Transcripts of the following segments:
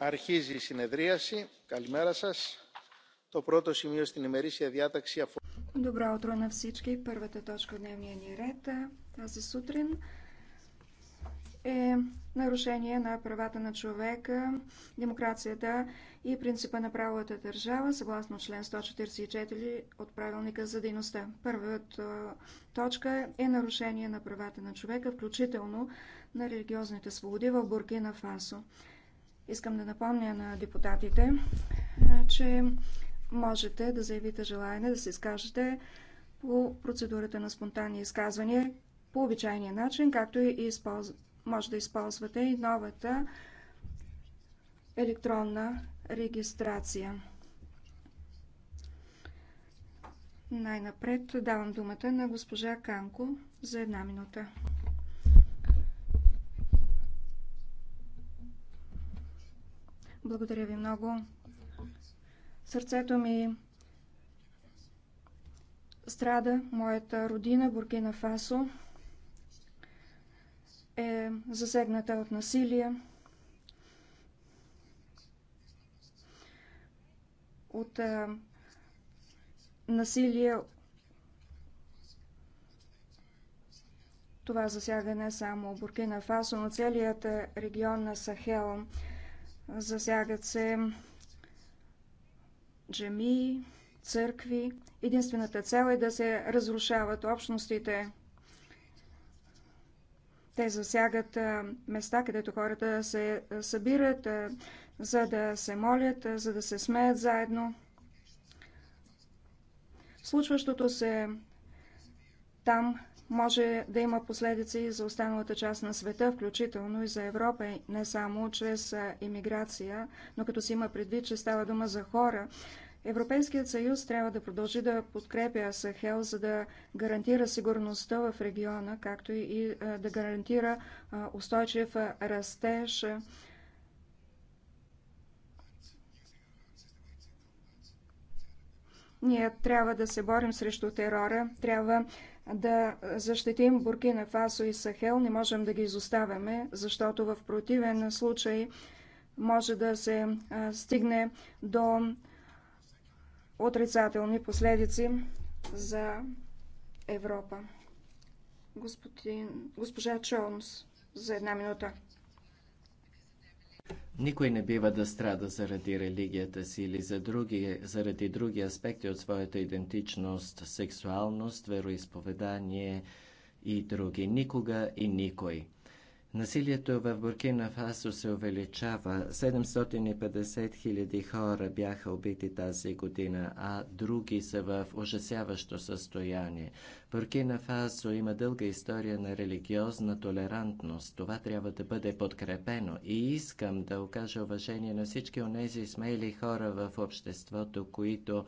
Αρχίζει η συνεδρίαση. Καλημέρα σας. Το πρώτο σημείο στην ημερήσια διάταξη αφορά... Добро утро на всички. Първата точка в дневния ни ред тази сутрин е нарушение на правата на човека, демокрацията и принципа на правовата държава, съгласно член 144 от правилника за дейността. Първата точка е нарушение на правата на човека, включително на религиозните свободи в Буркина Фасо. Искам да напомня на депутатите, е, че можете да заявите желание да се изкажете по процедурата на спонтанни изказвания по обичайния начин, както и използ... може да използвате и новата електронна регистрация. Най-напред давам думата на госпожа Канко за една минута. Благодаря ви много. Сърцето ми страда. Моята родина, Буркина Фасо, е засегната от насилие, от а, насилие. Това засяга не само Буркина Фасо, но целият регион на Сахел. Засягат се джами, църкви. Единствената цел е да се разрушават общностите. Те засягат места, където хората се събират, за да се молят, за да се смеят заедно. Случващото се там може да има последици и за останалата част на света, включително и за Европа, не само чрез иммиграция, но като се има предвид, че става дума за хора. Европейският съюз трябва да продължи да подкрепя Сахел, за да гарантира сигурността в региона, както и да гарантира устойчив растеж. Ние трябва да се борим срещу терора, трябва да защитим Буркина Фасо и Сахел, не можем да ги изоставяме, защото в противен случай може да се стигне до отрицателни последици за Европа. Господин, госпожа Чонс, за една минута. Никой не бива да страда заради религията си или за други, заради други аспекти от своята идентичност, сексуалност, вероисповедание и други. Никога и никой. Насилието в Буркина Фасо се увеличава. 750 хиляди хора бяха убити тази година, а други са в ужасяващо състояние. Буркина Фасо има дълга история на религиозна толерантност. Това трябва да бъде подкрепено и искам да окажа уважение на всички онези смели хора в обществото, които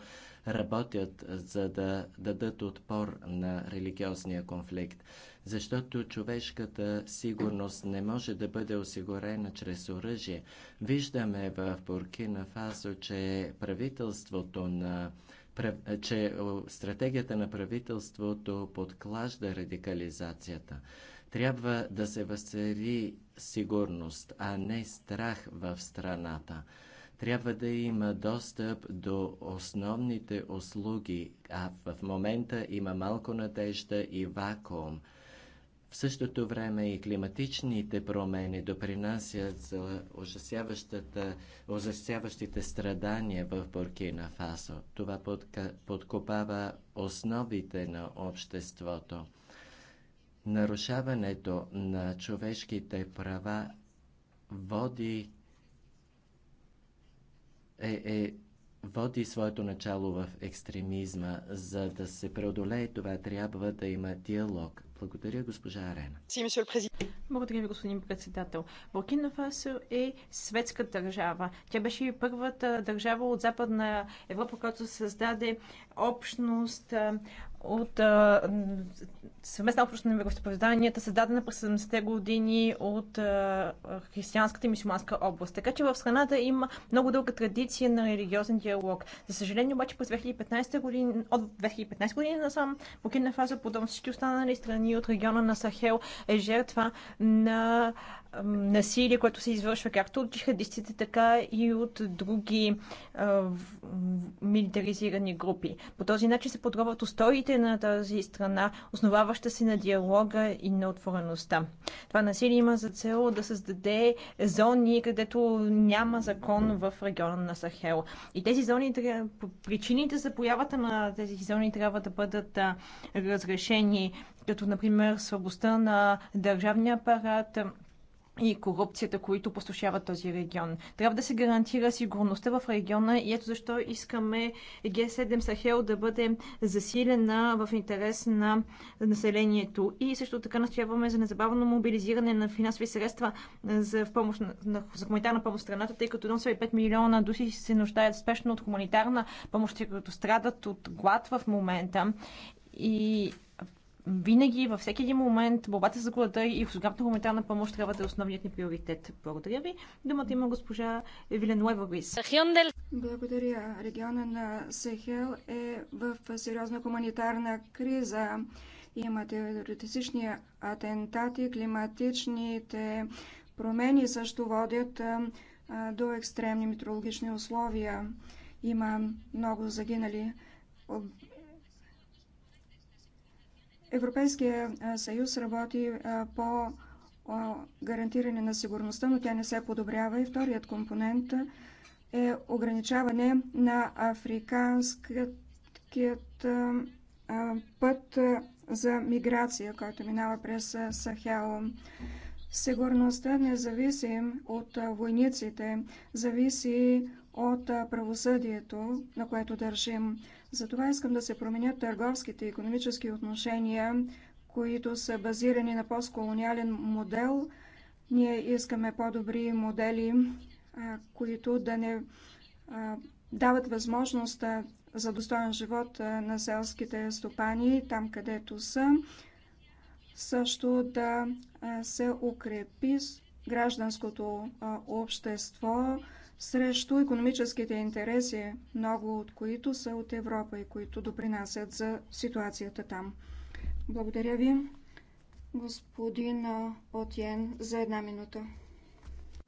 работят за да дадат отпор на религиозния конфликт защото човешката сигурност не може да бъде осигурена чрез оръжие. Виждаме в Буркина Фасо, че правителството на че стратегията на правителството подклажда радикализацията. Трябва да се възцари сигурност, а не страх в страната трябва да има достъп до основните услуги, а в момента има малко надежда и вакуум. В същото време и климатичните промени допринасят за ужасяващите страдания в Буркина Фасо. Това подкопава основите на обществото. Нарушаването на човешките права води е, е води своето начало в екстремизма. За да се преодолее това, трябва да има диалог. Благодаря, госпожа Арена. Благодаря ви, господин председател. Буркина Фасо е светска държава. Тя беше първата държава от Западна Европа, която създаде общност от а, съвместна общност на вероисповеданията, създадена през 70-те години от а, християнската и мусулманска област. Така че в страната има много дълга традиция на религиозен диалог. За съжаление обаче през 2015 година, от 2015 година насам, Букина Фаза, подобно всички останали страни от региона на Сахел, е жертва на насилие, което се извършва както от джихадистите, така и от други а, в, милитаризирани групи. По този начин се подробват устоите гражданите на тази страна, основаваща се на диалога и на отвореността. Това насилие има за цел да създаде зони, където няма закон в региона на Сахел. И тези зони, причините за появата на тези зони трябва да бъдат разрешени, като например слабостта на държавния апарат, и корупцията, които посушават този регион. Трябва да се гарантира сигурността в региона и ето защо искаме Г7 Сахел да бъде засилена в интерес на населението. И също така настояваме за незабавно мобилизиране на финансови средства за, в помощ, на, за хуманитарна помощ в страната, тъй като 1,5 милиона души се нуждаят спешно от хуманитарна помощ, тъй като страдат от глад в момента. И винаги, във всеки един момент, борбата за глада и осигуряването хуманитарна помощ трябва да е основният ни приоритет. Благодаря ви. Думата има госпожа Виленуева Грис. Благодаря. Региона на Сехел е в сериозна хуманитарна криза. Има теоретични атентати, климатичните промени също водят до екстремни метеорологични условия. Има много загинали Европейския съюз работи по гарантиране на сигурността, но тя не се подобрява. И вторият компонент е ограничаване на африканският път за миграция, който минава през Сахел. Сигурността не зависи от войниците, зависи от правосъдието, на което държим. Затова искам да се променят търговските и економически отношения, които са базирани на постколониален модел. Ние искаме по-добри модели, които да не дават възможност за достоен живот на селските стопани, там където са. Също да се укрепи гражданското общество, срещу економическите интереси, много от които са от Европа и които допринасят за ситуацията там. Благодаря ви, господин Отиен, за една минута.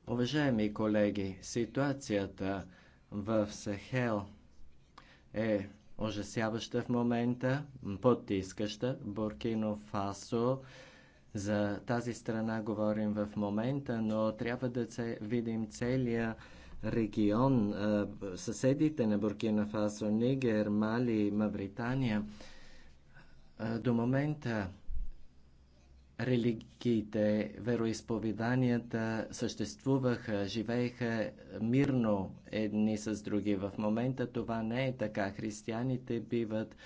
Уважаеми колеги, ситуацията в Сахел е ужасяваща в момента, потискаща. Буркино Фасо за тази страна говорим в момента, но трябва да видим целия регион, съседите на Буркина Фасо, Нигер, Мали, Мавритания, до момента религиите, вероисповеданията съществуваха, живееха мирно едни с други. В момента това не е така. Християните биват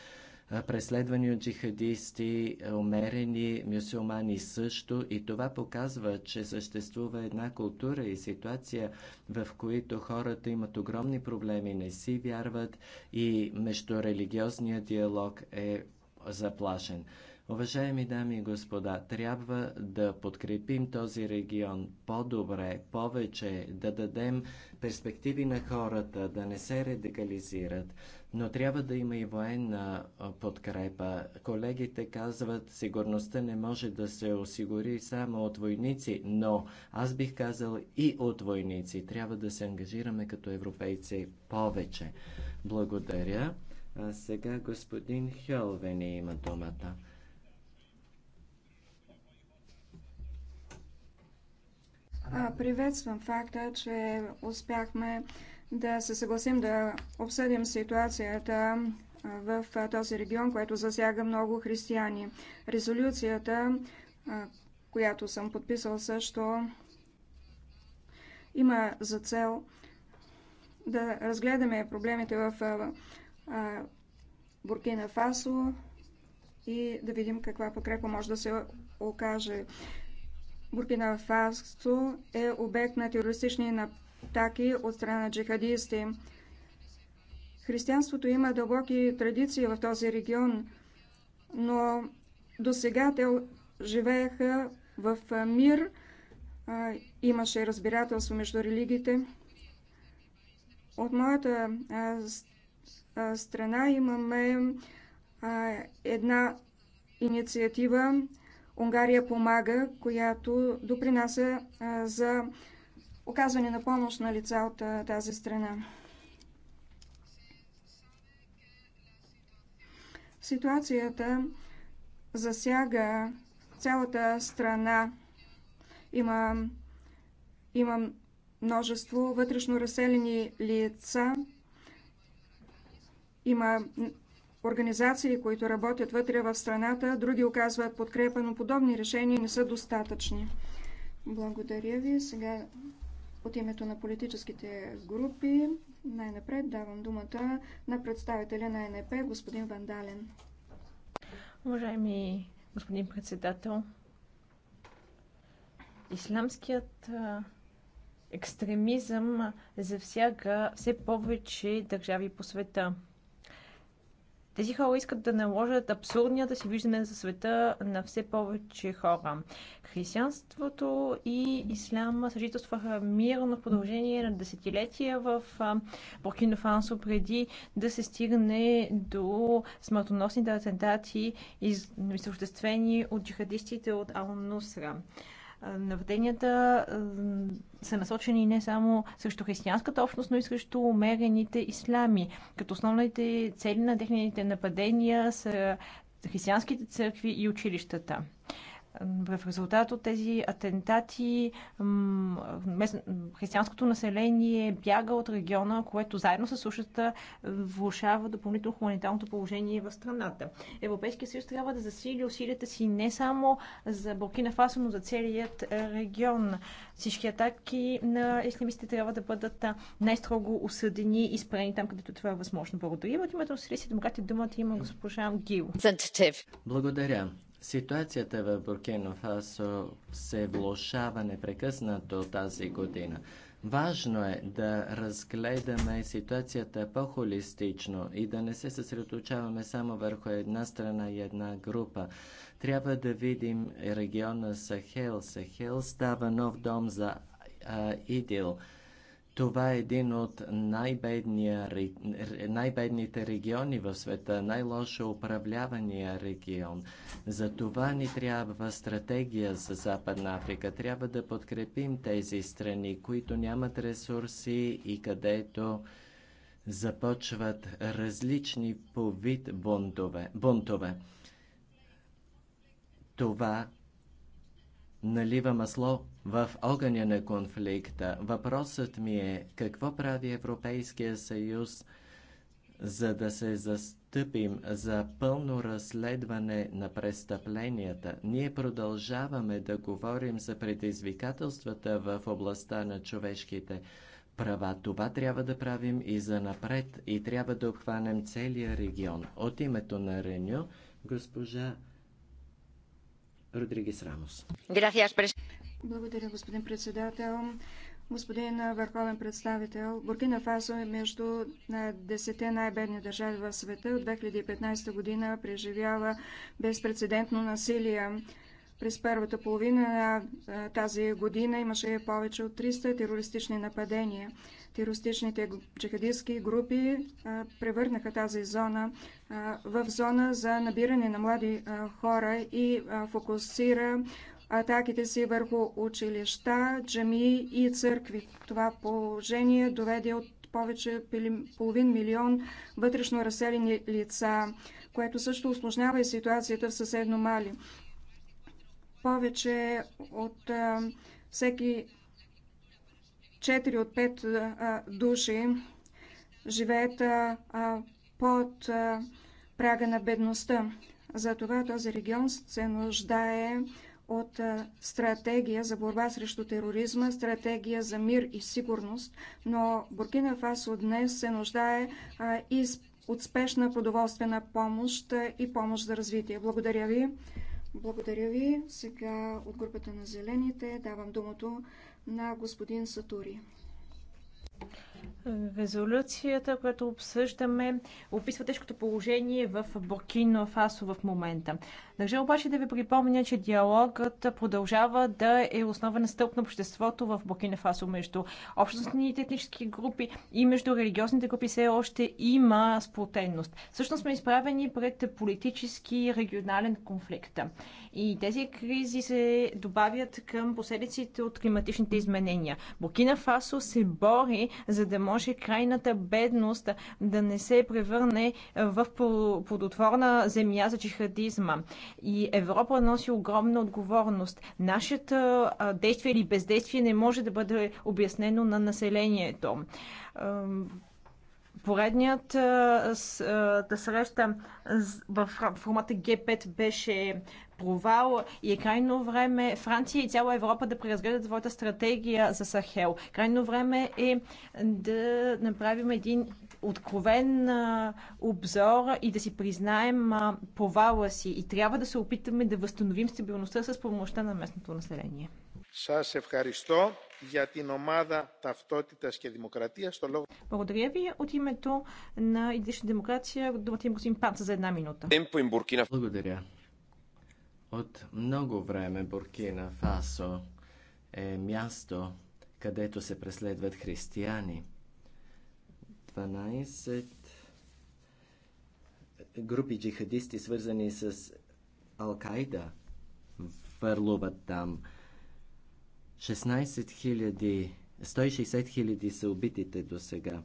преследвани от джихадисти, умерени мюсюлмани също. И това показва, че съществува една култура и ситуация, в които хората имат огромни проблеми, не си вярват и междурелигиозният диалог е заплашен. Уважаеми дами и господа, трябва да подкрепим този регион по-добре, повече, да дадем перспективи на хората, да не се радикализират но трябва да има и военна подкрепа. Колегите казват, сигурността не може да се осигури само от войници, но аз бих казал и от войници. Трябва да се ангажираме като европейци повече. Благодаря. А сега господин Хелвени има думата. Приветствам факта, че успяхме да се съгласим да обсъдим ситуацията в този регион, което засяга много християни. Резолюцията, която съм подписал също, има за цел да разгледаме проблемите в Буркина Фасо и да видим каква покрепа може да се окаже. Буркина Фасо е обект на терористични нападения атаки от страна на джихадисти. Християнството има дълбоки традиции в този регион, но до сега те живееха в мир, имаше разбирателство между религиите. От моята страна имаме една инициатива Унгария помага, която допринася за оказване на помощ на лица от тази страна. Ситуацията засяга цялата страна. Има, има множество вътрешно разселени лица. Има организации, които работят вътре в страната, други оказват подкрепа, но подобни решения не са достатъчни. Благодаря ви. Сега от името на политическите групи най-напред давам думата на представителя на НП, господин Вандален. Уважаеми господин председател, исламският екстремизъм завсяга все повече държави по света – тези хора искат да наложат абсурдния да си виждане за света на все повече хора. Християнството и исляма съжителстваха мирно в продължение на десетилетия в Буркино Фансо преди да се стигне до смъртоносните атентати, из... от джихадистите от Ал-Нусра. Наведенията са насочени не само срещу християнската общност, но и срещу умерените ислами. Като основните цели на техните нападения са християнските църкви и училищата. В резултат от тези атентати християнското население бяга от региона, което заедно с сушата влушава допълнително хуманитарното положение в страната. Европейския съюз трябва да засили усилията си не само за Буркина Фасо, но за целият регион. Всички атаки на ислямистите трябва да бъдат най-строго осъдени и спрени там, където това е възможно. Благодаря. От името на Сирийски демократи думата има госпожа Гил. Благодаря. Ситуацията в Буркино Фасо се влошава непрекъснато тази година. Важно е да разгледаме ситуацията по-холистично и да не се съсредоточаваме само върху една страна и една група. Трябва да видим региона Сахел. Сахел става нов дом за а, Идил. Това е един от най-бедните най региони в света, най-лошо управлявания регион. За това ни трябва стратегия за Западна Африка. Трябва да подкрепим тези страни, които нямат ресурси и където започват различни по вид бунтове. бунтове. Това налива масло в огъня на конфликта. Въпросът ми е какво прави Европейския съюз, за да се застъпим за пълно разследване на престъпленията. Ние продължаваме да говорим за предизвикателствата в областта на човешките права. Това трябва да правим и за напред и трябва да обхванем целия регион. От името на Реню, госпожа Родригес Рамос. Благодаря, господин председател. Господин върховен представител, Буркина Фасо е между десете най-бедни държави в света. От 2015 година преживява безпредседентно насилие. През първата половина на тази година имаше повече от 300 терористични нападения. Терористичните джихадистски групи превърнаха тази зона в зона за набиране на млади хора и фокусира атаките си върху училища, джами и църкви. Това положение доведе от повече половин милион вътрешно разселени лица, което също осложнява и ситуацията в съседно Мали. Повече от всеки 4 от 5 души живеят под прага на бедността. Затова този регион се нуждае от стратегия за борба срещу тероризма, стратегия за мир и сигурност, но Буркина Фасо днес се нуждае и от спешна продоволствена помощ и помощ за развитие. Благодаря ви. Благодаря ви. Сега от групата на зелените давам думато на господин Сатури. Резолюцията, която обсъждаме, описва тежкото положение в Буркино Фасо в момента. Държа обаче да ви припомня, че диалогът продължава да е основен стълб на обществото в Буркина Фасо между общностните етнически групи и между религиозните групи все още има сплотенност. Всъщност сме изправени пред политически и регионален конфликт. И тези кризи се добавят към последиците от климатичните изменения. Буркина Фасо се бори, за да може крайната бедност да не се превърне в плодотворна земя за джихадизма и Европа носи огромна отговорност. Нашето действие или бездействие не може да бъде обяснено на населението поредният да среща в формата г 5 беше провал и е крайно време Франция и цяла Европа да преразгледат своята стратегия за Сахел. Крайно време е да направим един откровен а, обзор и да си признаем а, повала си и трябва да се опитаме да възстановим стабилността с помощта на местното население. Сас ευχαριστώ για την ομάδα ταυτότητας και δημοκρατίας. λόγο... Благодаря ви от името на Идишна демокрация. Думата им господин Панца за една минута. Благодаря. От много време Буркина Фасо е място, където се преследват християни – 12 групи джихадисти, свързани с Ал-Кайда, върлуват там. 16 000, 160 хиляди са убитите до сега.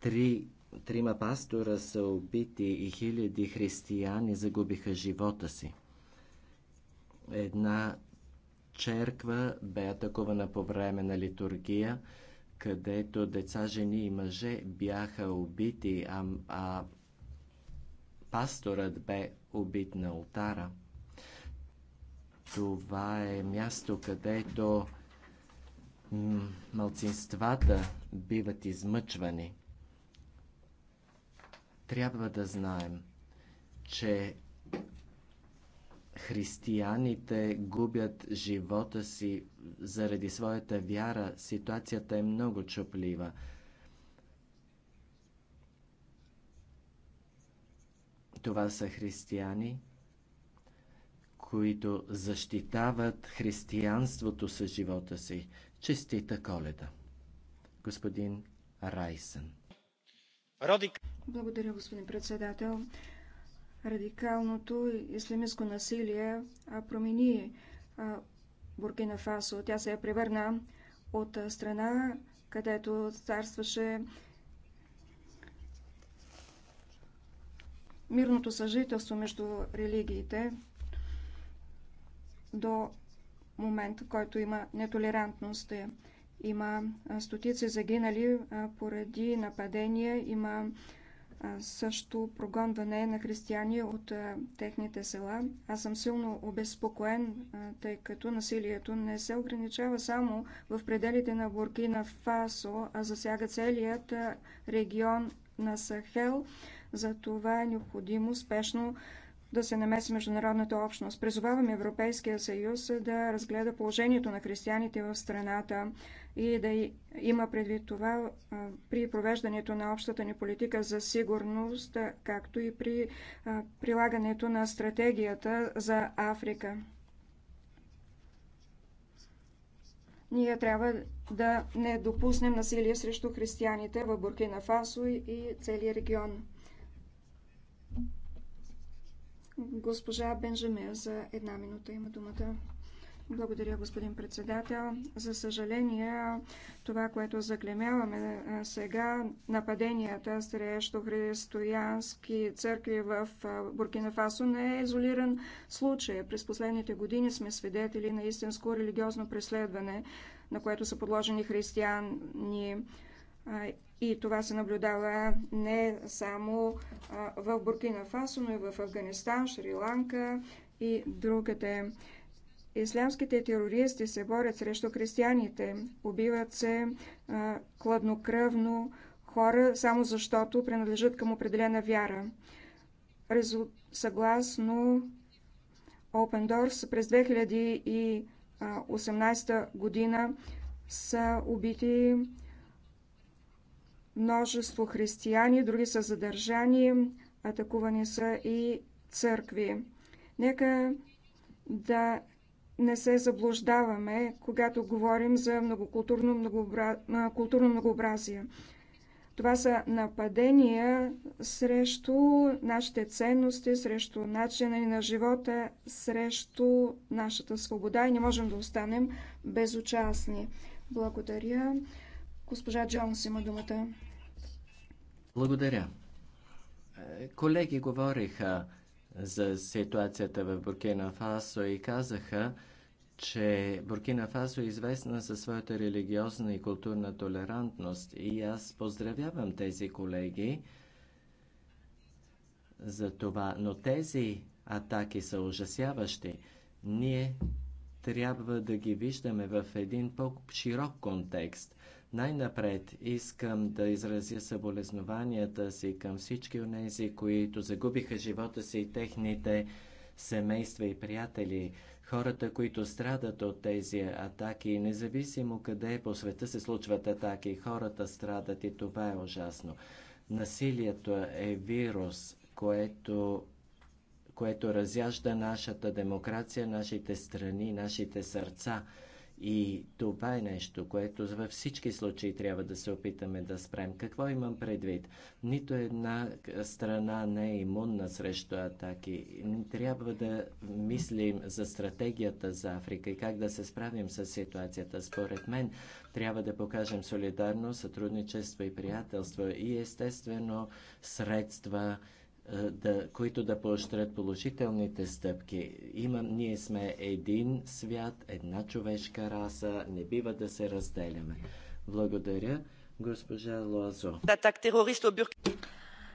Три, трима пастора са убити и хиляди християни загубиха живота си. Една черква бе атакувана по време на литургия където деца, жени и мъже бяха убити, а, а пасторът бе убит на ултара. Това е място, където малцинствата биват измъчвани. Трябва да знаем, че християните губят живота си заради своята вяра, ситуацията е много чуплива. Това са християни, които защитават християнството с живота си. Честита коледа! Господин Райсен. Благодаря, господин председател. Радикалното ислямистско насилие промени Буркина Фасо. Тя се е превърна от страна, където царстваше мирното съжителство между религиите до момента, който има нетолерантност. Има стотици загинали поради нападения, има също прогонване на християни от техните села. Аз съм силно обезпокоен, тъй като насилието не се ограничава само в пределите на Буркина Фасо, а засяга целият регион на Сахел. За това е необходимо спешно да се намеси международната общност. Призоваваме Европейския съюз да разгледа положението на християните в страната, и да има предвид това при провеждането на общата ни политика за сигурност, както и при прилагането на стратегията за Африка. Ние трябва да не допуснем насилие срещу християните в Буркина Фасо и целия регион. Госпожа Бенжаме за една минута има думата. Благодаря, господин председател. За съжаление, това, което заклемяваме е, сега, нападенията срещу християнски църкви в е, Буркина Фасо не е изолиран случай. През последните години сме свидетели на истинско религиозно преследване, на което са подложени християни. Е, и това се наблюдава не само в Буркина Фасо, но и в Афганистан, Шри-Ланка и другите. Ислямските терористи се борят срещу християните, убиват се а, кладнокръвно хора, само защото принадлежат към определена вяра. Резу... Съгласно Open Doors, през 2018 година са убити множество християни, други са задържани, атакувани са и църкви. Нека да не се заблуждаваме, когато говорим за многокултурно многообра... културно многообразие. Това са нападения срещу нашите ценности, срещу начина ни на живота, срещу нашата свобода и не можем да останем безучастни. Благодаря. Госпожа Джонс има думата. Благодаря. Колеги говориха за ситуацията в Буркина Фасо и казаха, че Буркина Фасо е известна със своята религиозна и културна толерантност. И аз поздравявам тези колеги за това, но тези атаки са ужасяващи. Ние трябва да ги виждаме в един по-широк контекст. Най-напред искам да изразя съболезнованията си към всички онези, които загубиха живота си и техните семейства и приятели, хората, които страдат от тези атаки, независимо къде по света се случват атаки, хората страдат и това е ужасно. Насилието е вирус, което, което разяжда нашата демокрация, нашите страни, нашите сърца – и това е нещо, което във всички случаи трябва да се опитаме да спрем. Какво имам предвид? Нито една страна не е имунна срещу атаки. Трябва да мислим за стратегията за Африка и как да се справим с ситуацията. Според мен трябва да покажем солидарност, сътрудничество и приятелство и естествено средства е, да, които да поощрят положителните стъпки. Има, ние сме един свят, една човешка раса, не бива да се разделяме. Благодаря, госпожа Лоазо.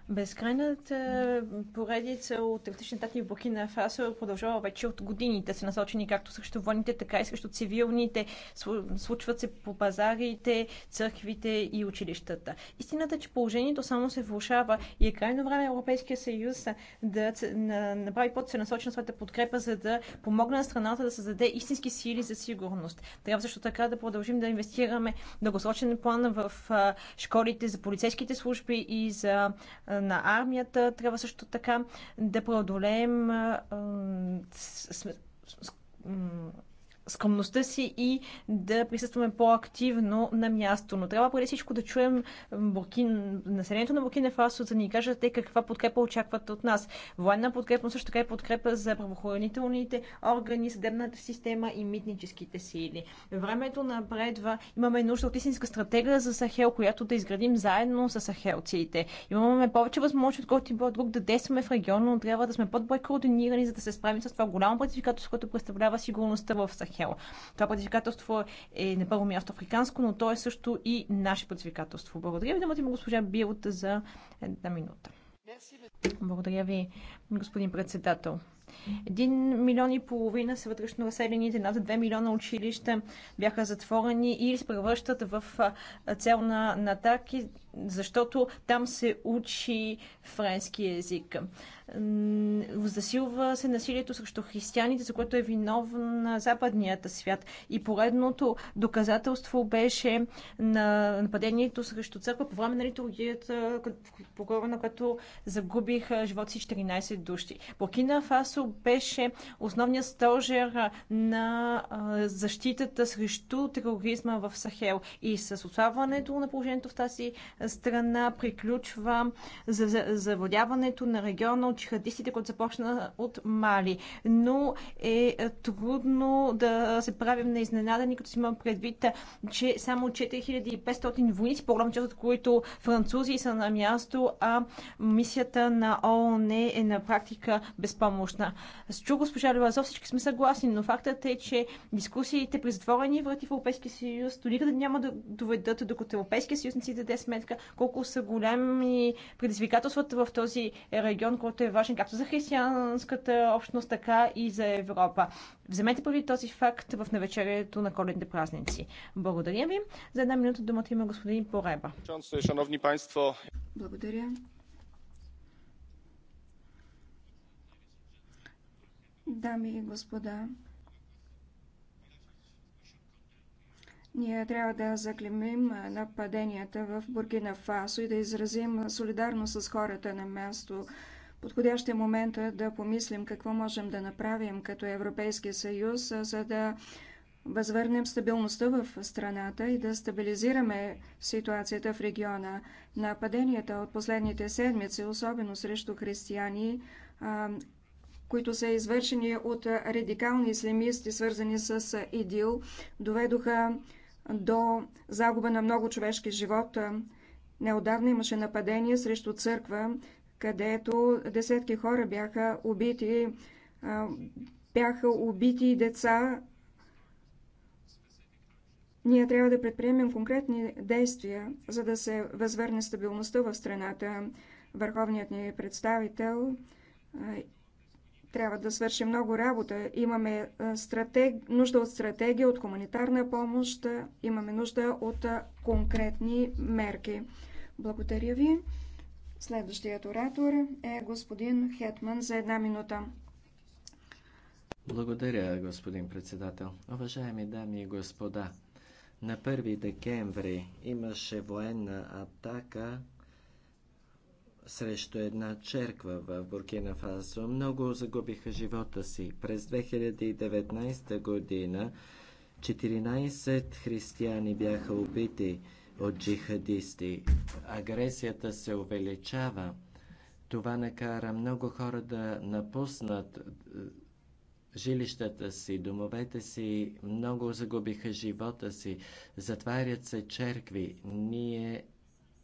Безкрайната поредица от терористични атаки в Бухина Фасо продължава вече от години. Те са насочени както срещу войните, така и срещу цивилните. Случват се по пазарите, църквите и училищата. Истината е, че положението само се влушава и е крайно време Европейския съюз да направи по-целенасочена своята подкрепа, за да помогне на страната да създаде истински сили за сигурност. Трябва също така да продължим да инвестираме дългосрочен план в школите за полицейските служби и за на армията. Трябва също така да преодолеем скромността си и да присъстваме по-активно на място. Но трябва преди всичко да чуем Буркин, населението на Буркина Фасо, да ни кажат те каква подкрепа очакват от нас. Военна подкрепа, но също така и е подкрепа за правоохранителните органи, съдебната система и митническите сили. Времето напредва. Имаме нужда от истинска стратегия за Сахел, която да изградим заедно с сахелците. Имаме повече възможности, отколкото който било друг да действаме в региона, но трябва да сме по-добре координирани, за да се справим с това голямо предизвикателство, което представлява сигурността в Сахел. Сахел. Това предизвикателство е на първо място африканско, но то е също и наше предизвикателство. Благодаря ви, думата има госпожа Билт за една минута. Благодаря ви, господин председател. Един милион и половина са вътрешно разселените, над 2 милиона училища бяха затворени или се превръщат в цел на, атаки, защото там се учи френски язик. Засилва се насилието срещу християните, за което е виновен западният свят. И поредното доказателство беше на нападението срещу църква по време на литургията, по на което загубиха живота си 14 души. Буркина Фасо ЕСО беше основният стожер на защитата срещу тероризма в Сахел. И с отслабването на положението в тази страна приключва завладяването на региона от чихадистите, който започна от Мали. Но е трудно да се правим на изненадани, като си имам предвид, че само 4500 войници, по-голяма част от които французи са на място, а мисията на ООН е на практика безпомощна страна. С чу госпожа Левазов всички сме съгласни, но фактът е, че дискусиите при затворени врати в Европейския съюз до никъде няма да доведат, докато Европейския съюз не си даде сметка колко са големи предизвикателствата в този регион, който е важен както за християнската общност, така и за Европа. Вземете първи този факт в навечерието на коледните празници. Благодаря ви. За една минута думата има господин Пореба. Благодаря. Дами и господа, ние трябва да заклемим нападенията в Буркина Фасо и да изразим солидарност с хората на място. Подходящ е момента да помислим какво можем да направим като Европейски съюз, за да възвърнем стабилността в страната и да стабилизираме ситуацията в региона. Нападенията от последните седмици, особено срещу християни, които са извършени от радикални ислямисти, свързани с ИДИЛ, доведоха до загуба на много човешки живот. Неодавна имаше нападение срещу църква, където десетки хора бяха убити, бяха убити и деца. Ние трябва да предприемем конкретни действия, за да се възвърне стабилността в страната. Върховният ни представител трябва да свърши много работа. Имаме стратег... нужда от стратегия, от хуманитарна помощ, имаме нужда от конкретни мерки. Благодаря ви. Следващият оратор е господин Хетман за една минута. Благодаря, господин председател. Уважаеми дами и господа, на 1 декември имаше военна атака срещу една черква в Буркина Фасо. Много загубиха живота си. През 2019 година 14 християни бяха убити от джихадисти. Агресията се увеличава. Това накара много хора да напуснат е, жилищата си, домовете си, много загубиха живота си, затварят се черкви. Ние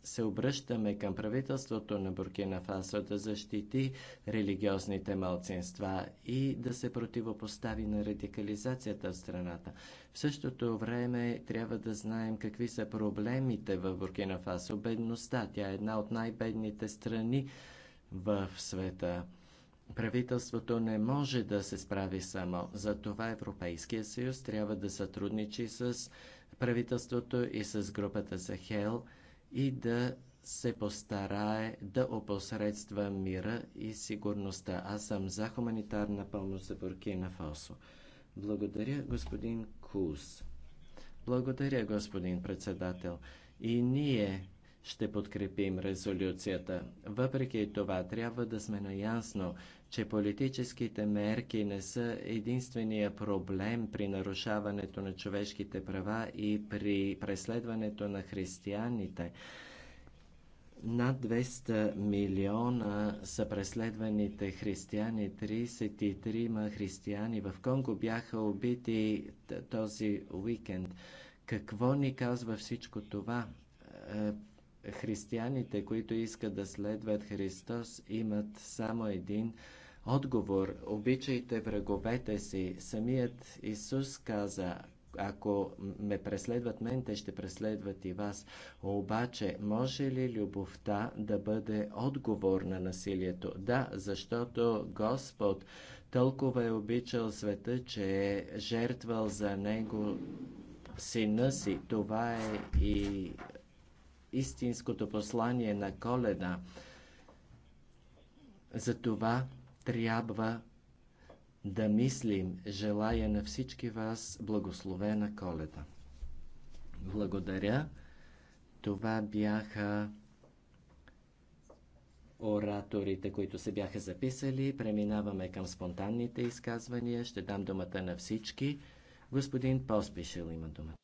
се обръщаме към правителството на Буркина Фасо да защити религиозните малцинства и да се противопостави на радикализацията в страната. В същото време трябва да знаем какви са проблемите в Буркина Фасо. Бедността, тя е една от най-бедните страни в света. Правителството не може да се справи само. Затова Европейския съюз трябва да сътрудничи с правителството и с групата Сахел – и да се постарае да опосредства мира и сигурността. Аз съм за хуманитарна помощ за Буркина Фасо. Благодаря, господин Кус. Благодаря, господин председател. И ние ще подкрепим резолюцията. Въпреки това, трябва да сме наясно, че политическите мерки не са единствения проблем при нарушаването на човешките права и при преследването на християните. Над 200 милиона са преследваните християни. 33 християни в Конго бяха убити този уикенд. Какво ни казва всичко това? Е, християните, които искат да следват Христос, имат само един отговор. Обичайте враговете си. Самият Исус каза, ако ме преследват мен, те ще преследват и вас. Обаче, може ли любовта да бъде отговор на насилието? Да, защото Господ толкова е обичал света, че е жертвал за него сина си. Това е и истинското послание на коледа. Затова трябва да мислим. Желая на всички вас благословена коледа. Благодаря. Това бяха ораторите, които се бяха записали. Преминаваме към спонтанните изказвания. Ще дам думата на всички. Господин Поспишел има думата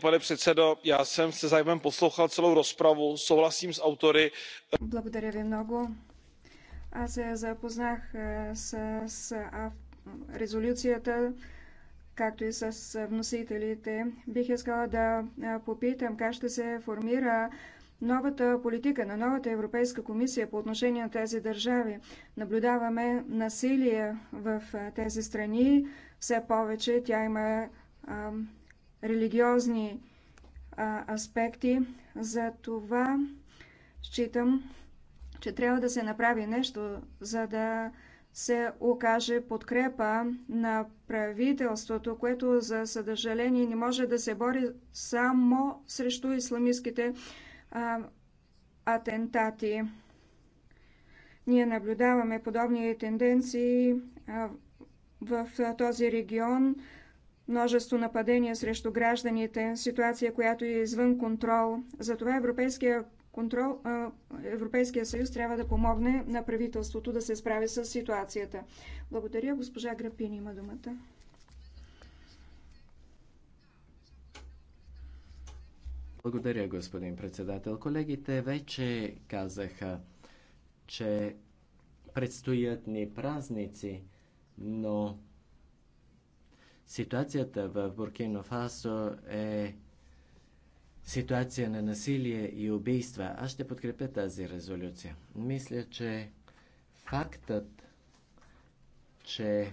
pane předsedající já jsem se zájmem poslouchal celou rozpravu souhlasím s autory. Благодаря ви много. Аз запознах е, с, резолюцията, както и с вносителите. Бих искала да е, попитам как ще се формира новата политика на новата Европейска комисия по отношение на тези държави. Наблюдаваме насилие в е, тези страни. Все повече тя има религиозни а, аспекти. За това считам, че трябва да се направи нещо, за да се окаже подкрепа на правителството, което за съдържаление не може да се бори само срещу исламистските а, атентати. Ние наблюдаваме подобни тенденции а, в този регион множество нападения срещу гражданите, ситуация, която е извън контрол. Затова Европейския контрол, Европейския съюз трябва да помогне на правителството да се справи с ситуацията. Благодаря. Госпожа Грапини има думата. Благодаря, господин председател. Колегите вече казаха, че предстоят ни празници, но Ситуацията в Буркино Фасо е ситуация на насилие и убийства. Аз ще подкрепя тази резолюция. Мисля, че фактът, че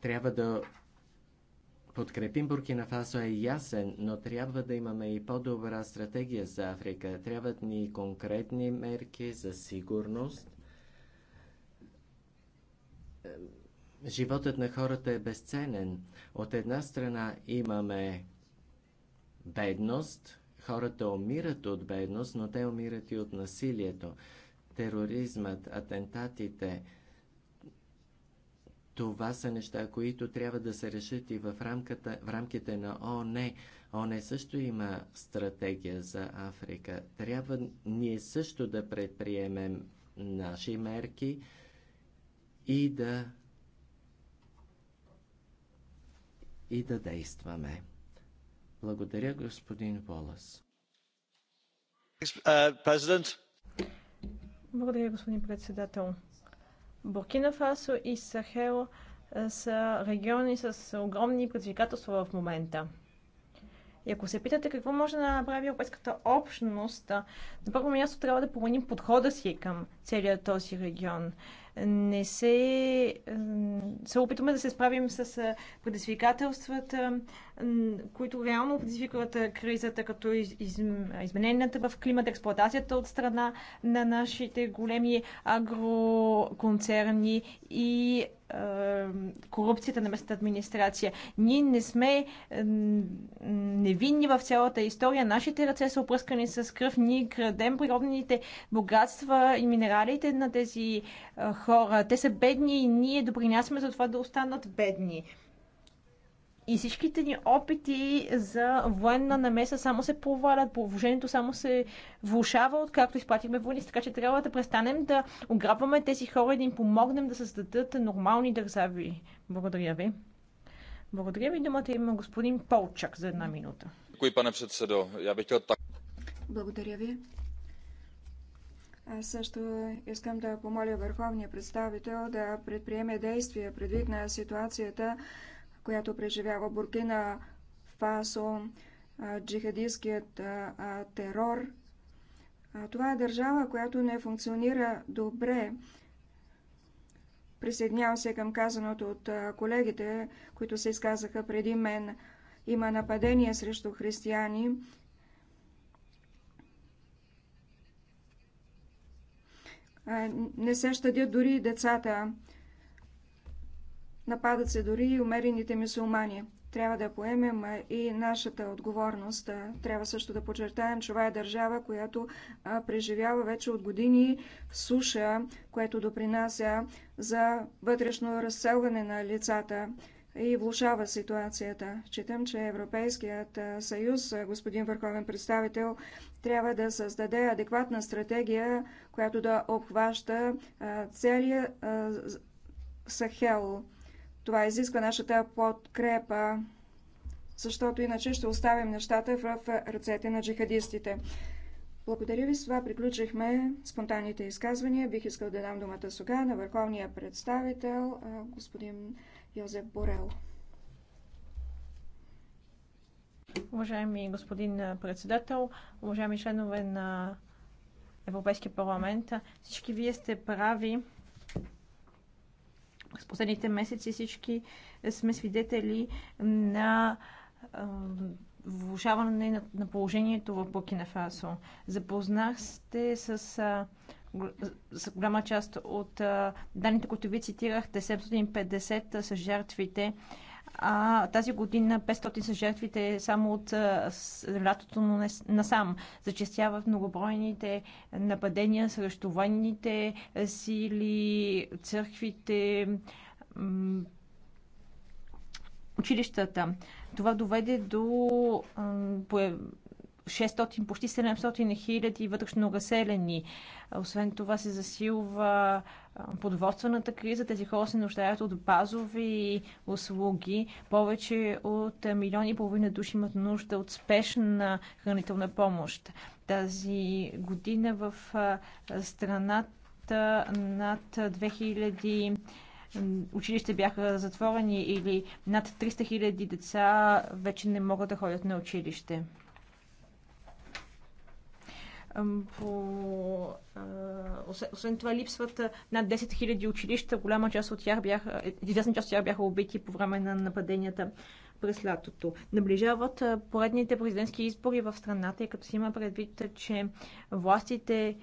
трябва да подкрепим Буркина Фасо е ясен, но трябва да имаме и по-добра стратегия за Африка. Трябват ни конкретни мерки за сигурност е, животът на хората е безценен. От една страна имаме бедност, хората умират от бедност, но те умират и от насилието. Тероризмът, атентатите, това са неща, които трябва да се решат и в, рамката, в рамките на ООН. ООН също има стратегия за Африка. Трябва ние също да предприемем наши мерки, и да и да действаме. Благодаря, господин Волас. Uh, Благодаря, господин председател. Буркина Фасо и Сахел са региони с огромни предизвикателства в момента. И ако се питате какво може да направи Европейската общност, на първо място трябва да променим подхода си към целият този регион. Не се, се опитваме да се справим с предизвикателствата, които реално предизвикват кризата, като из, измененията в климата, експлуатацията от страна на нашите големи агроконцерни и корупцията на местната администрация. Ние не сме невинни в цялата история. Нашите ръце са опръскани с кръв. Ние крадем природните богатства и минералите на тези хора. Те са бедни и ние допринасяме за това да останат бедни. И всичките ни опити за военна намеса само се повалят, положението само се влушава, откакто изплатихме войни. така че трябва да престанем да ограбваме тези хора и да им помогнем да създадат нормални държави. Благодаря ви. Благодаря ви. Думата има господин Полчак за една минута. пане Благодаря ви. Аз също искам да помоля върховния представител да предприеме действия предвид на ситуацията която преживява Буркина Фасо, джихадистският терор. Това е държава, която не функционира добре. Присъединявам се към казаното от колегите, които се изказаха преди мен. Има нападения срещу християни. Не се щадят дори децата. Нападат се дори и умерените мусулмани. Трябва да поемем и нашата отговорност. Трябва също да подчертаем, че това е държава, която преживява вече от години суша, което допринася за вътрешно разселване на лицата и влушава ситуацията. Читам, че Европейският съюз, господин върховен представител, трябва да създаде адекватна стратегия, която да обхваща целия Сахел. Това изисква нашата подкрепа, защото иначе ще оставим нещата в ръцете на джихадистите. Благодаря ви. С това приключихме спонтанните изказвания. Бих искал да дам думата сега на върховния представител господин Йозеф Борел. Уважаеми господин председател, уважаеми членове на Европейския парламент, всички вие сте прави през последните месеци всички сме свидетели на влушаване на, на положението в Бокина Фасо. Запознах сте с, а, с голяма част от а, данните, които ви цитирахте. 750 са жертвите а тази година 500 са жертвите само от лятото насам. Зачестяват многобройните нападения срещу военните сили, църквите, училищата. Това доведе до 600, почти 700 хиляди вътрешно разселени. Освен това се засилва подводствената криза. Тези хора се нуждаят от базови услуги. Повече от милиони и половина души имат нужда от спешна хранителна помощ. Тази година в страната над 2000 училища бяха затворени или над 300 000 деца вече не могат да ходят на училище по, освен това липсват над 10 000 училища. Голяма част от тях бяха, е, известна част от тях бяха убити по време на нападенията през лятото. Наближават поредните президентски избори в страната и като си има предвид, че властите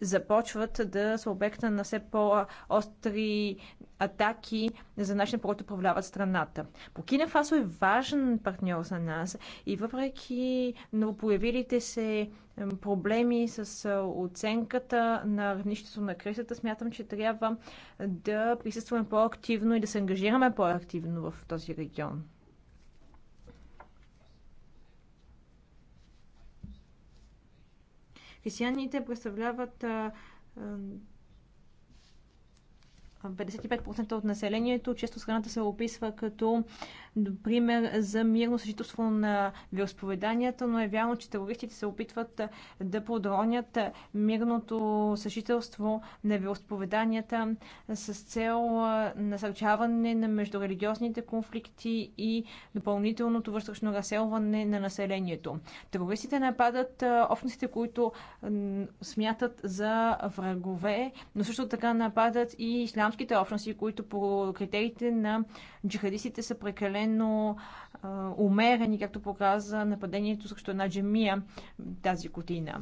започват да са обекта на все по-остри атаки за начин, по който управляват страната. Покина Фасо е важен партньор за нас и въпреки новопоявилите се проблеми с оценката на равнището на кризата, смятам, че трябва да присъстваме по-активно и да се ангажираме по-активно в този регион. Християните представляват 55% от населението. Често страната се описва като пример за мирно съжителство на вероисповеданията, но е вярно, че терористите се опитват да подронят мирното съжителство на вероисповеданията с цел насърчаване на междурелигиозните конфликти и допълнителното вършно разселване на населението. Терористите нападат общностите, които смятат за врагове, но също така нападат и ислямските общности, които по критериите на джихадистите са прекалено прекалено умерени, както показа нападението срещу една джемия тази година.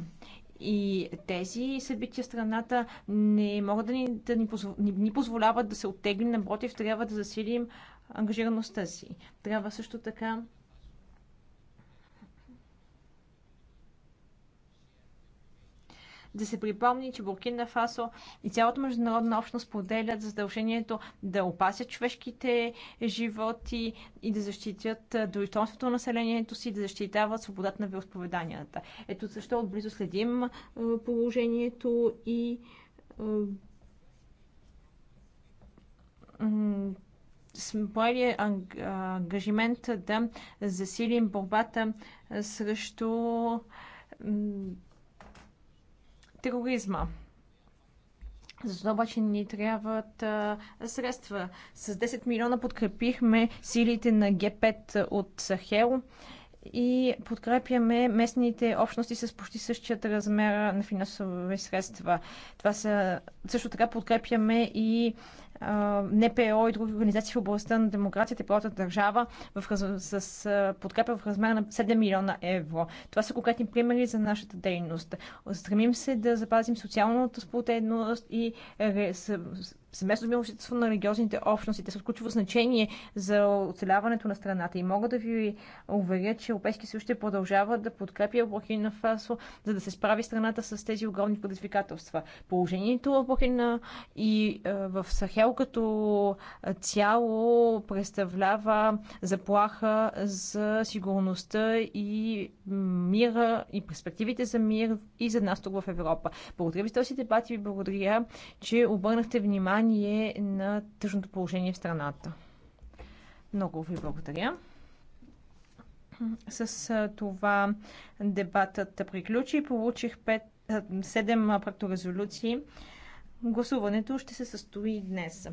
И тези събития в страната не могат да ни, да ни, позво, ни, ни позволяват да се оттеглим, напротив, трябва да засилим ангажираността си. Трябва също така да се припомни, че Буркина Фасо и цялата международна общност поделят задължението да опасят човешките животи и да защитят достоинството на населението си, да защитават свободата на вероисповеданията. Ето защо отблизо следим положението и сме поели ангажимент да засилим борбата срещу тероризма. Защо обаче ни трябват а, средства? С 10 милиона подкрепихме силите на Г5 от Сахел и подкрепяме местните общности с почти същият размер на финансови средства. Това са, също така подкрепяме и НПО и други организации в областта на демокрацията и правата държава в, с, а, подкрепа в размер на 7 милиона евро. Това са конкретни примери за нашата дейност. Стремим се да запазим социалната сплотеност и съместно милостителство е на религиозните общности. Те са от ключово значение за оцеляването на страната. И мога да ви уверя, че Европейския съюз ще продължава да подкрепя Буркина Фасо, за да се справи страната с тези огромни предизвикателства. Положението в Буркина и е, в Сахел като е, цяло представлява заплаха за сигурността и мира и перспективите за мир и за нас тук в Европа. Благодаря ви за този дебат и ви благодаря, че обърнахте внимание оправдание на тъжното положение в страната. Много ви благодаря. С това дебатът приключи. Получих 5, 7 проекторезолюции. Гласуването ще се състои днес.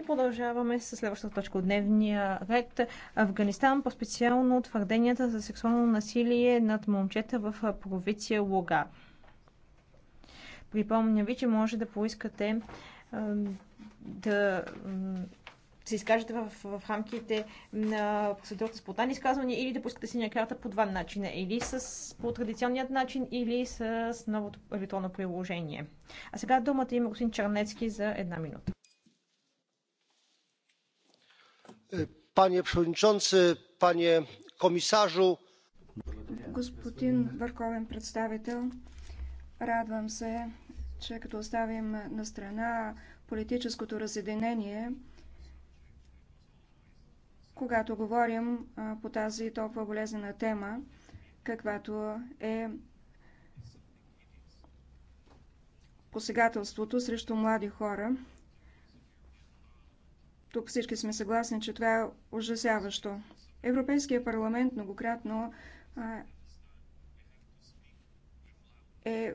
И продължаваме с следващата точка от дневния ред. Афганистан, по-специално твърденията за сексуално насилие над момчета в провинция Луга. Припомня ви, че може да поискате да се изкажете в, в рамките на процедурата спонтанни изказвания или да пускате синя карта по два начина. Или с, по традиционният начин, или с новото електронно приложение. А сега думата има господин Чернецки за една минута. Е, пане Przewodniczący, пане комисажу. Господин върховен представител, радвам се, че като оставим на страна политическото разединение, когато говорим по тази толкова болезнена тема, каквато е посегателството срещу млади хора. Тук всички сме съгласни, че това е ужасяващо. Европейския парламент многократно е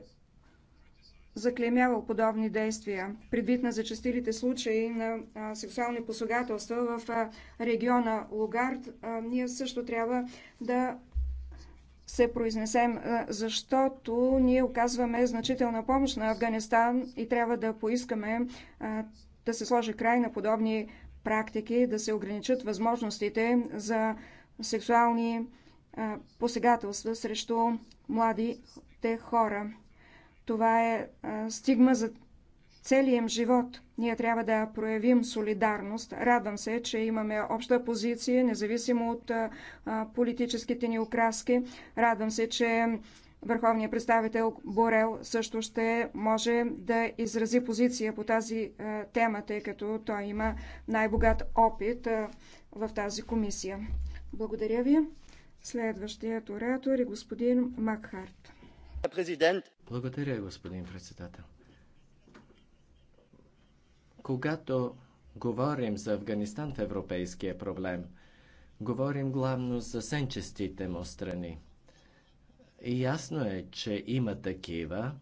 заклемявал подобни действия, предвид на зачастилите случаи на а, сексуални посогателства в а, региона Лугард, а, ние също трябва да се произнесем, защото ние оказваме значителна помощ на Афганистан и трябва да поискаме да се сложи край на подобни практики, да се ограничат възможностите за сексуални посегателства срещу младите хора. Това е стигма за целия живот. Ние трябва да проявим солидарност. Радвам се, че имаме обща позиция, независимо от политическите ни окраски. Радвам се, че Върховният представител Борел също ще може да изрази позиция по тази тема, тъй като той има най-богат опит в тази комисия. Благодаря ви. Следващият оратор е господин Макхарт. Президент. Благодаря, господин председател. Когато говорим за Афганистан в европейския проблем, говорим главно за сенчестите му страни. И ясно е, че има такива,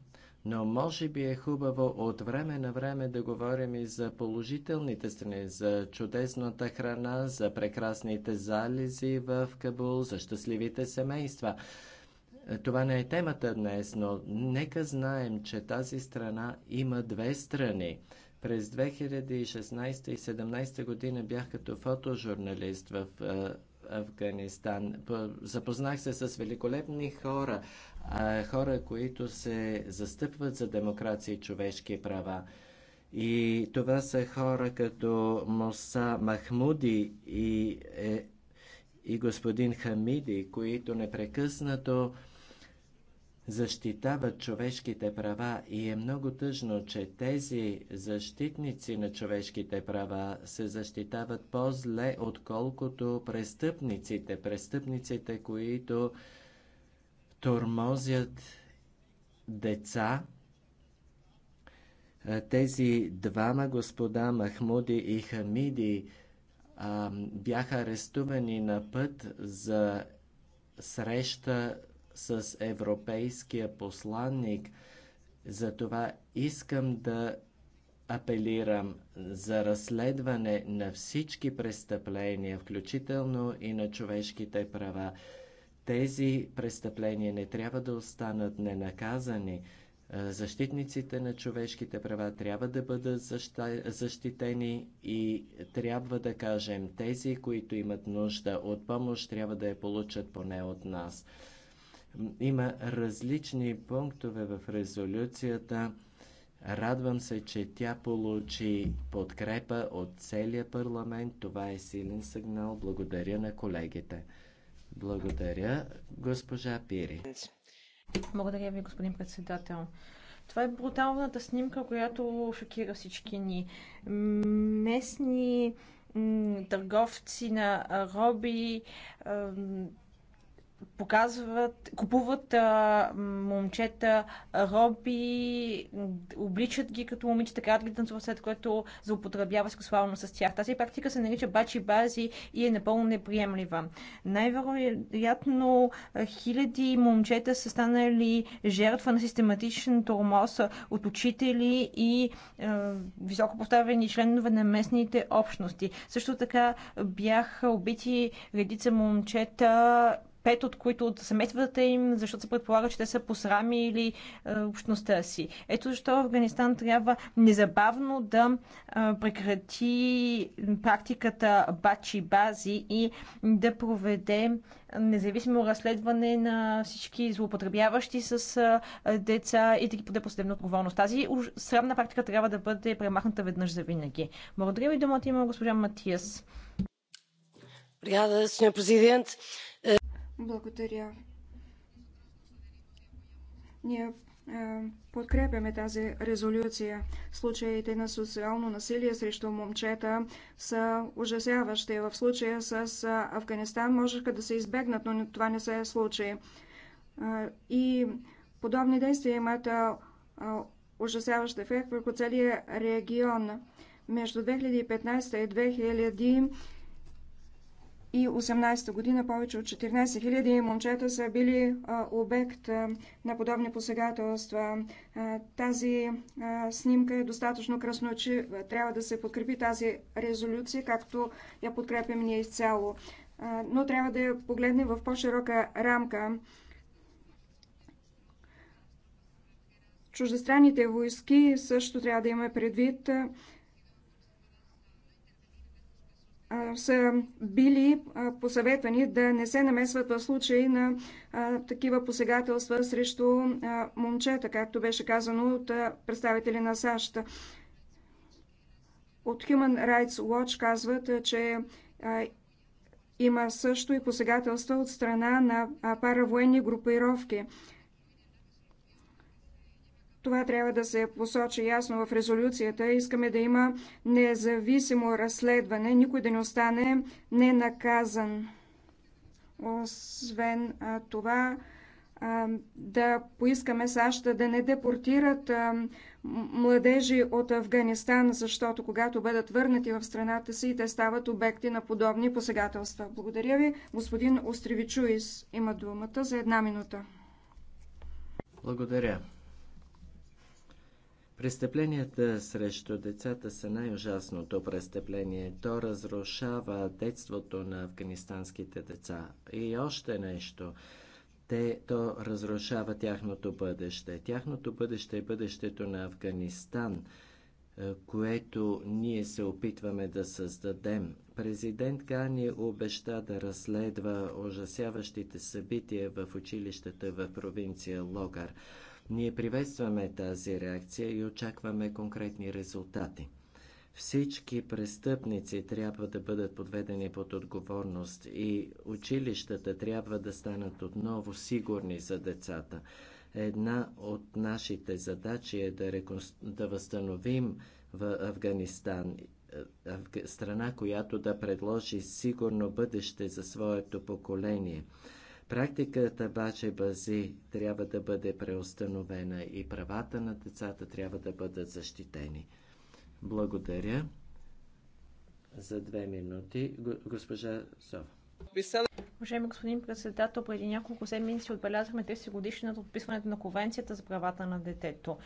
но може би е хубаво от време на време да говорим и за положителните страни, за чудесната храна, за прекрасните залези в Кабул, за щастливите семейства. Е, това не е темата днес, но нека знаем, че тази страна има две страни. През 2016 и 2017 година бях като фотожурналист в е, Афганистан. Запознах се с великолепни хора, хора, които се застъпват за демокрация и човешки права. И това са хора като Моса Махмуди и, е, и господин Хамиди, които непрекъснато защитават човешките права и е много тъжно, че тези защитници на човешките права се защитават по-зле, отколкото престъпниците. Престъпниците, които тормозят деца. Тези двама господа Махмуди и Хамиди бяха арестувани на път за среща с европейския посланник. Затова искам да апелирам за разследване на всички престъпления, включително и на човешките права. Тези престъпления не трябва да останат ненаказани. Е, защитниците на човешките права трябва да бъдат защитени и трябва да кажем, тези, които имат нужда от помощ, трябва да я получат поне от нас. Има различни пунктове в резолюцията. Радвам се, че тя получи подкрепа от целия парламент. Това е силен сигнал. Благодаря на колегите. Благодаря, госпожа Пири. Благодаря ви, господин председател. Това е бруталната снимка, която шокира всички ни. Местни търговци на роби показват, купуват а, момчета роби, обличат ги като момичета, карат ги танцуват, след което злоупотребява сексуално с тях. Тази практика се нарича бачи-бази и е напълно неприемлива. Най-вероятно хиляди момчета са станали жертва на систематичен тормоз от учители и а, високо поставени членове на местните общности. Също така бяха убити редица момчета пет от които от семействата им, защото се предполага, че те са посрами или е, общността си. Ето защо Афганистан трябва незабавно да е, прекрати практиката бачи бази и да проведе независимо разследване на всички злоупотребяващи с е, деца и да ги поде последна отговорност. Тази срамна практика трябва да бъде премахната веднъж за винаги. Благодаря ви, думата има госпожа Матиас. Obrigada, Sr. президент. Благодаря. Ние подкрепяме тази резолюция. Случаите на социално насилие срещу момчета са ужасяващи. В случая с Афганистан можеха да се избегнат, но това не се е случай. И подобни действия имат ужасяващ ефект върху целия регион. Между 2015 и 2018 година повече от 14 000 момчета са били обект на подобни посегателства. Тази снимка е достатъчно красночива. Трябва да се подкрепи тази резолюция, както я подкрепим ние изцяло. Но трябва да я погледнем в по-широка рамка. Чуждестранните войски също трябва да имаме предвид, са били посъветвани да не се намесват в случаи на такива посегателства срещу момчета, както беше казано от представители на САЩ. От Human Rights Watch казват, че има също и посегателства от страна на паравоенни групировки. Това трябва да се посочи ясно в резолюцията. Искаме да има независимо разследване, никой да не остане ненаказан. Освен а, това, а, да поискаме САЩ да не депортират а, младежи от Афганистан, защото когато бъдат върнати в страната си, те стават обекти на подобни посегателства. Благодаря ви. Господин Остревичуис има думата за една минута. Благодаря. Престъпленията срещу децата са най-ужасното престъпление. То разрушава детството на афганистанските деца. И още нещо. Те, то разрушава тяхното бъдеще. Тяхното бъдеще е бъдещето на Афганистан, е, което ние се опитваме да създадем. Президент Гани обеща да разследва ужасяващите събития в училищата в провинция Логар. Ние приветстваме тази реакция и очакваме конкретни резултати. Всички престъпници трябва да бъдат подведени под отговорност и училищата трябва да станат отново сигурни за децата. Една от нашите задачи е да, рекон... да възстановим в Афганистан е, страна, която да предложи сигурно бъдеще за своето поколение. Практиката баче бази трябва да бъде преустановена и правата на децата трябва да бъдат защитени. Благодаря. За две минути госпожа Сова. Уважаеми господин председател, преди няколко седмици отбелязахме 10 годишната от подписването на Конвенцията за правата на детето.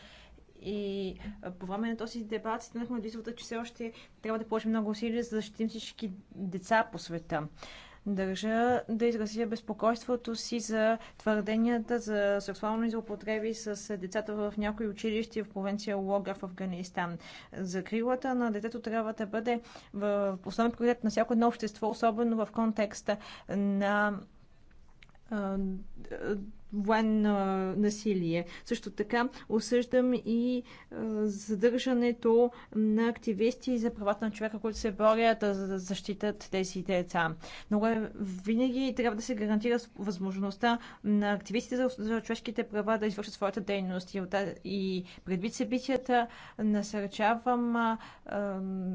И по време на този дебат стигнахме до извода, че все още трябва да положим много усилия за да защитим всички деца по света. Държа да изразя безпокойството си за твърденията за сексуални злоупотреби с децата в някои училища в провинция Лога в Афганистан. Закрилата на детето трябва да бъде в основен приоритет на всяко едно общество, особено в контекста на военно насилие. Също така осъждам и задържането на активисти за правата на човека, които се борят за да защитат тези деца. Много е, винаги трябва да се гарантира възможността на активистите за, човешките права да извършат своята дейност. И, и предвид събитията насърчавам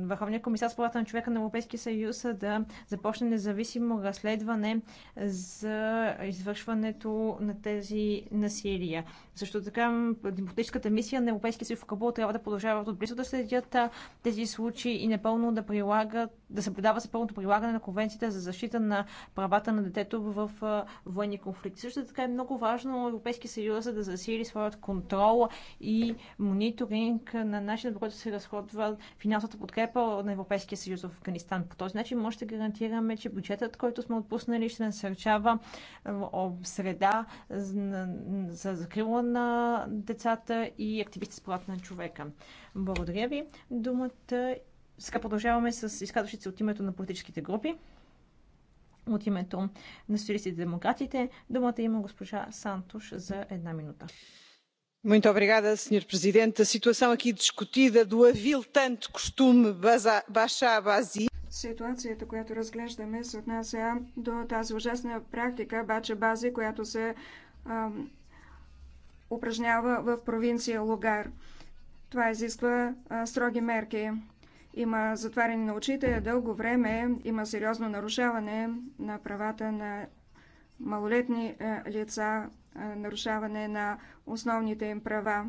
Върховния комисар с правата на човека на Европейския съюз да започне независимо разследване за извършването на тези тези насилия. Също така, дипломатическата мисия на Европейския съюз в Кабул трябва да продължават отблизо да следят тези случаи и напълно да прилагат, да съблюдава се пълното прилагане на Конвенцията за защита на правата на детето в военни конфликти. Също така е много важно Европейския съюз да засили своят контрол и мониторинг на начина, по който се разходва финансовата подкрепа на Европейския съюз в Афганистан. По този начин може да гарантираме, че бюджетът, който сме отпуснали, ще насърчава среда за закрила на децата и активисти с правата на човека. Благодаря ви. Думата. Сега продължаваме с изказващите от името на политическите групи. От името на социалистите и демократите думата има госпожа Сантуш за една минута. Muito obrigada, Sr. Presidente. A situação aqui discutida do aviltante costume a base. ситуацията, която разглеждаме, се отнася до тази ужасна практика, бача бази, която се упражнява в провинция Лугар. Това изисква строги мерки. Има затваряне на очите дълго време, има сериозно нарушаване на правата на малолетни лица, нарушаване на основните им права.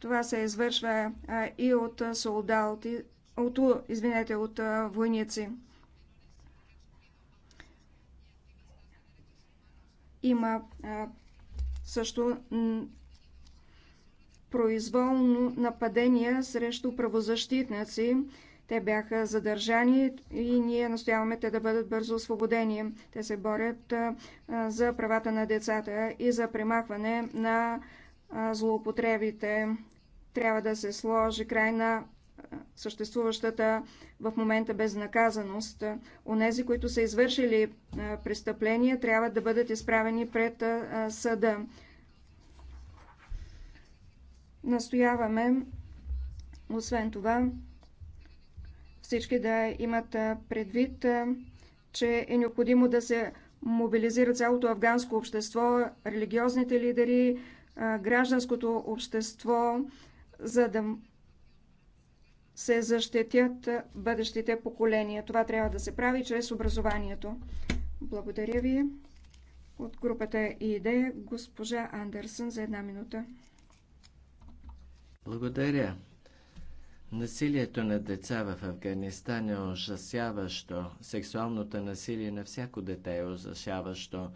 Това се извършва и от солдати, от, извинете, от войници. Има също произволно нападение срещу правозащитници. Те бяха задържани и ние настояваме те да бъдат бързо освободени. Те се борят за правата на децата и за примахване на злоупотребите. Трябва да се сложи край на съществуващата в момента безнаказаност. Онези, които са извършили престъпления, трябва да бъдат изправени пред съда. Настояваме, освен това, всички да имат предвид, че е необходимо да се мобилизира цялото афганско общество, религиозните лидери, гражданското общество, за да се защитят бъдещите поколения. Това трябва да се прави чрез образованието. Благодаря ви. От групата и идея госпожа Андерсън за една минута. Благодаря. Насилието на деца в Афганистан е ужасяващо. Сексуалното насилие на всяко дете е ужасяващо.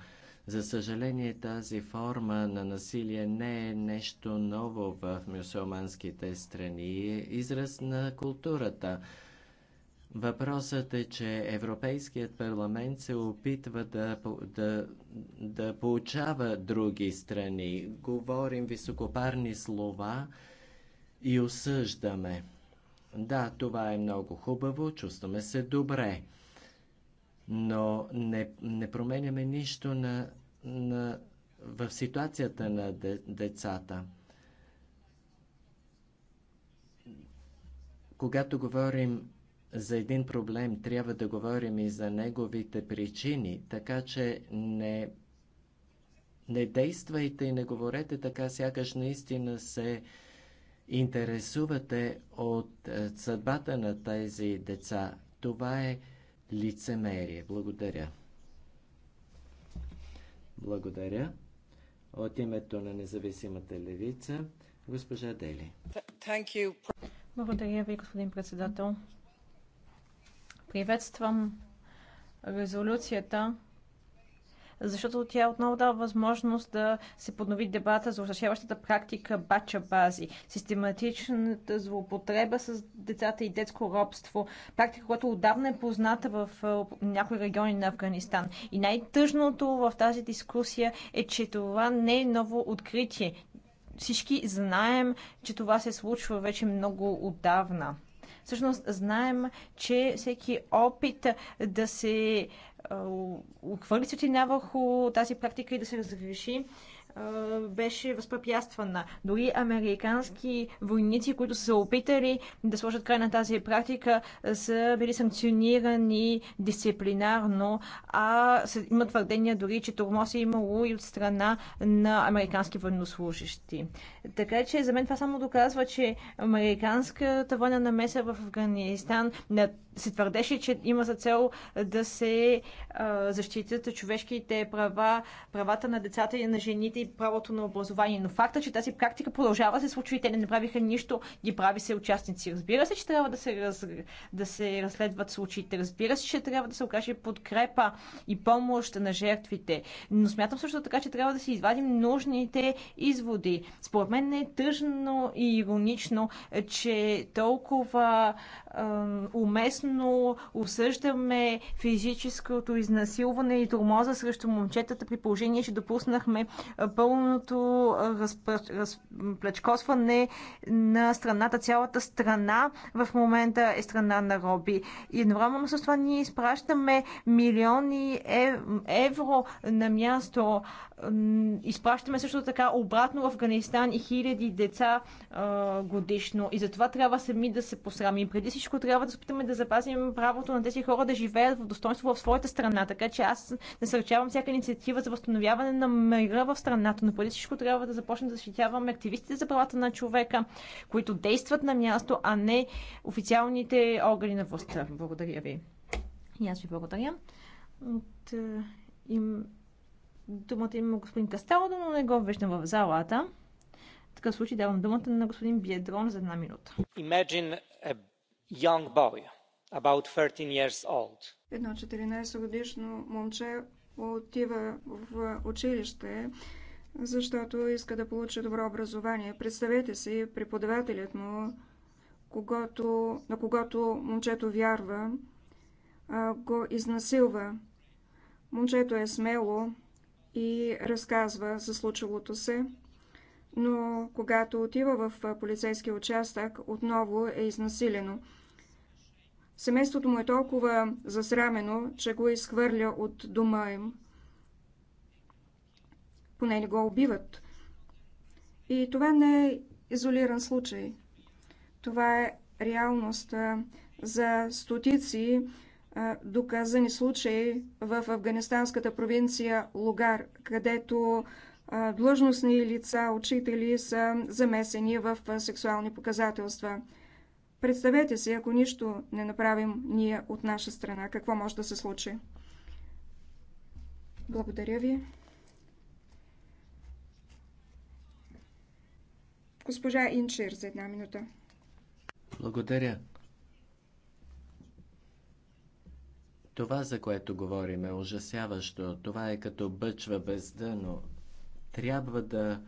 За съжаление, тази форма на насилие не е нещо ново в мюсулманските страни, е израз на културата. Въпросът е, че Европейският парламент се опитва да, да, да получава други страни. Говорим високопарни слова и осъждаме. Да, това е много хубаво, чувстваме се добре но не, не променяме нищо на, на, в ситуацията на де, децата. Когато говорим за един проблем, трябва да говорим и за неговите причини, така че не, не действайте и не говорете така, сякаш наистина се интересувате от е, съдбата на тези деца. Това е лицемерие. Благодаря. Благодаря. От името на независимата левица, госпожа Дели. Благодаря ви, господин председател. Приветствам резолюцията защото тя отново дава възможност да се поднови дебата за ужасяващата практика бача бази, систематичната злоупотреба с децата и детско робство, практика, която отдавна е позната в е, някои региони на Афганистан. И най-тъжното в тази дискусия е, че това не е ново откритие. Всички знаем, че това се случва вече много отдавна. Всъщност знаем, че всеки опит да се отхвърли светлина върху тази практика и да се разреши, беше възпрепятствана. Дори американски войници, които са се опитали да сложат край на тази практика, са били санкционирани дисциплинарно, а има твърдения дори, че тормоз е имало и от страна на американски военнослужащи. Така че за мен това само доказва, че американската военна намеса в Афганистан не се твърдеше, че има за цел да се а, защитят човешките права, правата на децата и на жените и правото на образование. Но факта, че тази практика продължава се случва и те не направиха нищо, ги прави се участници. Разбира се, че трябва да се, раз, да се разследват случаите. Разбира се, че трябва да се окаже подкрепа и помощ на жертвите. Но смятам също така, че трябва да си извадим нужните изводи. Според мен е тъжно и иронично, че толкова уместно осъждаме физическото изнасилване и тормоза срещу момчетата при положение, че допуснахме пълното разплечкосване на страната. Цялата страна в момента е страна на роби. И едновременно с това ние изпращаме милиони евро на място. Изпращаме също така обратно в Афганистан и хиляди деца годишно. И затова трябва сами да се посрамим. Преди всичко всичко трябва да се опитаме да запазим правото на тези хора да живеят в достоинство в своята страна. Така че аз насърчавам всяка инициатива за възстановяване на мира в страната, но преди всичко трябва да започнем да защитяваме активистите за правата на човека, които действат на място, а не официалните органи на властта. Благодаря ви. И аз ви благодаря. От, е, им, думата има господин Касталдо, но не го виждам в залата. В такъв случай давам думата на господин Биедрон за една минута. Imagine a young boy, about 13 years old. Едно 14 годишно момче отива в училище, защото иска да получи добро образование. Представете си преподавателят му, когато, на когато момчето вярва, го изнасилва. Момчето е смело и разказва за случилото се, но когато отива в полицейски участък, отново е изнасилено. Семейството му е толкова засрамено, че го е изхвърля от дома им. Поне не го убиват. И това не е изолиран случай. Това е реалност за стотици доказани случаи в афганистанската провинция Лугар, където длъжностни лица, учители са замесени в сексуални показателства. Представете си, ако нищо не направим ние от наша страна, какво може да се случи. Благодаря ви. Госпожа Инчер за една минута. Благодаря. Това, за което говорим, е ужасяващо. Това е като бъчва без дъно. Трябва да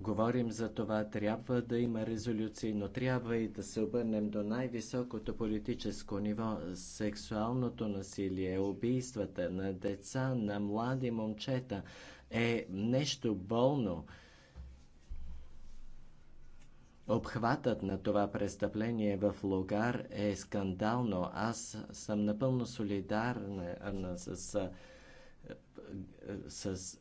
Говорим за това, трябва да има резолюции, но трябва и да се обърнем до най-високото политическо ниво. Сексуалното насилие, убийствата на деца, на млади момчета е нещо болно. Обхватът на това престъпление в Логар е скандално. Аз съм напълно солидарна с, с, с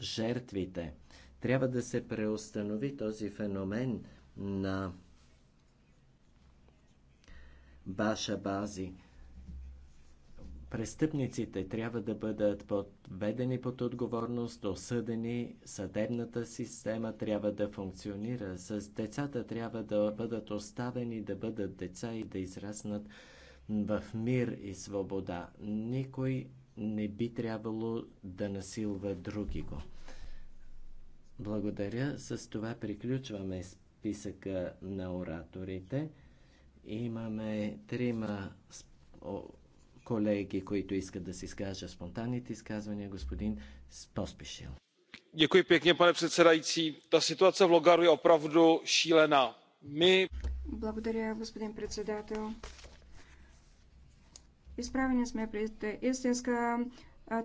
жертвите. Трябва да се преустанови този феномен на баша бази. Престъпниците трябва да бъдат подведени под отговорност, осъдени, съдебната система трябва да функционира, с децата трябва да бъдат оставени да бъдат деца и да израснат в мир и свобода. Никой не би трябвало да насилва го. Благодаря. С това приключваме списъка на ораторите. Имаме трима колеги, които искат да си изкажат спонтанните изказвания. Господин Поспешил. Děkuji pěkně, pane předsedající. Ta situace v Logaru je opravdu šílená. My... Благодаря, господин председател. Изправени сме пред истинска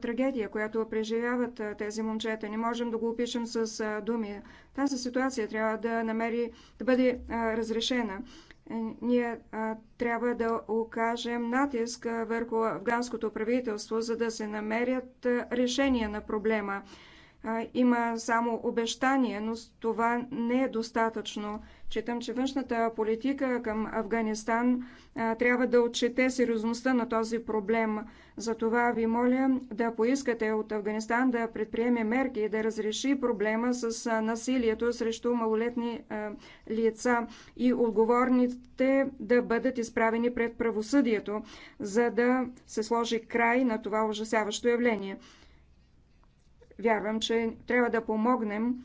трагедия, която преживяват тези момчета. Не можем да го опишем с думи. Тази ситуация трябва да намери, да бъде разрешена. Е, ние трябва да окажем натиск върху афганското правителство, за да се намерят решения на проблема има само обещания, но това не е достатъчно. Четам, че външната политика към Афганистан трябва да отчете сериозността на този проблем. Затова ви моля да поискате от Афганистан да предприеме мерки и да разреши проблема с насилието срещу малолетни лица и отговорните да бъдат изправени пред правосъдието, за да се сложи край на това ужасяващо явление. Вярвам, че трябва да помогнем,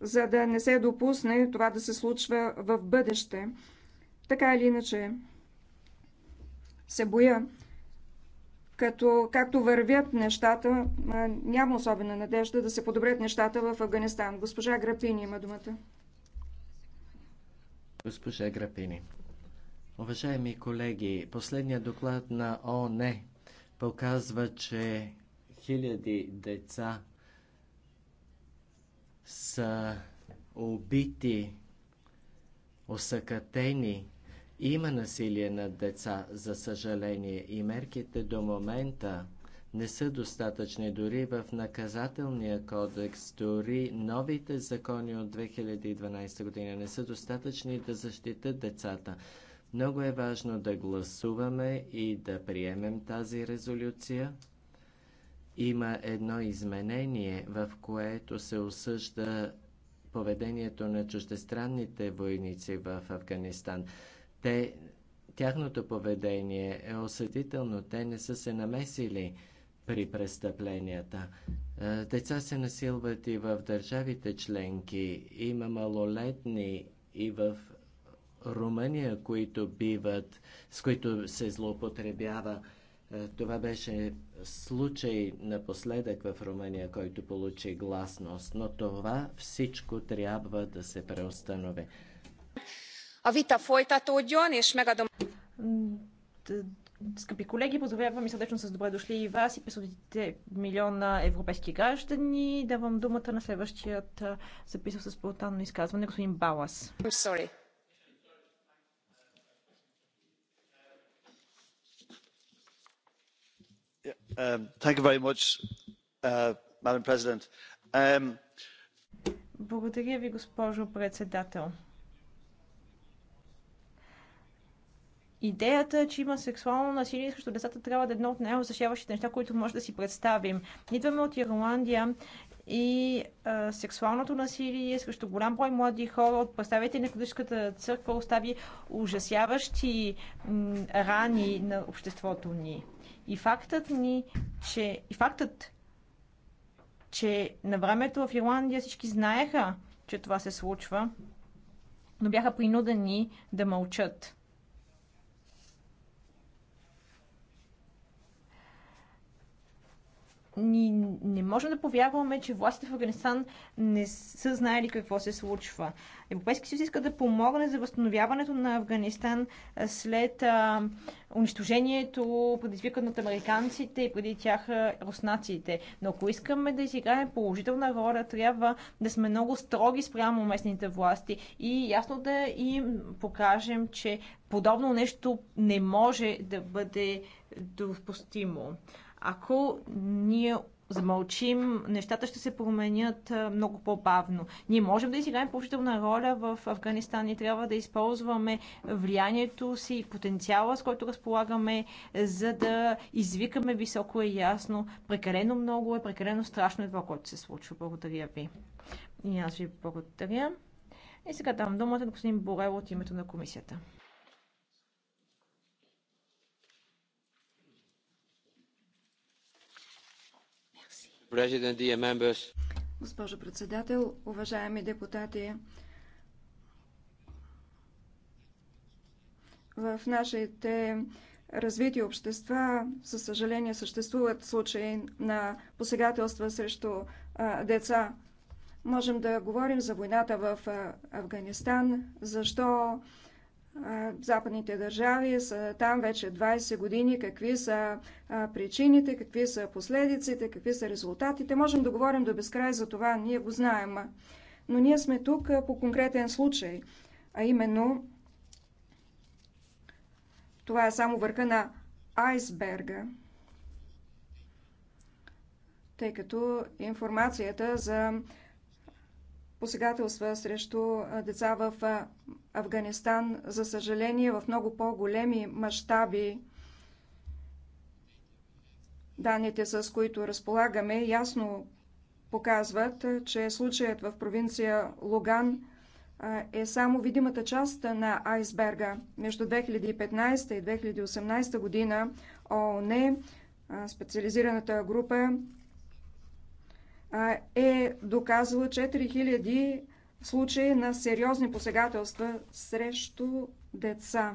за да не се допусне това да се случва в бъдеще. Така или иначе, се боя, като както вървят нещата, няма особена надежда да се подобрят нещата в Афганистан. Госпожа Грапини има думата. Госпожа Грапини, уважаеми колеги, последният доклад на ОНЕ показва, че хиляди деца са убити, осъкатени. Има насилие на деца, за съжаление, и мерките до момента не са достатъчни дори в наказателния кодекс, дори новите закони от 2012 година не са достатъчни да защитат децата. Много е важно да гласуваме и да приемем тази резолюция. Има едно изменение, в което се осъжда поведението на чуждестранните войници в Афганистан. Те, тяхното поведение е осъдително. Те не са се намесили при престъпленията. Е, деца се насилват и в държавите членки. Има малолетни и в Румъния, които биват, с които се злоупотребява. Е, това беше случай напоследък в Румъния, който получи гласност, но това всичко трябва да се преустанови. А вита folytatódjon, és megadom... Скъпи колеги, поздравявам и сърдечно с добре дошли и вас и песотите милиона европейски граждани. Давам думата на следващият записал с спонтанно изказване, господин Балас. I'm sorry. Um, uh, um, Благодаря ви, госпожо председател. Идеята, е, че има сексуално насилие срещу децата, трябва да е едно от най-озащаващите неща, които може да си представим. Идваме от Ирландия и а, сексуалното насилие срещу голям брой млади хора от представители на Кудишката църква остави ужасяващи рани на обществото ни. И фактът ни, че, и фактът, че на времето в Ирландия всички знаеха, че това се случва, но бяха принудени да мълчат. ни не можем да повярваме, че властите в Афганистан не са знаели какво се случва. Европейски съюз иска да помогне за възстановяването на Афганистан след а, унищожението, предизвикано от американците и преди тях руснаците. Но ако искаме да изиграем положителна роля, трябва да сме много строги спрямо местните власти и ясно да им покажем, че подобно нещо не може да бъде допустимо. Ако ние замълчим, нещата ще се променят много по-бавно. Ние можем да изиграем положителна роля в Афганистан и трябва да използваме влиянието си и потенциала, с който разполагаме, за да извикаме високо и ясно. Прекалено много е, прекалено страшно е това, което се случва. Благодаря ви. И аз ви благодаря. И сега дам думата на господин Борел от името на комисията. Госпожо председател, уважаеми депутати, в нашите развити общества, със съжаление, съществуват случаи на посегателства срещу деца. Можем да говорим за войната в Афганистан, защо западните държави са там вече 20 години, какви са причините, какви са последиците, какви са резултатите. Можем да говорим до безкрай за това, ние го знаем. Но ние сме тук по конкретен случай, а именно това е само върха на айсберга, тъй като информацията за посегателства срещу деца в Афганистан, за съжаление, в много по-големи мащаби. Данните, с които разполагаме, ясно показват, че случаят в провинция Луган е само видимата част на айсберга. Между 2015 и 2018 година ООН, специализираната група е доказала 4000 случаи на сериозни посегателства срещу деца.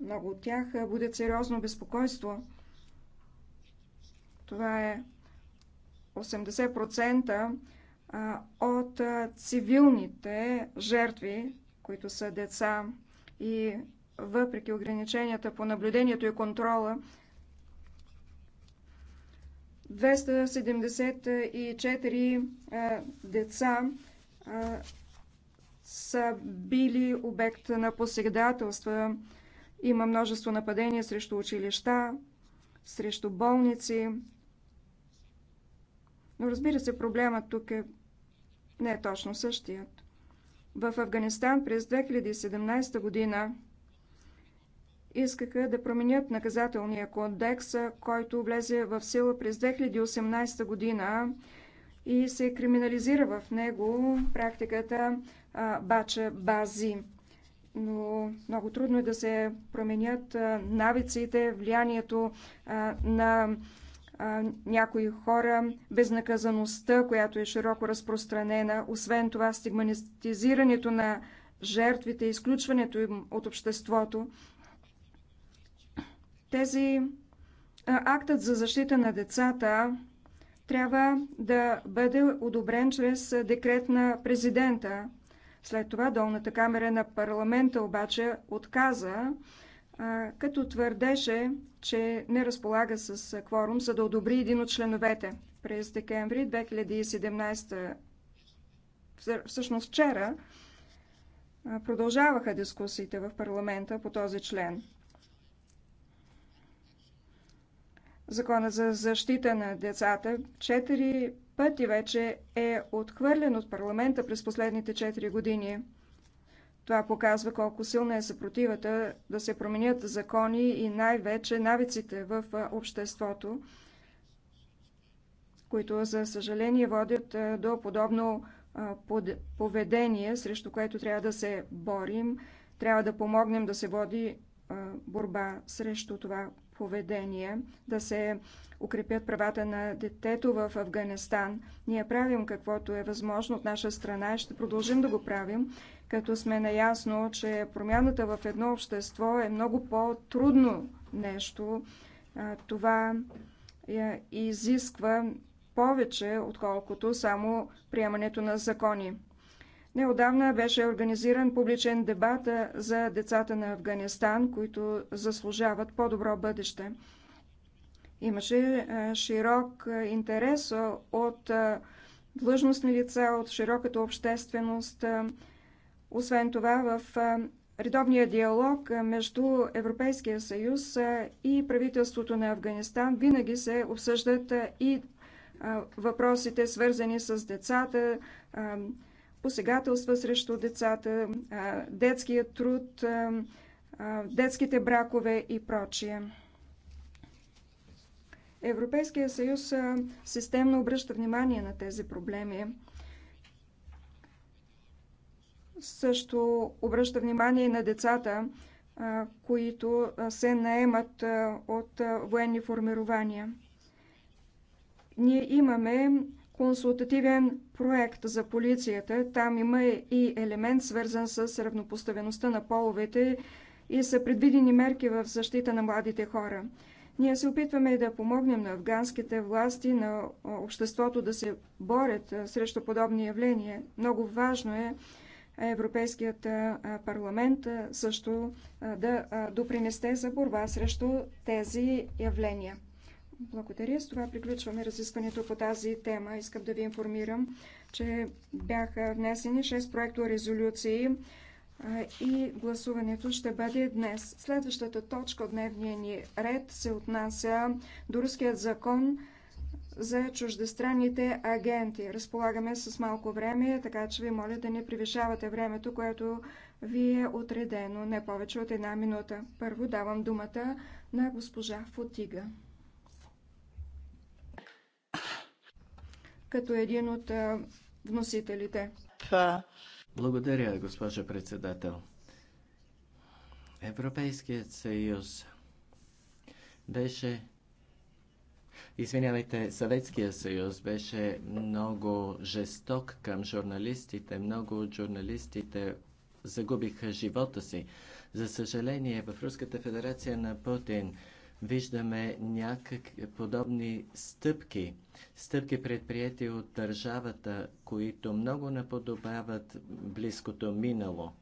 Много от тях будят сериозно безпокойство. Това е 80% от цивилните жертви, които са деца и въпреки ограниченията по наблюдението и контрола, 274 е, деца е, са били обект на посегдателства. Има множество нападения срещу училища, срещу болници. Но разбира се, проблемът тук е не е точно същият. В Афганистан през 2017 година искаха да променят наказателния кодекс, който влезе в сила през 2018 година и се криминализира в него практиката бача-бази. Но много трудно е да се променят навиците, влиянието на някои хора, безнаказаността, която е широко разпространена, освен това стигматизирането на жертвите, изключването им от обществото. Тези актът за защита на децата трябва да бъде одобрен чрез декрет на президента. След това долната камера на парламента обаче отказа, като твърдеше, че не разполага с кворум, за да одобри един от членовете. През декември 2017, всъщност вчера, продължаваха дискусиите в парламента по този член. Закона за защита на децата четири пъти вече е отхвърлен от парламента през последните четири години. Това показва колко силна е съпротивата да се променят закони и най-вече навиците в обществото, които, за съжаление, водят до подобно поведение, срещу което трябва да се борим. Трябва да помогнем да се води борба срещу това поведение, да се укрепят правата на детето в Афганистан. Ние правим каквото е възможно от наша страна и ще продължим да го правим, като сме наясно, че промяната в едно общество е много по-трудно нещо. Това изисква повече, отколкото само приемането на закони. Неодавна беше организиран публичен дебат за децата на Афганистан, които заслужават по-добро бъдеще. Имаше широк интерес от длъжностни лица, от широката общественост. Освен това, в редовния диалог между Европейския съюз и правителството на Афганистан винаги се обсъждат и въпросите, свързани с децата, посегателства срещу децата, детския труд, детските бракове и прочие. Европейския съюз системно обръща внимание на тези проблеми. Също обръща внимание на децата, които се наемат от военни формирования. Ние имаме консултативен проект за полицията. Там има и елемент свързан с равнопоставеността на половете и са предвидени мерки в защита на младите хора. Ние се опитваме да помогнем на афганските власти, на обществото да се борят срещу подобни явления. Много важно е Европейският парламент също да допринесте за борба срещу тези явления. Благодаря. С това приключваме разискването по тази тема. Искам да ви информирам, че бяха внесени 6 проекто резолюции и гласуването ще бъде днес. Следващата точка от дневния ни ред се отнася до руският закон за чуждестранните агенти. Разполагаме с малко време, така че ви моля да не превишавате времето, което ви е отредено не повече от една минута. Първо давам думата на госпожа Фотига. като един от вносителите. Благодаря, госпожа председател. Европейският съюз беше Извинявайте, Съветския съюз беше много жесток към журналистите. Много от журналистите загубиха живота си. За съжаление, в Руската федерация на Путин виждаме някакви подобни стъпки, стъпки предприяти от държавата, които много наподобяват близкото минало.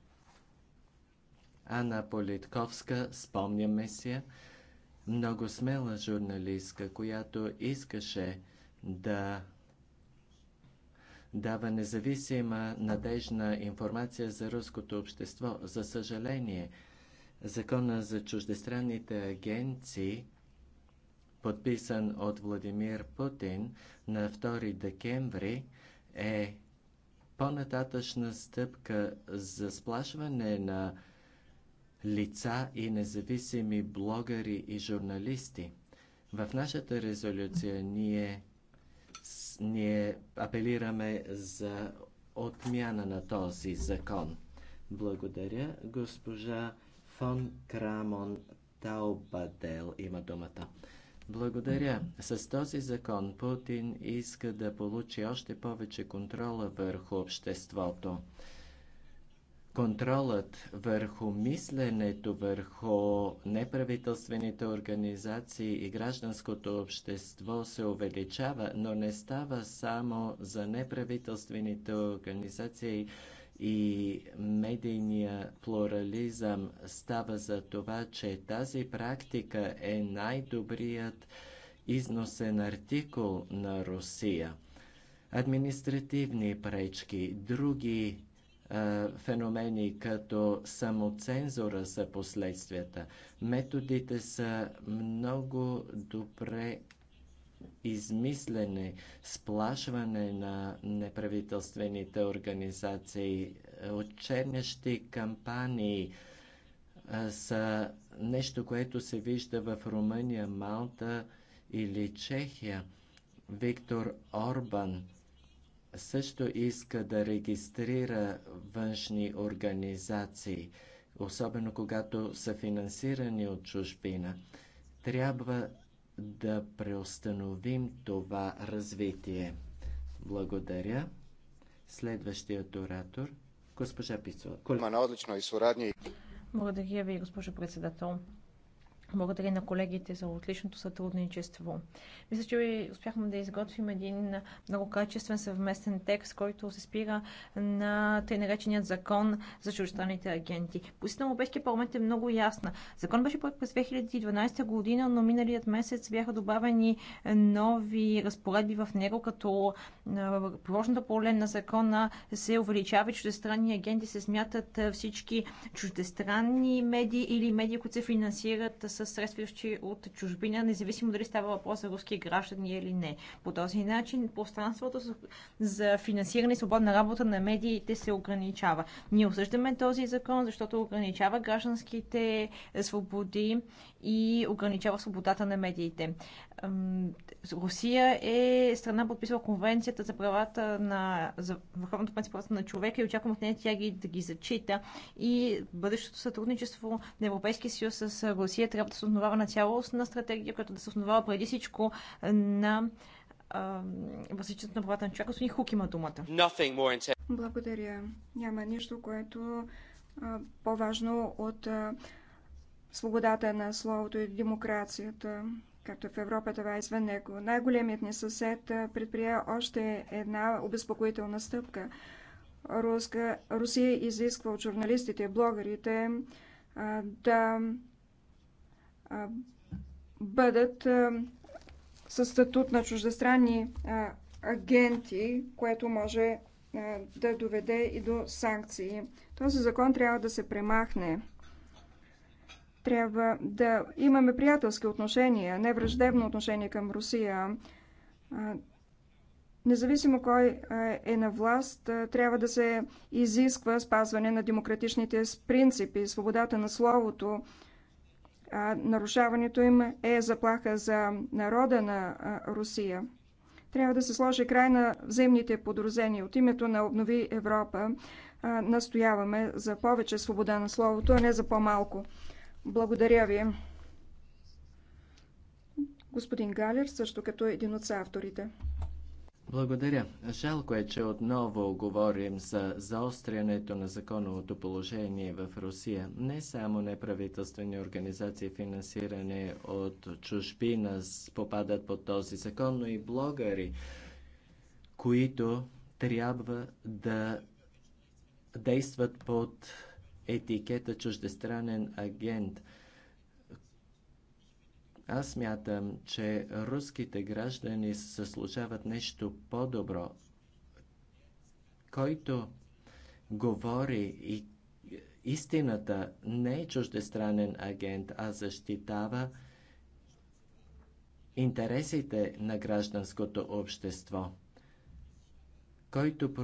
Анна Политковска, спомняме си, много смела журналистка, която искаше да дава независима, надежна информация за руското общество. За съжаление, Закона за чуждестранните агенции, подписан от Владимир Путин на 2 декември, е по-нататъчна стъпка за сплашване на лица и независими блогъри и журналисти. В нашата резолюция ние, ние апелираме за отмяна на този закон. Благодаря, госпожа Фон Крамон Таубадел има думата. Благодаря. С този закон Путин иска да получи още повече контрола върху обществото. Контролът върху мисленето, върху неправителствените организации и гражданското общество се увеличава, но не става само за неправителствените организации и медийния плурализъм става за това, че тази практика е най-добрият износен артикул на Русия. Административни пречки, други феномени като самоцензура са последствията. Методите са много добре измислене, сплашване на неправителствените организации, отчернящи кампании са нещо, което се вижда в Румъния, Малта или Чехия. Виктор Орбан също иска да регистрира външни организации, особено когато са финансирани от чужбина. Трябва да преустановим това развитие. Благодаря. Следващият оратор, госпожа Пицова. Има на отличной сурадни. Благодаря ви, госпожо председател. Благодаря на колегите за отличното сътрудничество. Мисля, че успяхме да изготвим един много качествен съвместен текст, който се спира на тъй нареченият закон за чуждестранните агенти. Позицията на Европейския парламент е много ясна. Закон беше проект през 2012 година, но миналият месец бяха добавени нови разпоредби в него, като приложното поле на закона се увеличава и чуждестранни агенти се смятат всички чуждестранни медии или медии, които се финансират с с средства от чужбина, независимо дали става въпрос за руски граждани или не. По този начин пространството за финансиране и свободна работа на медиите се ограничава. Ние осъждаме този закон, защото ограничава гражданските свободи и ограничава свободата на медиите. Русия е страна подписала конвенцията за правата на за върховното правата на човека и очаквам от нея тя ги, да ги зачита. И бъдещото сътрудничество на Европейския съюз с Русия трябва да се основава на цялостна стратегия, която да се основава преди всичко на възличането на правата на човека. Господин Хук има думата. Благодаря. Няма нищо, което по-важно от свободата на словото и демокрацията, както в Европа, това е извън него. Най-големият ни съсед предприе още една обезпокоителна стъпка. Руска, Русия изисква от журналистите и блогерите а, да а, бъдат а, със статут на чуждестранни а, агенти, което може а, да доведе и до санкции. Този закон трябва да се премахне. Трябва да имаме приятелски отношения, не враждебно отношение към Русия. Независимо кой е на власт, трябва да се изисква спазване на демократичните принципи, свободата на словото. Нарушаването им е заплаха за народа на Русия. Трябва да се сложи край на взаимните подрозения. От името на Обнови Европа настояваме за повече свобода на словото, а не за по-малко. Благодаря ви. Господин Галер, също като един от авторите. Благодаря. Жалко е, че отново говорим за заострянето на законовото положение в Русия. Не само неправителствени организации, финансирани от чужбина, попадат под този закон, но и блогъри, които трябва да действат под етикета чуждестранен агент. Аз мятам, че руските граждани заслужават нещо по-добро. Който говори и истината не е чуждестранен агент, а защитава интересите на гражданското общество, който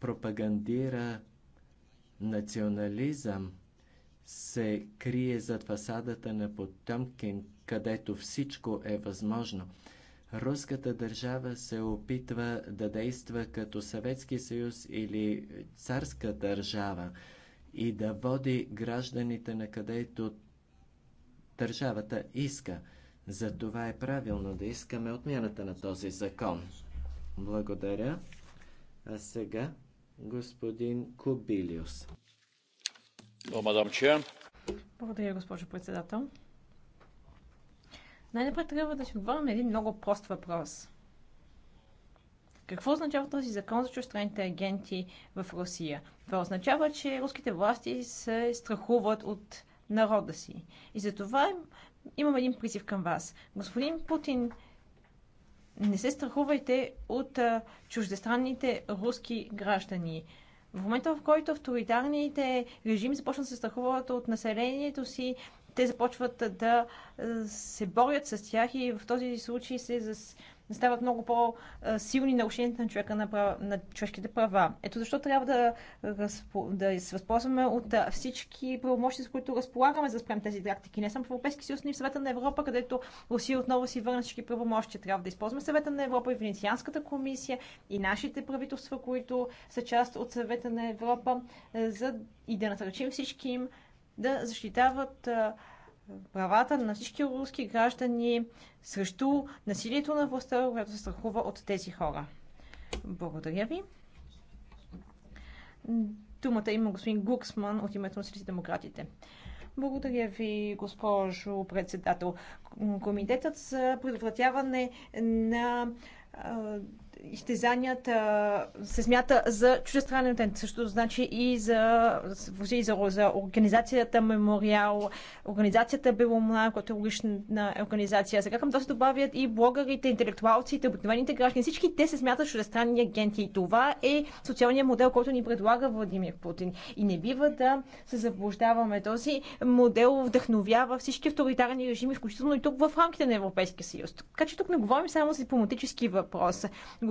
пропагандира национализъм се крие зад фасадата на Потъмкин, където всичко е възможно. Руската държава се опитва да действа като Съветски съюз или царска държава и да води гражданите на където държавата иска. това е правилно да искаме отмяната на този закон. Благодаря. А сега господин Кобилиус. Благодаря, госпожо председател. Най-напред трябва да си отговорим на един много прост въпрос. Какво означава този закон за чуждестранните агенти в Русия? Това означава, че руските власти се страхуват от народа си. И затова имам един призив към вас. Господин Путин не се страхувайте от чуждестранните руски граждани. В момента, в който авторитарните режими започнат да се страхуват от населението си, те започват да се борят с тях и в този случай се зас стават много по-силни нарушенията на, човека на, права, на човешките права. Ето защо трябва да, да се възползваме от всички правомощи, с които разполагаме, за да спрем тези практики. Не само в Европейски съюз, но и в Съвета на Европа, където Русия отново си върна всички правомощи. Трябва да използваме Съвета на Европа и Венецианската комисия и нашите правителства, които са част от Съвета на Европа, е, за и да насърчим всички им да защитават правата на всички руски граждани срещу насилието на властта, която се страхува от тези хора. Благодаря ви. Думата има господин Гуксман от името на Сирийски демократите. Благодаря ви, госпожо председател. Комитетът за предотвратяване на изтезанията се смята за чуждестранен тент. Също значи и за, за, за, за организацията Мемориал, организацията Беломна, която е логична организация. Сега към това се добавят и блогърите, интелектуалците, обикновените граждани. Всички те се смятат чуждестранни агенти. И това е социалният модел, който ни предлага Владимир Путин. И не бива да се заблуждаваме. Този модел вдъхновява всички авторитарни режими, включително и тук в рамките на Европейския съюз. Така че тук не говорим само за дипломатически въпрос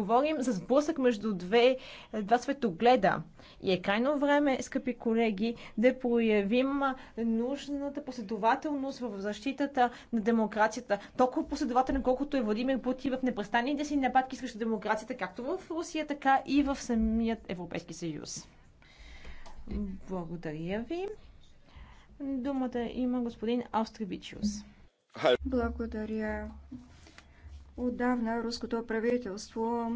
Говорим за сблъсък между две, два светогледа. И е крайно време, скъпи колеги, да проявим нужната последователност в защитата на демокрацията. Толкова последователен, колкото е Владимир Путин в непрестанните си нападки срещу демокрацията, както в Русия, така и в самият Европейски съюз. Благодаря ви. Думата има господин Австрибичиус. Благодаря, Отдавна руското правителство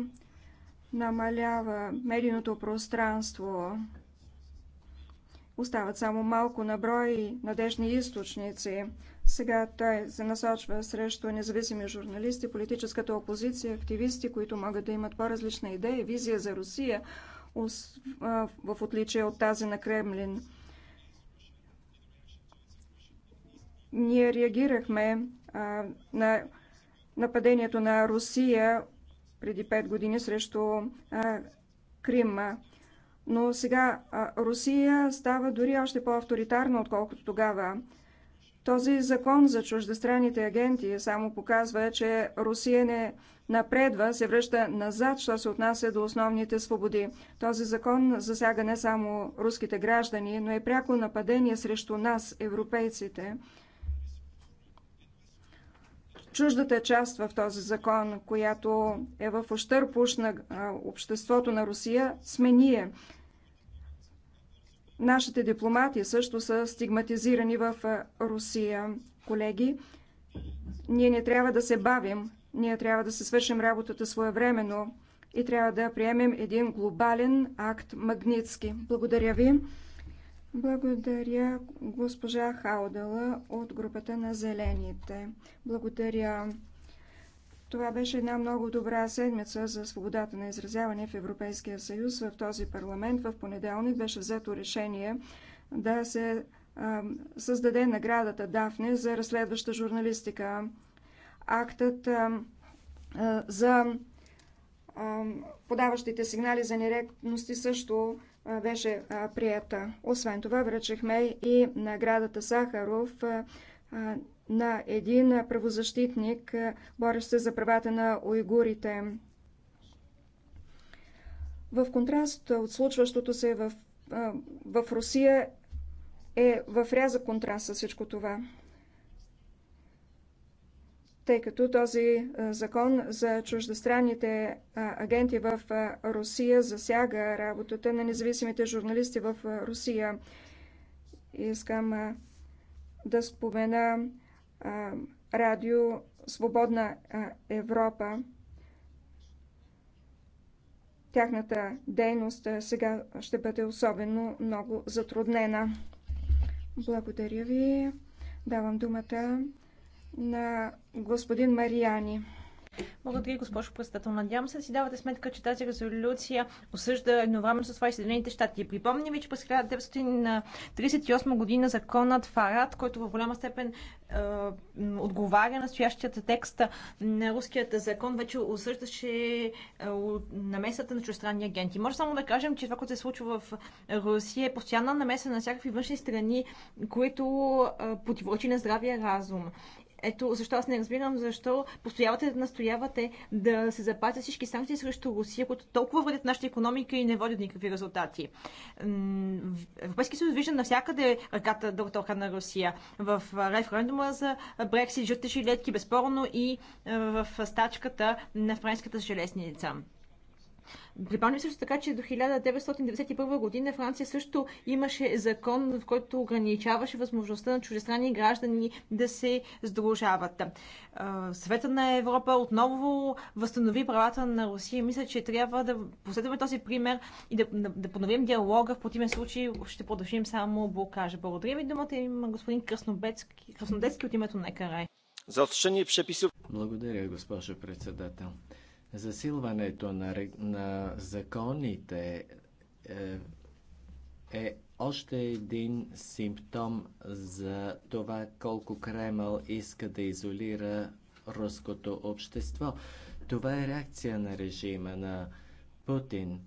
намалява медийното пространство. Остават само малко наброи надежни източници. Сега той се насочва срещу независими журналисти, политическата опозиция, активисти, които могат да имат по-различна идея и визия за Русия, в отличие от тази на Кремлин. Ние реагирахме на нападението на Русия преди 5 години срещу Крим. Но сега Русия става дори още по-авторитарна, отколкото тогава. Този закон за чуждестранните агенти само показва, че Русия не напредва, се връща назад, що се отнася до основните свободи. Този закон засяга не само руските граждани, но и е пряко нападение срещу нас, европейците чуждата част в този закон, която е в ощърпуш на обществото на Русия, сме ние. Нашите дипломати също са стигматизирани в Русия, колеги. Ние не трябва да се бавим, ние трябва да се свършим работата своевременно и трябва да приемем един глобален акт магнитски. Благодаря ви. Благодаря госпожа Хаудала от групата на Зелените. Благодаря. Това беше една много добра седмица за свободата на изразяване в Европейския съюз. В този парламент в понеделник беше взето решение да се а, създаде наградата Дафне за разследваща журналистика. Актът а, а, за подаващите сигнали за неректности също беше прията. Освен това, връчихме и наградата Сахаров на един правозащитник, борещ се за правата на уйгурите. В контраст от случващото се в, в Русия е в ряза контраст с всичко това тъй като този закон за чуждестранните агенти в Русия засяга работата на независимите журналисти в Русия. Искам да спомена радио Свободна Европа. Тяхната дейност сега ще бъде особено много затруднена. Благодаря ви. Давам думата на господин Мариани. Благодаря, госпожо председател. Надявам се да си давате сметка, че тази резолюция осъжда едновременно с това и Съединените щати. Припомня ви, че през 1938 година законът Фарат, който в голяма степен е, отговаря на настоящията текст на руският закон, вече осъждаше е, намесата на чуждестранни агенти. Може само да кажем, че това, което се случва в Русия е постоянна намеса на всякакви външни страни, които е, противоречи на здравия разум. Ето защо аз не разбирам защо постоявате да настоявате да се запазят всички санкции срещу Русия, които толкова вредят нашата економика и не водят никакви резултати. Европейски съюз вижда навсякъде ръката до на Русия. В референдума за Брексит, жълтите жилетки, безспорно и в стачката на френската железница. Припомням също така, че до 1991 година Франция също имаше закон, в който ограничаваше възможността на чужестранни граждани да се сдружават. Света на Европа отново възстанови правата на Русия. Мисля, че трябва да последваме този пример и да, да, да поновим диалога. В противен случай ще продължим само блокажа. Благодаря ви. Думата има господин Краснодецки от името на Екарай. отношение преписов. Благодаря, госпожо председател. Засилването на, на законите е, е още един симптом за това колко Кремъл иска да изолира руското общество. Това е реакция на режима на Путин.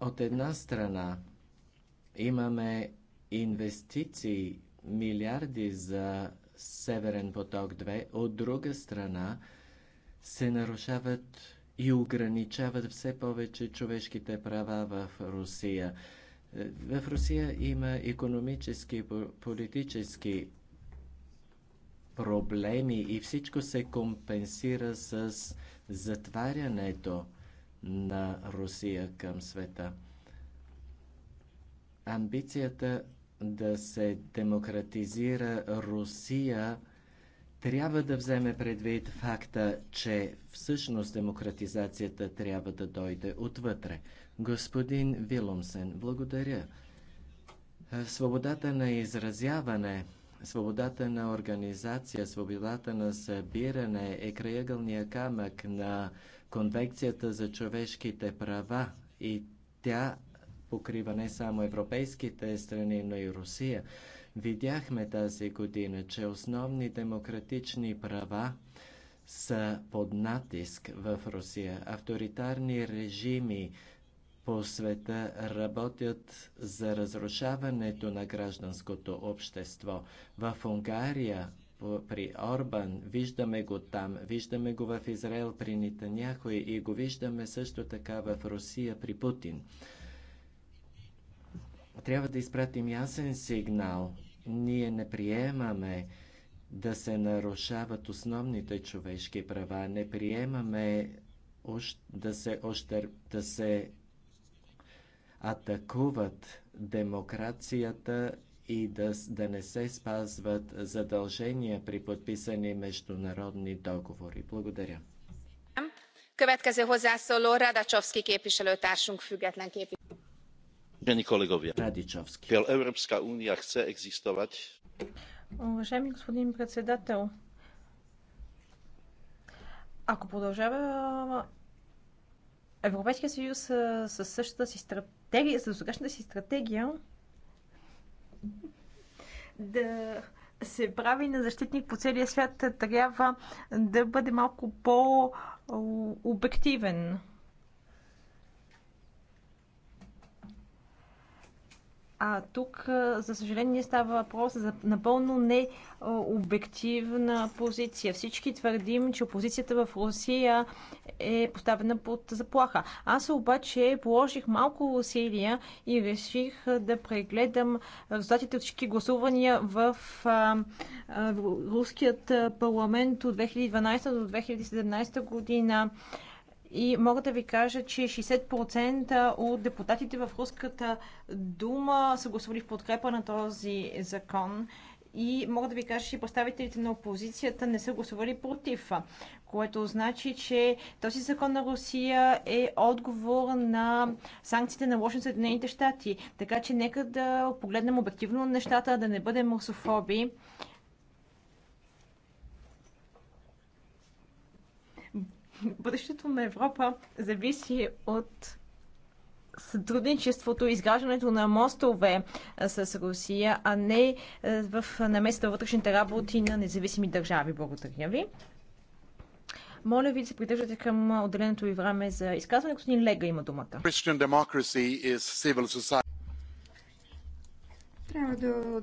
От една страна имаме инвестиции, милиарди за Северен поток 2, от друга страна се нарушават и ограничават все повече човешките права в Русия. Е, в Русия има економически, политически проблеми и всичко се компенсира с затварянето на Русия към света. Амбицията да се демократизира Русия, трябва да вземе предвид факта, че всъщност демократизацията трябва да дойде отвътре. Господин Вилумсен, благодаря. Свободата на изразяване, свободата на организация, свободата на събиране е краягълния камък на Конвекцията за човешките права и тя покрива не само европейските страни, но и Русия. Видяхме тази година, че основни демократични права са под натиск в Русия. Авторитарни режими по света работят за разрушаването на гражданското общество. В Унгария при Орбан, виждаме го там, виждаме го в Израел при Нитаняхо и го виждаме също така в Русия при Путин. Трябва да изпратим ясен сигнал. Ние не приемаме да се нарушават основните човешки права. Не приемаме да се, ощер... да се атакуват демокрацията и да, да не се спазват задължения при подписани международни договори. Благодаря. Következő hozzászóló képviselőtársunk független képviselő. Уважаеми колеговия. Радичовски. Пел Европска уния хце екзистовать. Уважаеми господин председател, ако продължава Европейския съюз със същата си стратегия, с досегашната си стратегия, да се прави на защитник по целия свят, трябва да бъде малко по-обективен. А тук, за съжаление, става въпрос за напълно необективна позиция. Всички твърдим, че опозицията в Русия е поставена под заплаха. Аз обаче положих малко усилия и реших да прегледам резултатите от всички гласувания в руският парламент от 2012 до 2017 година и мога да ви кажа, че 60% от депутатите в Руската дума са гласували в подкрепа на този закон. И мога да ви кажа, че представителите на опозицията не са гласували против, което значи, че този закон на Русия е отговор на санкциите на Лошен Съединените щати. Така че нека да погледнем обективно нещата, да не бъдем русофоби бъдещето на Европа зависи от сътрудничеството изграждането на мостове с Русия, а не в наместа вътрешните работи на независими държави. Благодаря ви. Моля ви да се придържате към отделеното ви време за изказване. Господин Лега има думата. Трябва да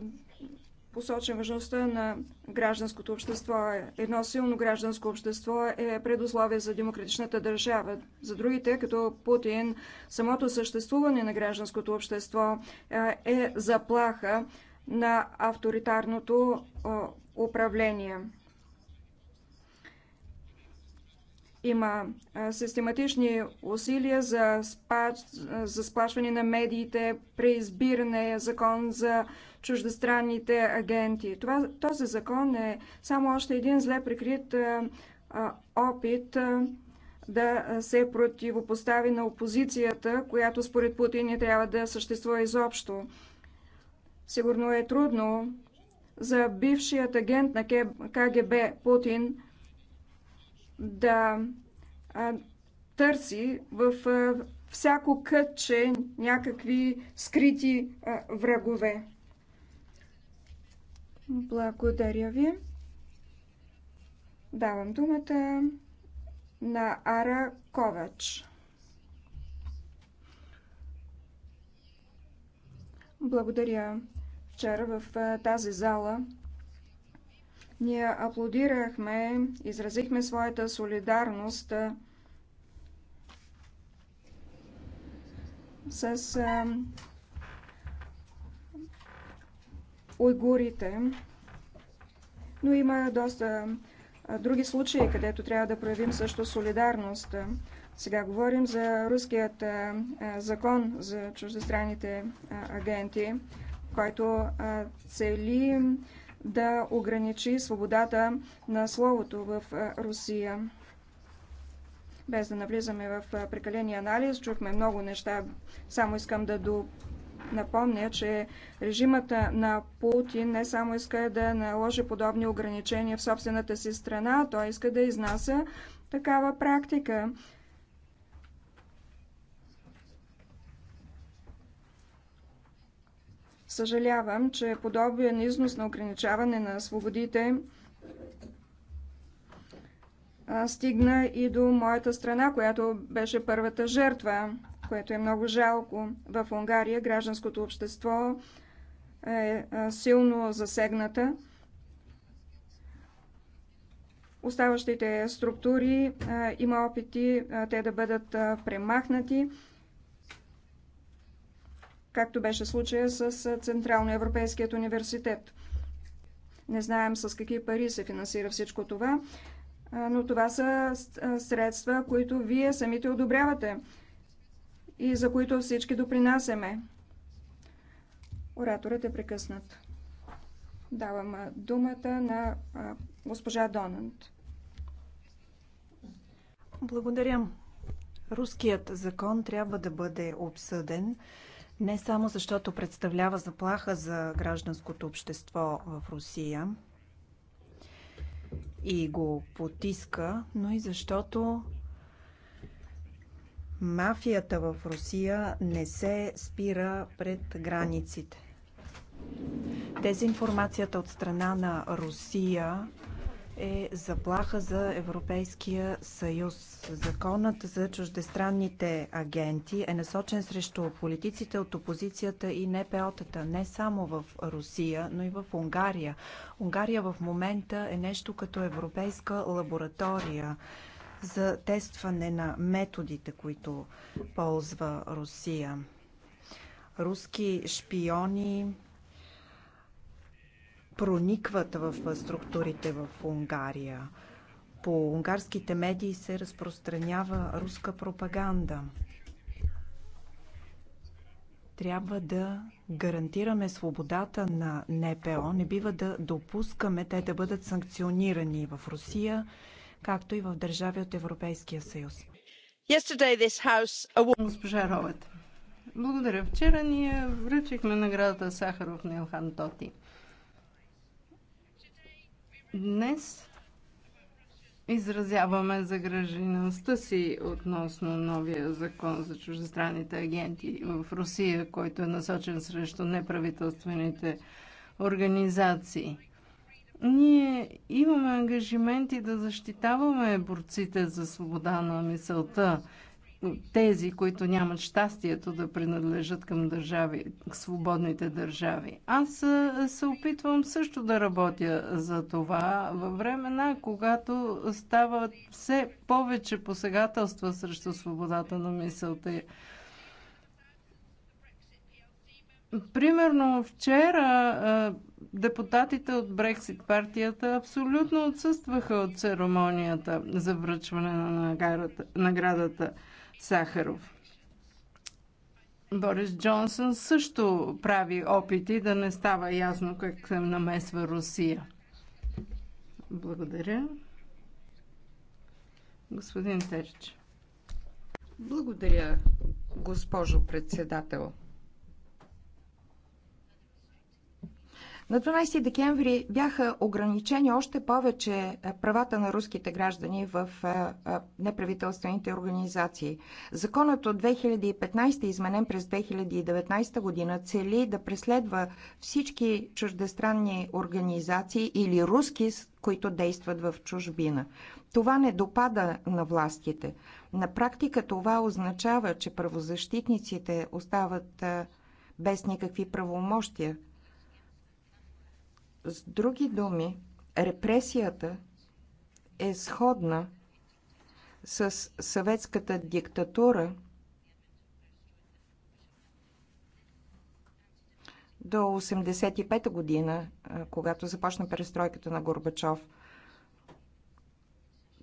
посочим важността на гражданското общество. Едно силно гражданско общество е предусловие за демократичната държава. За другите, като Путин, самото съществуване на гражданското общество е заплаха на авторитарното управление. Има систематични усилия за, спа, за сплашване на медиите, преизбиране, закон за чуждестранните агенти. Това, този закон е само още един зле прикрит а, а, опит а, да се противопостави на опозицията, която според Путин не трябва да съществува изобщо. Сигурно е трудно за бившият агент на КГБ Путин да а, търси в а, всяко кътче някакви скрити а, врагове. Благодаря ви. Давам думата на Ара Ковач. Благодаря. Вчера в тази зала ние аплодирахме, изразихме своята солидарност с уйгурите. Но има доста други случаи, където трябва да проявим също солидарност. Сега говорим за руският закон за чуждестранните агенти, който цели да ограничи свободата на словото в Русия. Без да навлизаме в прекалени анализ, чухме много неща. Само искам да допълня напомня, че режимата на Путин не само иска да наложи подобни ограничения в собствената си страна, той иска да изнася такава практика. Съжалявам, че подобен износ на ограничаване на свободите стигна и до моята страна, която беше първата жертва което е много жалко. В Унгария гражданското общество е, е силно засегната. Оставащите структури е, има опити е, те да бъдат премахнати, както беше случая с Централно Европейският университет. Не знаем с какви пари се финансира всичко това, но това са средства, които вие самите одобрявате и за които всички допринасяме. Ораторът е прекъснат. Давам думата на госпожа Донант. Благодаря. Руският закон трябва да бъде обсъден не само защото представлява заплаха за гражданското общество в Русия и го потиска, но и защото Мафията в Русия не се спира пред границите. Дезинформацията от страна на Русия е заплаха за Европейския съюз. Законът за чуждестранните агенти е насочен срещу политиците от опозицията и НПО-тата, не само в Русия, но и в Унгария. Унгария в момента е нещо като европейска лаборатория за тестване на методите, които ползва Русия. Руски шпиони проникват в структурите в Унгария. По унгарските медии се разпространява руска пропаганда. Трябва да гарантираме свободата на НПО. Не бива да допускаме те да бъдат санкционирани в Русия както и в държави от Европейския съюз. Госпожа Ровет, благодаря. Вчера ние връчихме наградата Сахаров на Илхан Тоти. Днес изразяваме загрежеността си относно новия закон за чуждестранните агенти в Русия, който е насочен срещу неправителствените организации. Ние имаме ангажименти да защитаваме борците за свобода на мисълта, тези, които нямат щастието да принадлежат към държави, к свободните държави. Аз се опитвам също да работя за това във времена, когато стават все повече посегателства срещу свободата на мисълта Примерно вчера депутатите от Брексит партията абсолютно отсъстваха от церемонията за връчване на наградата Сахаров. Борис Джонсън също прави опити да не става ясно как се намесва Русия. Благодаря. Господин Терч. Благодаря, госпожо председател. На 12 декември бяха ограничени още повече е, правата на руските граждани в е, е, неправителствените организации. Законът от 2015, изменен през 2019 година, цели да преследва всички чуждестранни организации или руски, които действат в чужбина. Това не допада на властите. На практика това означава, че правозащитниците остават без никакви правомощия с други думи, репресията е сходна с съветската диктатура до 1985 година, когато започна перестройката на Горбачов.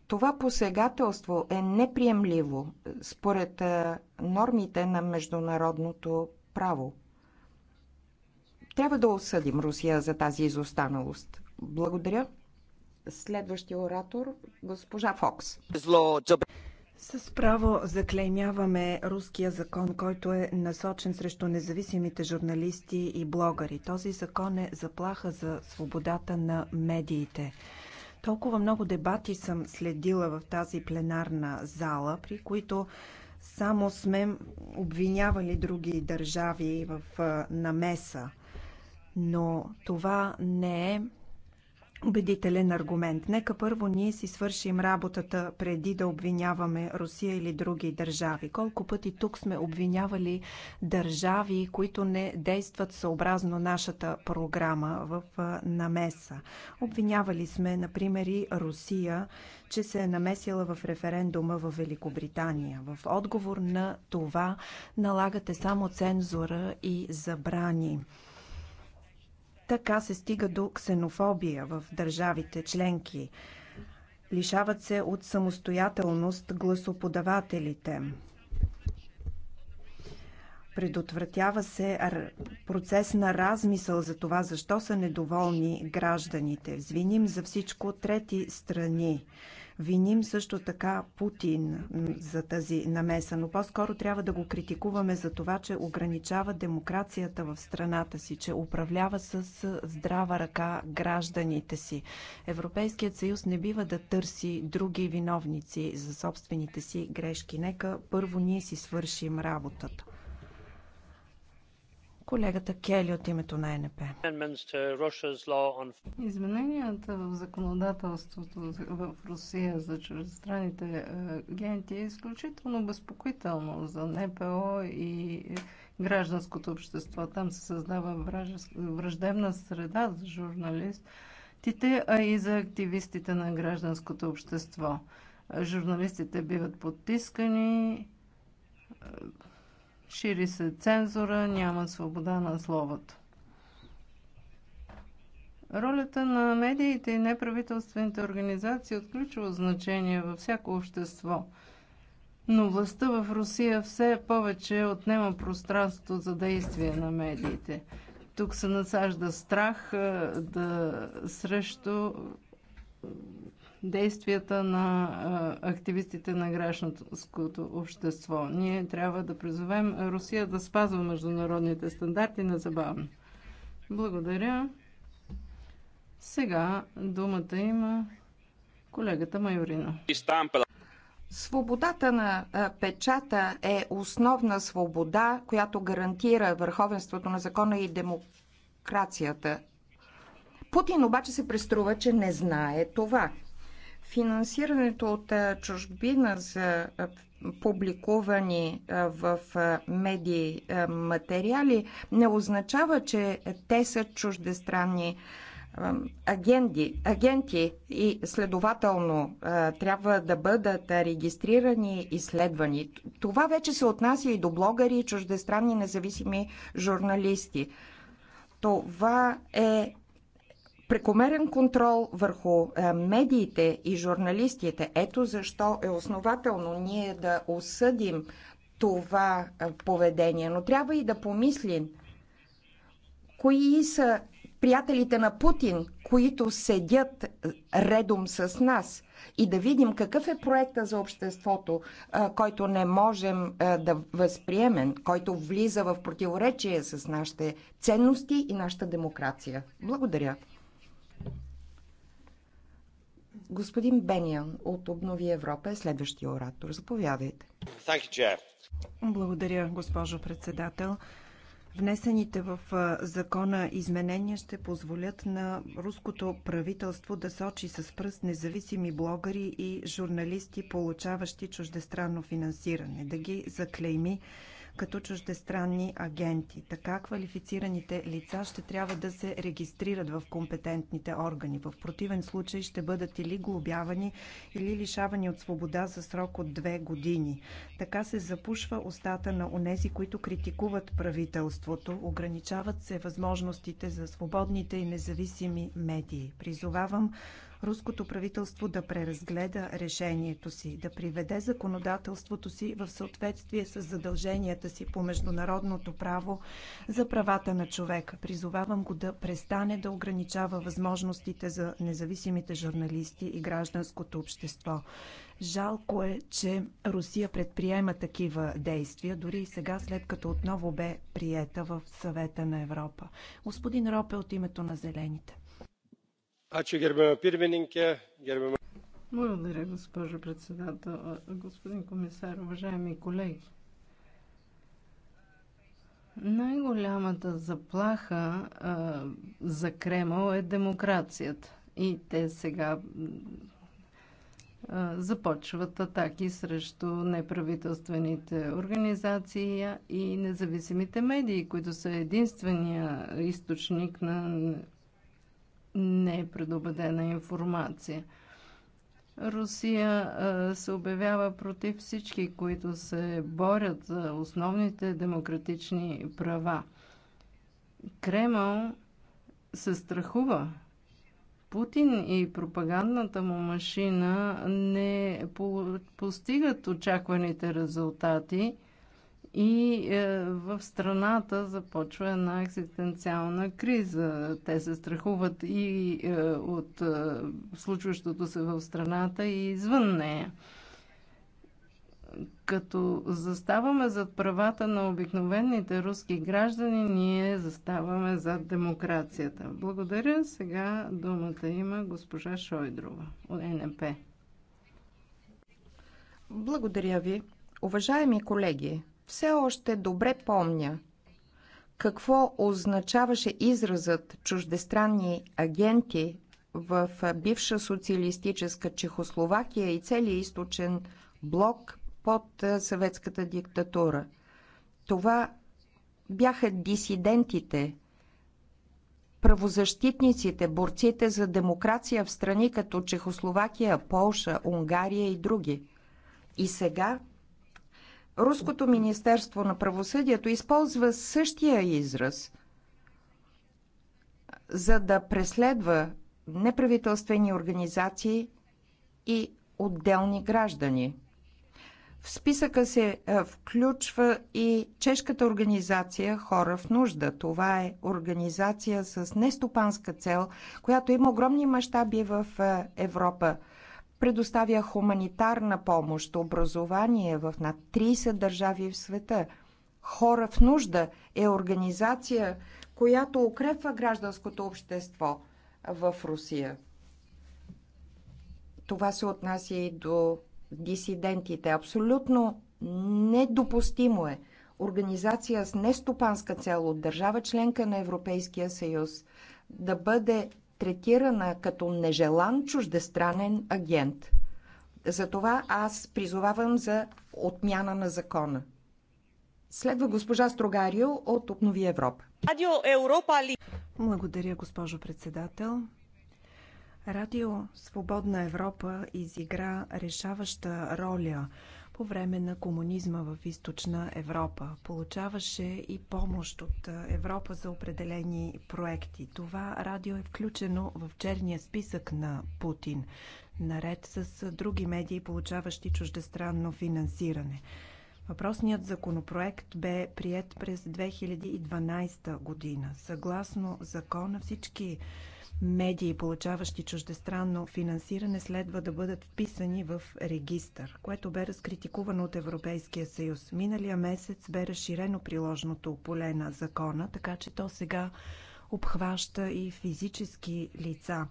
Това посегателство е неприемливо според нормите на международното право. Трябва да осъдим Русия за тази изостаналост. Благодаря. Следващия оратор, госпожа Фокс. С право заклеймяваме руския закон, който е насочен срещу независимите журналисти и блогъри. Този закон е заплаха за свободата на медиите. Толкова много дебати съм следила в тази пленарна зала, при които само сме обвинявали други държави в намеса но това не е убедителен аргумент. Нека първо ние си свършим работата преди да обвиняваме Русия или други държави. Колко пъти тук сме обвинявали държави, които не действат съобразно нашата програма в намеса. Обвинявали сме, например, и Русия, че се е намесила в референдума в Великобритания. В отговор на това налагате само цензура и забрани. Така се стига до ксенофобия в държавите членки. Лишават се от самостоятелност гласоподавателите. Предотвратява се процес на размисъл за това защо са недоволни гражданите. Звиним за всичко трети страни виним също така Путин за тази намеса, но по-скоро трябва да го критикуваме за това, че ограничава демокрацията в страната си, че управлява с здрава ръка гражданите си. Европейският съюз не бива да търси други виновници за собствените си грешки. Нека първо ние си свършим работата. Колегата Кели от името на НП. Измененията в законодателството в Русия за чуждестранните е, агенти е изключително безпокоително за НПО и гражданското общество. Там се създава враждебна среда за журналистите, а и за активистите на гражданското общество. Журналистите биват потискани, е, Шири се цензура, няма свобода на словото. Ролята на медиите и неправителствените организации отключва значение във всяко общество. Но властта в Русия все повече отнема пространство за действие на медиите. Тук се насажда страх да, срещу действията на активистите на гражданското общество. Ние трябва да призовем Русия да спазва международните стандарти незабавно. Благодаря. Сега думата има колегата Майорина. Свободата на печата е основна свобода, която гарантира върховенството на закона и демокрацията. Путин обаче се преструва, че не знае това. Финансирането от чужбина за публикувани в медии материали не означава, че те са чуждестранни агенти, агенти и следователно трябва да бъдат регистрирани и следвани. Това вече се отнася и до блогъри и чуждестранни независими журналисти. Това е прекомерен контрол върху е, медиите и журналистите. Ето защо е основателно ние да осъдим това е, поведение, но трябва и да помислим кои са приятелите на Путин, които седят е, редом с нас и да видим какъв е проекта за обществото, който не можем да възприемем, който влиза в противоречие с нашите ценности и нашата демокрация. Благодаря. Господин Бениан от Обнови Европа е следващия оратор. Заповядайте. Благодаря, госпожо председател. Внесените в закона изменения ще позволят на руското правителство да сочи с пръст независими блогъри и журналисти, получаващи чуждестранно финансиране, да ги заклейми като чуждестранни агенти. Така квалифицираните лица ще трябва да се регистрират в компетентните органи. В противен случай ще бъдат или глобявани, или лишавани от свобода за срок от две години. Така се запушва устата на онези, които критикуват правителството. Ограничават се възможностите за свободните и независими медии. Призовавам руското правителство да преразгледа решението си, да приведе законодателството си в съответствие с задълженията си по международното право за правата на човека. Призовавам го да престане да ограничава възможностите за независимите журналисти и гражданското общество. Жалко е, че Русия предприема такива действия, дори и сега, след като отново бе приета в съвета на Европа. Господин Ропе от името на Зелените. Благодаря, госпожо председател. Господин комисар, уважаеми колеги. Най-голямата заплаха а, за Кремъл е демокрацията. И те сега а, започват атаки срещу неправителствените организации и независимите медии, които са единствения източник на не е предубедена информация. Русия се обявява против всички, които се борят за основните демократични права. Кремъл се страхува. Путин и пропагандната му машина не постигат очакваните резултати и е, в страната започва една екзистенциална криза. Те се страхуват и е, от е, случващото се в страната и извън нея. Като заставаме зад правата на обикновените руски граждани, ние заставаме зад демокрацията. Благодаря. Сега думата има госпожа Шойдрова от НП. Благодаря ви. Уважаеми колеги, все още добре помня какво означаваше изразът чуждестранни агенти в бивша социалистическа Чехословакия и целия източен блок под съветската диктатура. Това бяха дисидентите, правозащитниците, борците за демокрация в страни като Чехословакия, Полша, Унгария и други. И сега Руското Министерство на правосъдието използва същия израз, за да преследва неправителствени организации и отделни граждани. В списъка се включва и чешката организация Хора в нужда. Това е организация с нестопанска цел, която има огромни мащаби в Европа предоставя хуманитарна помощ, образование в над 30 държави в света. Хора в нужда е организация, която укрепва гражданското общество в Русия. Това се отнася и до дисидентите. Абсолютно недопустимо е организация с нестопанска цел от държава членка на Европейския съюз да бъде третирана като нежелан чуждестранен агент. Затова аз призовавам за отмяна на закона. Следва госпожа Строгарио от Обнови Европа. Радио Европа ли? Благодаря, госпожо председател. Радио Свободна Европа изигра решаваща роля по време на комунизма в източна Европа. Получаваше и помощ от Европа за определени проекти. Това радио е включено в черния списък на Путин, наред с други медии, получаващи чуждестранно финансиране. Въпросният законопроект бе прият през 2012 година. Съгласно закона всички медии, получаващи чуждестранно финансиране, следва да бъдат вписани в регистър, което бе разкритикувано от Европейския съюз. Миналия месец бе разширено приложното поле на закона, така че то сега обхваща и физически лица,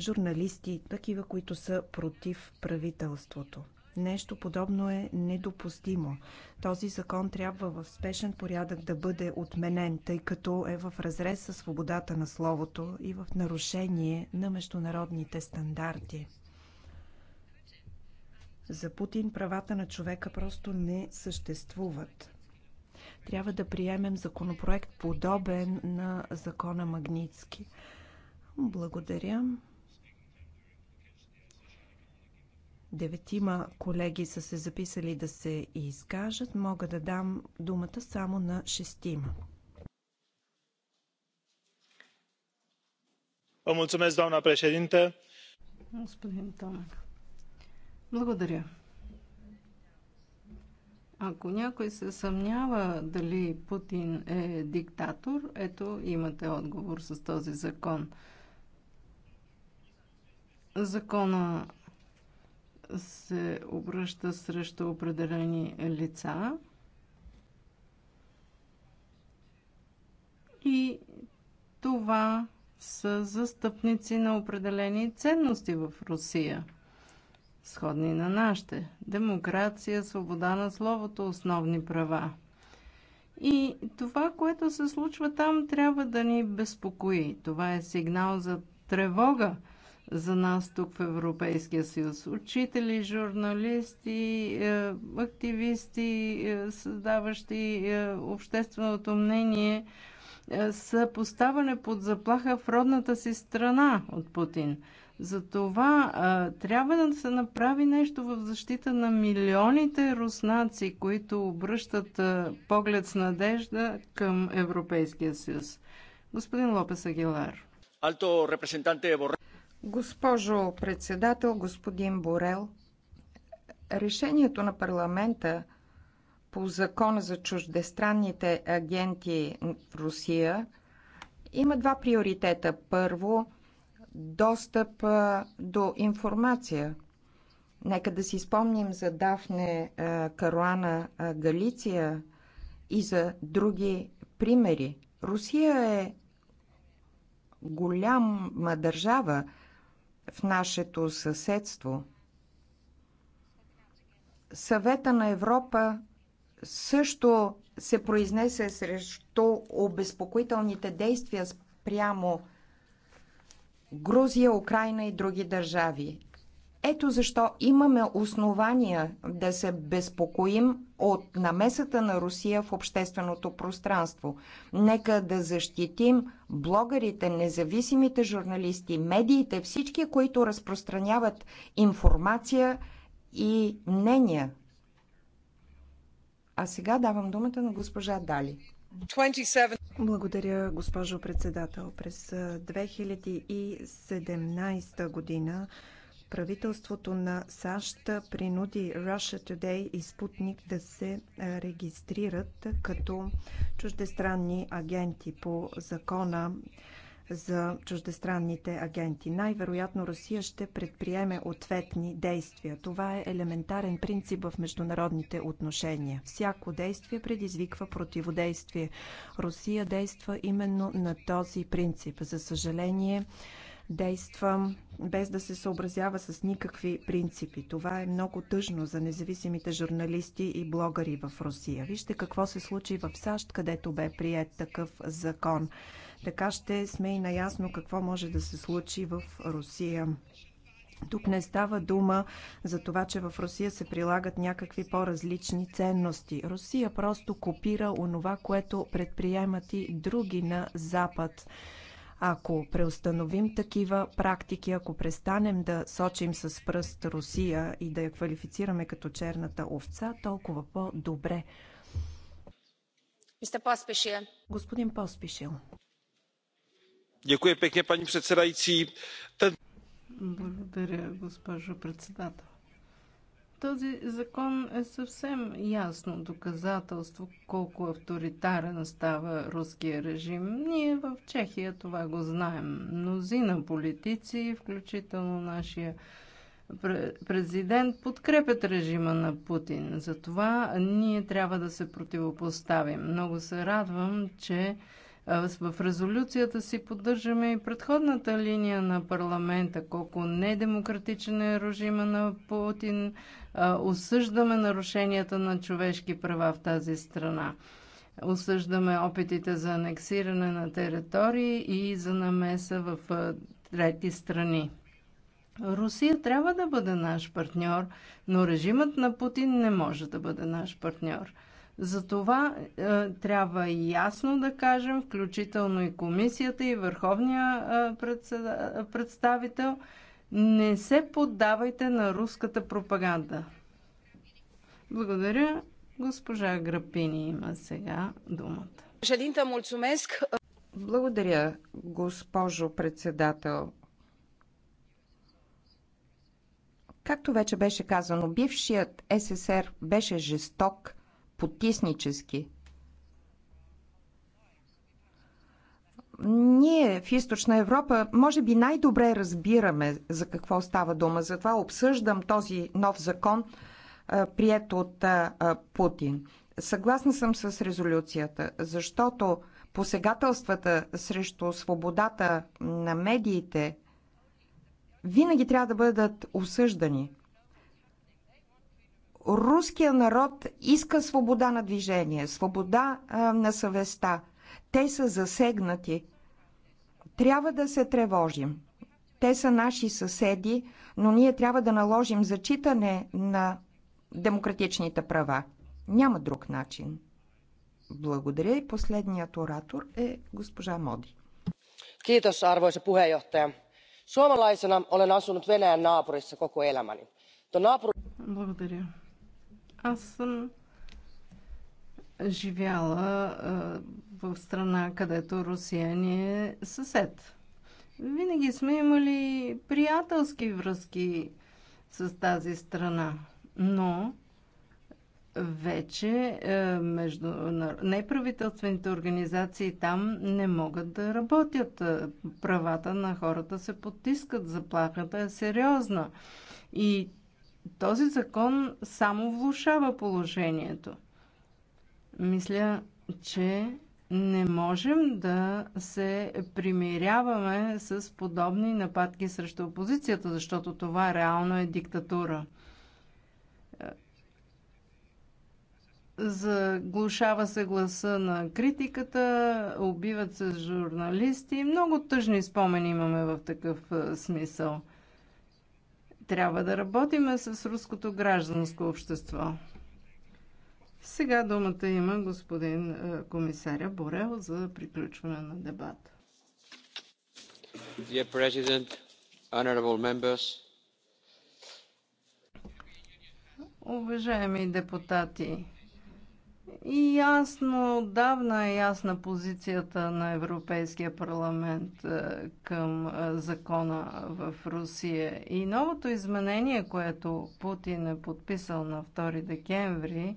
журналисти, такива, които са против правителството. Нещо подобно е недопустимо. Този закон трябва в спешен порядък да бъде отменен, тъй като е в разрез със свободата на словото и в нарушение на международните стандарти. За Путин правата на човека просто не съществуват. Трябва да приемем законопроект подобен на закона Магницки. Благодаря. Деветима колеги са се записали да се изкажат. Мога да дам думата само на шестима. doamnă președintă господин Томек. Благодаря. Ако някой се съмнява дали Путин е диктатор, ето имате отговор с този закон. Закона се обръща срещу определени лица и това са застъпници на определени ценности в Русия, сходни на нашите. Демокрация, свобода на словото, основни права. И това, което се случва там, трябва да ни безпокои. Това е сигнал за тревога – за нас тук в Европейския съюз. Учители, журналисти, е, активисти, е, създаващи е, общественото мнение са поставане под заплаха в родната си страна от Путин. Затова трябва да се направи нещо в защита на милионите руснаци, които обръщат поглед с надежда към Европейския съюз. Господин Лопес Агилар. Алто репрезентанте Борре. Госпожо председател, господин Борел, решението на парламента по закона за чуждестранните агенти в Русия има два приоритета. Първо, достъп до информация. Нека да си спомним за Дафне Каруана Галиция и за други примери. Русия е голяма държава, в нашето съседство. Съвета на Европа също се произнесе срещу обезпокоителните действия спрямо Грузия, Украина и други държави. Ето защо имаме основания да се безпокоим от намесата на Русия в общественото пространство. Нека да защитим блогърите, независимите журналисти, медиите, всички, които разпространяват информация и мнения. А сега давам думата на госпожа Дали. 27... Благодаря, госпожо председател. През 2017 година правителството на САЩ принуди Russia Today и Спутник да се е, регистрират като чуждестранни агенти по закона за чуждестранните агенти. Най-вероятно Русия ще предприеме ответни действия. Това е елементарен принцип в международните отношения. Всяко действие предизвиква противодействие. Русия действа именно на този принцип. За съжаление, действа без да се съобразява с никакви принципи. Това е много тъжно за независимите журналисти и блогъри в Русия. Вижте какво се случи в САЩ, където бе прият такъв закон. Така ще сме и наясно какво може да се случи в Русия. Тук не става дума за това, че в Русия се прилагат някакви по-различни ценности. Русия просто копира онова, което предприемат и други на Запад. Ако преустановим такива практики, ако престанем да сочим с пръст Русия и да я квалифицираме като черната овца, толкова по-добре. Господин Поспишил. Благодаря, госпожо председател. Този закон е съвсем ясно доказателство колко авторитарен става руския режим. Ние в Чехия това го знаем. Мнозина политици, включително нашия президент, подкрепят режима на Путин. Затова ние трябва да се противопоставим. Много се радвам, че в резолюцията си поддържаме и предходната линия на парламента, колко недемократичен е режима на Путин. Осъждаме нарушенията на човешки права в тази страна. Осъждаме опитите за анексиране на територии и за намеса в трети страни. Русия трябва да бъде наш партньор, но режимът на Путин не може да бъде наш партньор. Затова е, трябва и ясно да кажем, включително и комисията и върховния е, председа, представител, не се поддавайте на руската пропаганда. Благодаря. Госпожа Грапини има сега думата. Președинта, mulțumesc. Благодаря, госпожо председател. Както вече беше казано, бившият СССР беше жесток, потиснически. Ние в Източна Европа може би най-добре разбираме за какво става дума. Затова обсъждам този нов закон, прият от Путин. Съгласна съм с резолюцията, защото посегателствата срещу свободата на медиите винаги трябва да бъдат осъждани – Руския народ иска свобода на движение, свобода на съвестта. Те са засегнати. Трябва да се тревожим. Те са наши съседи, но ние трябва да наложим зачитане на демократичните права. Няма друг начин. Благодаря и последният оратор е госпожа Моди. Kiitos, arvoisa puheenjohtaja. Suomalaisena olen asunut Venäjän naapurissa koko elämäni. Благодаря. Аз съм живяла в страна, където Русия ни е съсед. Винаги сме имали приятелски връзки с тази страна, но вече е, между неправителствените организации там не могат да работят. Е, правата на хората се потискат, заплахата е сериозна. И този закон само влушава положението. Мисля, че не можем да се примиряваме с подобни нападки срещу опозицията, защото това реално е диктатура. Заглушава се гласа на критиката, убиват се журналисти. Много тъжни спомени имаме в такъв смисъл – трябва да работиме с руското гражданско общество. Сега думата има господин е, комисаря Борел за приключване на дебата. Dear President, honorable members, Уважаеми депутати, Ясно, давна е ясна позицията на Европейския парламент е, към е, закона в Русия. И новото изменение, което Путин е подписал на 2 декември,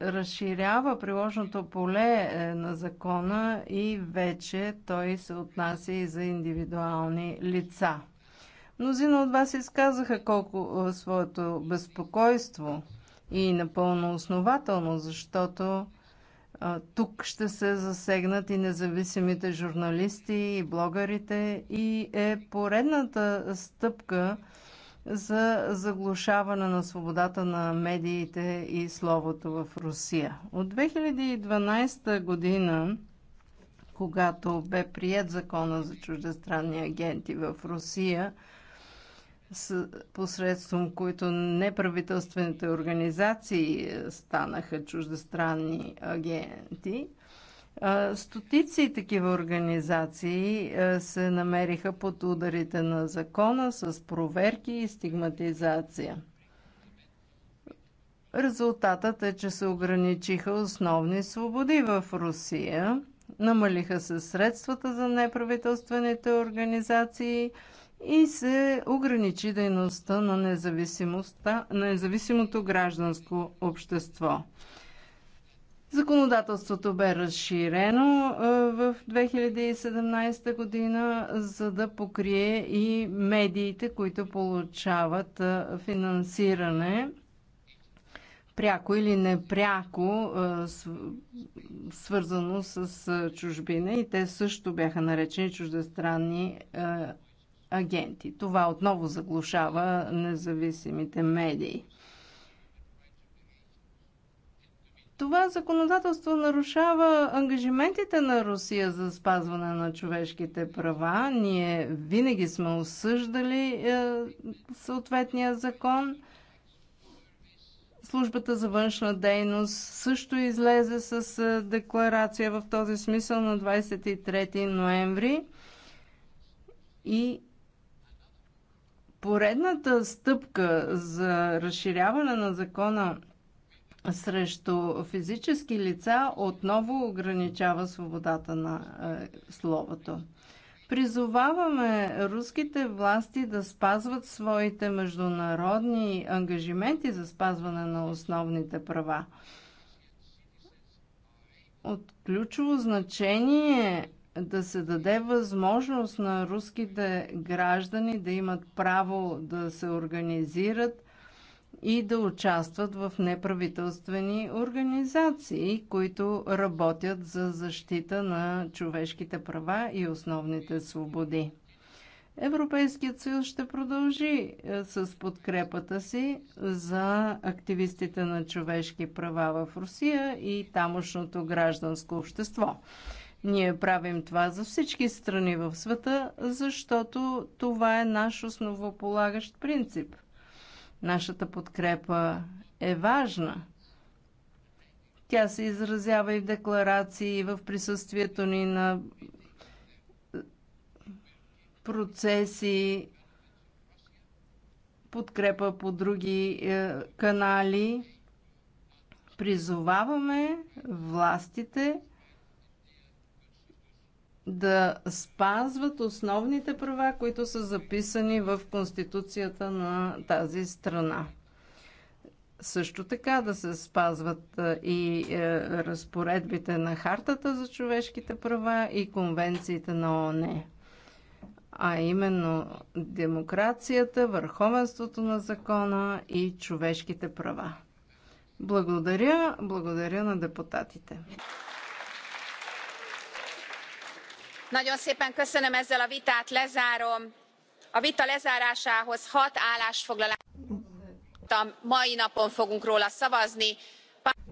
разширява приложното поле е, на закона и вече той се отнася и за индивидуални лица. Мнозина от вас изказаха колко своето безпокойство и напълно основателно, защото тук ще се засегнат и независимите журналисти, и блогърите, и е поредната стъпка за заглушаване на свободата на медиите и словото в Русия. От 2012 година, когато бе прият закона за чуждестранни агенти в Русия, посредством които неправителствените организации е, станаха чуждестранни агенти. Стотици такива организации е, се намериха под ударите на закона с проверки и стигматизация. Резултатът е, че се ограничиха основни свободи в Русия, намалиха се средствата за неправителствените организации – и се ограничи дейността на, независимостта, на независимото гражданско общество. Законодателството бе разширено в 2017 година, за да покрие и медиите, които получават финансиране пряко или непряко свързано с чужбина и те също бяха наречени чуждестранни агенти. Това отново заглушава независимите медии. Това законодателство нарушава ангажиментите на Русия за спазване на човешките права. Ние винаги сме осъждали е, съответния закон. Службата за външна дейност също излезе с е, декларация в този смисъл на 23 ноември и Поредната стъпка за разширяване на закона срещу физически лица отново ограничава свободата на е, словото. Призоваваме руските власти да спазват своите международни ангажименти за спазване на основните права. От ключово значение да се даде възможност на руските граждани да имат право да се организират и да участват в неправителствени организации, които работят за защита на човешките права и основните свободи. Европейският съюз ще продължи е, с подкрепата си за активистите на човешки права в Русия и тамошното гражданско общество. Ние правим това за всички страни в света, защото това е наш основополагащ принцип. Нашата подкрепа е важна. Тя се изразява и в декларации, и в присъствието ни на процеси, подкрепа по други е, канали. Призоваваме властите да спазват основните права, които са записани в Конституцията на тази страна. Също така да се спазват и е, разпоредбите на Хартата за човешките права и конвенциите на ООН а именно демокрацията, върховенството на закона и човешките права. Благодаря, благодаря на депутатите nagyon szépen köszönöm ezzel a vitát lezárom. a vita lezárásához hat állásfoglalást kaptam mai napon fogunk róla szavazni.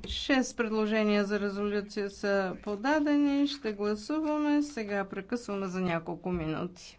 Шест предложения за резолюция са подадени. Ще гласуваме. Сега прекъсваме за няколко минути.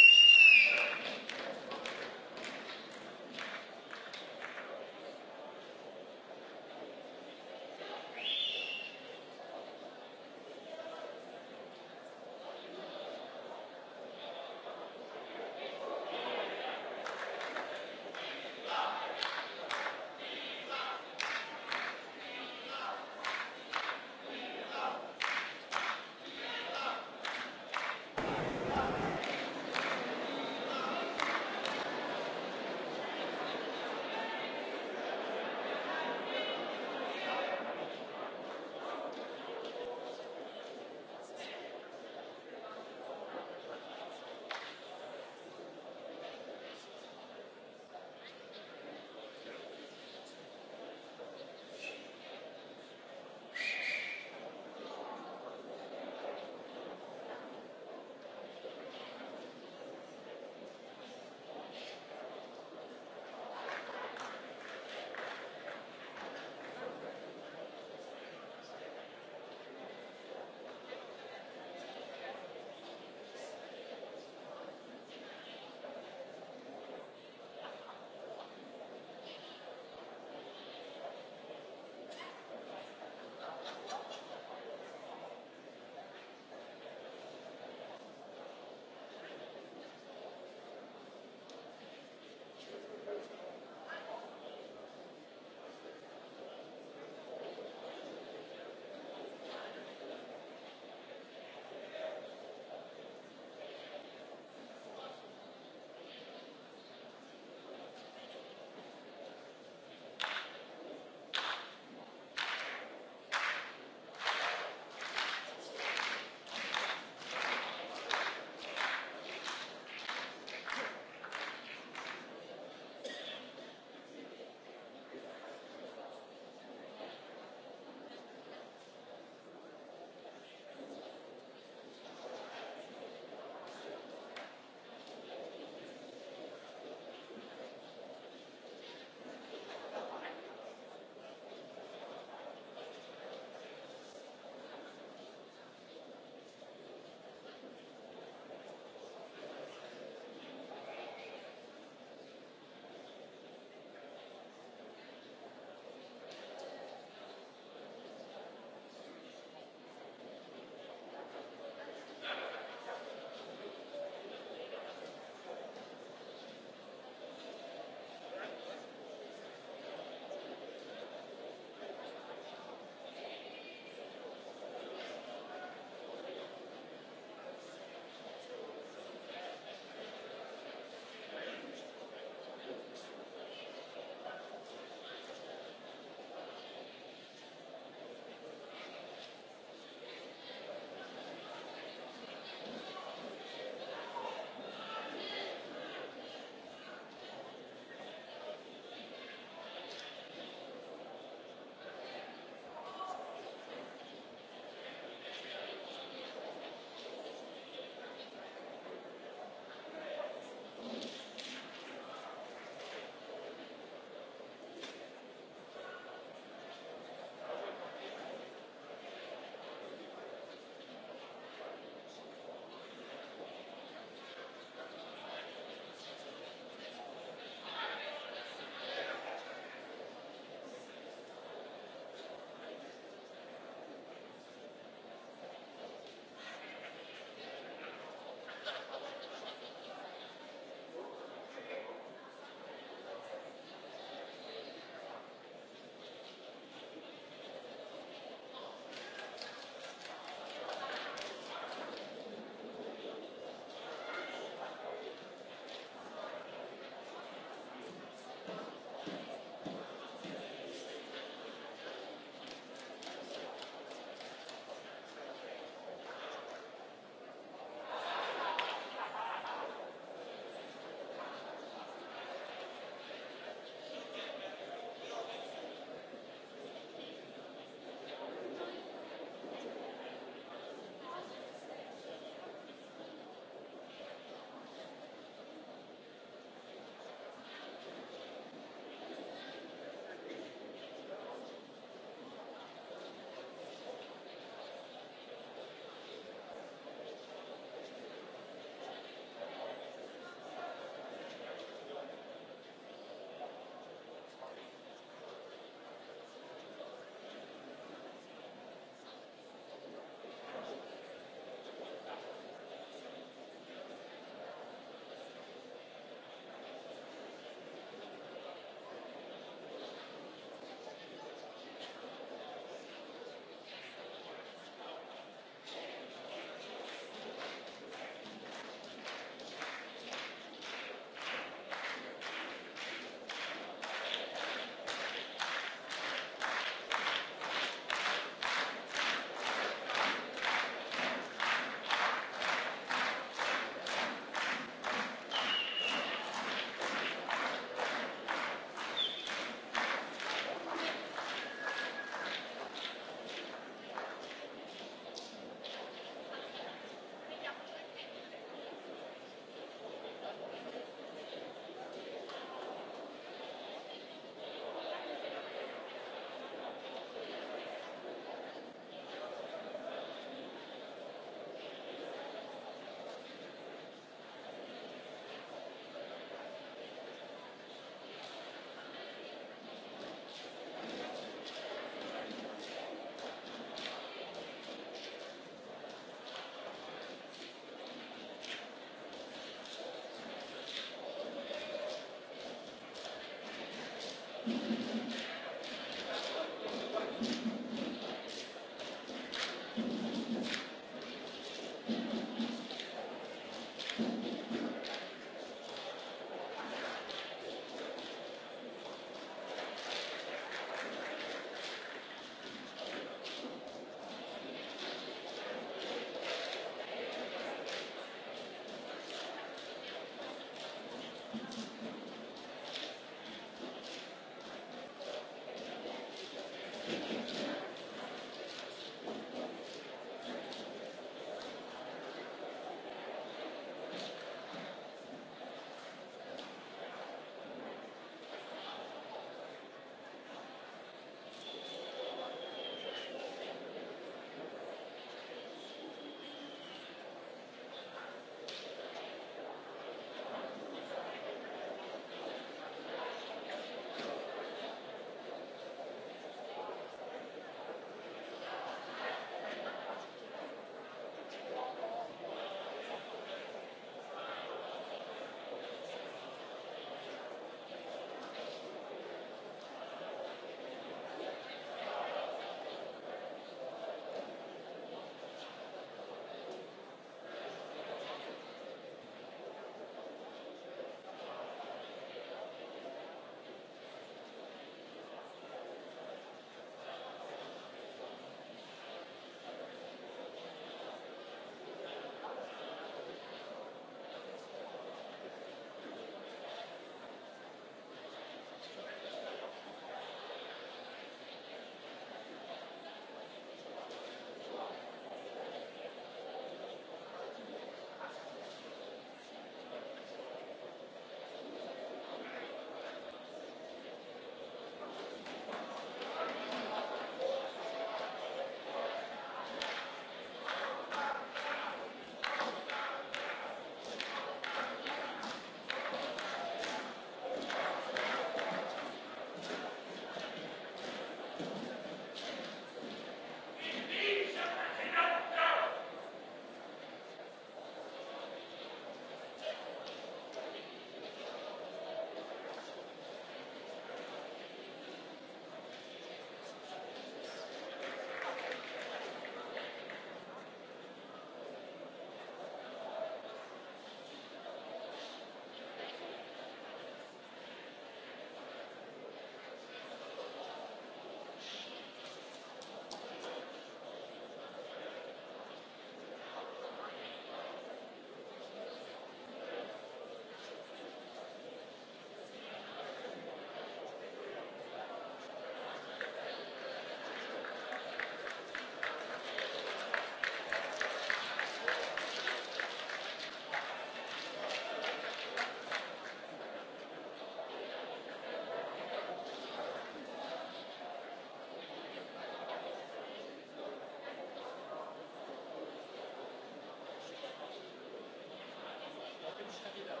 مش هتدعم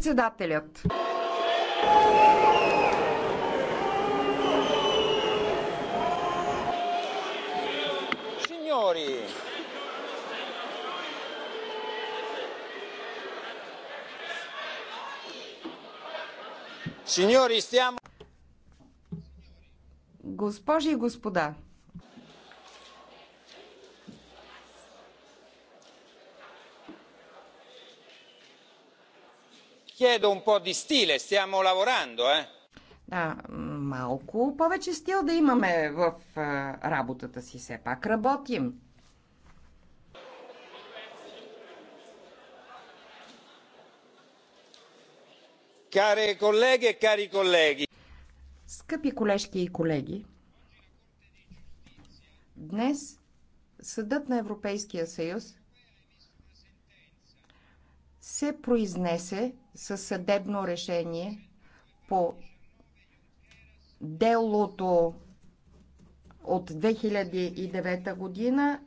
Председателят. Signori! Signori, stiamo... Госпожи и господа, chiedo un po' di stile, stiamo lavorando, eh? Да, малко повече стил да имаме в работата си, все пак работим. Каре колеги, кари колеги. Скъпи колежки и колеги, днес Съдът на Европейския съюз се произнесе със съдебно решение по делото от 2009 година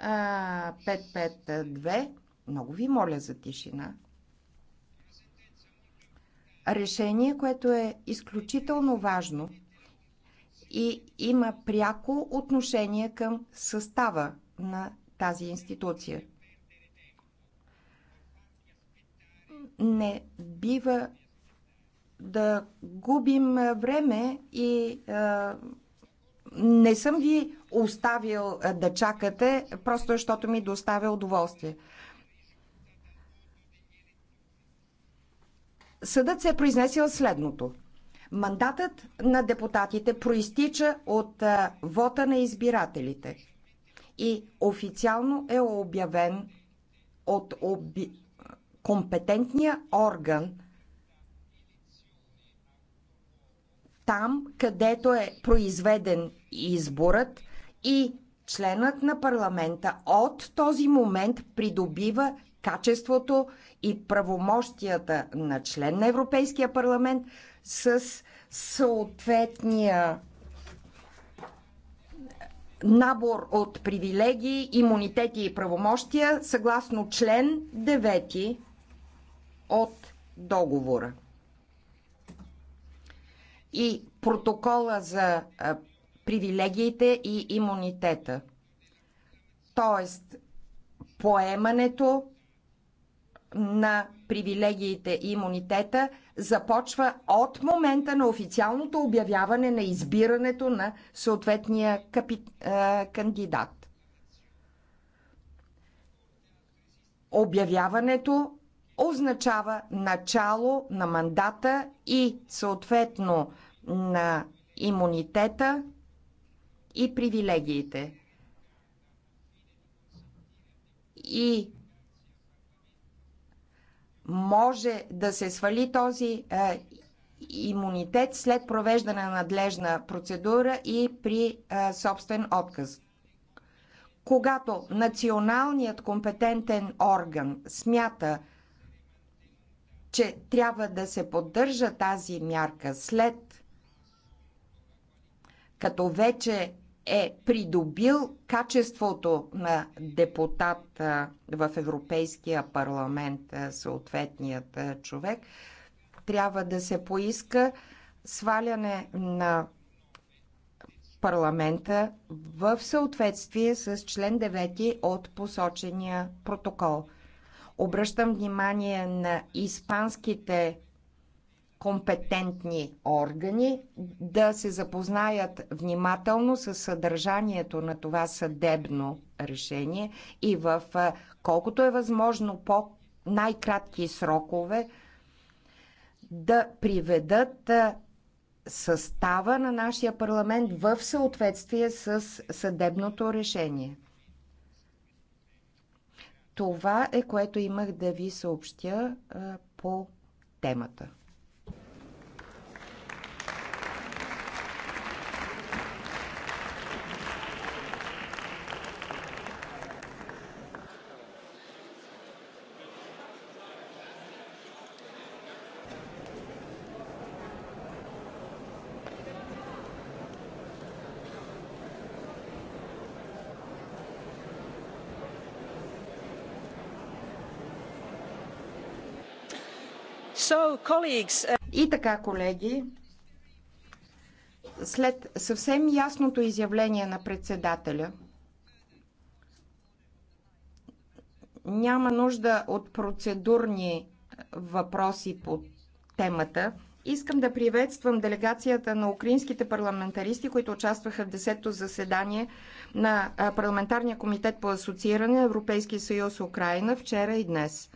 552. Много ви моля за тишина. Решение, което е изключително важно и има пряко отношение към състава на тази институция. Не бива да губим време и а, не съм ви оставил да чакате, просто защото ми доставя удоволствие. Съдът се е произнесил следното. Мандатът на депутатите проистича от а, вота на избирателите и официално е обявен от оби компетентния орган там, където е произведен изборът и членът на парламента от този момент придобива качеството и правомощията на член на Европейския парламент с съответния набор от привилегии, имунитети и правомощия съгласно член 9 от договора. И протокола за привилегиите и имунитета. Тоест, поемането на привилегиите и имунитета започва от момента на официалното обявяване на избирането на съответния капи... кандидат. Обявяването означава начало на мандата и съответно на имунитета и привилегиите. И може да се свали този е, имунитет след провеждане на надлежна процедура и при е, собствен отказ. Когато националният компетентен орган смята, че трябва да се поддържа тази мярка след като вече е придобил качеството на депутат в Европейския парламент, съответният човек, трябва да се поиска сваляне на парламента в съответствие с член 9 от посочения протокол. Обръщам внимание на испанските компетентни органи да се запознаят внимателно с съдържанието на това съдебно решение и в колкото е възможно по най-кратки срокове да приведат състава на нашия парламент в съответствие с съдебното решение. Това е което имах да ви съобщя по темата. Uh, и така, колеги, след съвсем ясното изявление на председателя, няма нужда от процедурни въпроси по темата. Искам да приветствам делегацията на украинските парламентаристи, които участваха в 10-то заседание на Парламентарния комитет по асоцииране Европейски съюз Украина вчера и днес.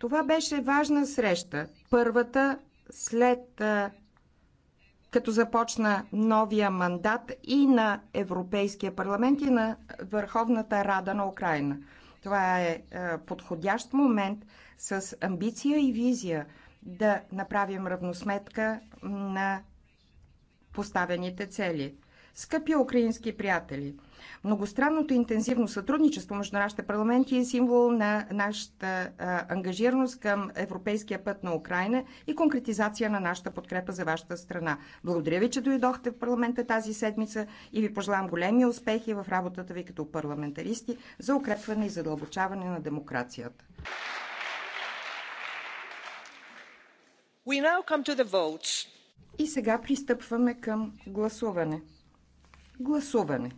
Това беше важна среща. Първата след като започна новия мандат и на Европейския парламент и на Върховната рада на Украина. Това е подходящ момент с амбиция и визия да направим равносметка на поставените цели – Скъпи украински приятели, многостранното интензивно сътрудничество между нашите парламенти е символ на нашата ангажираност към европейския път на Украина и конкретизация на нашата подкрепа за вашата страна. Благодаря ви, че дойдохте в парламента тази седмица и ви пожелавам големи успехи в работата ви като парламентаристи за укрепване и задълбочаване на демокрацията. И сега пристъпваме към гласуване. Гласуване.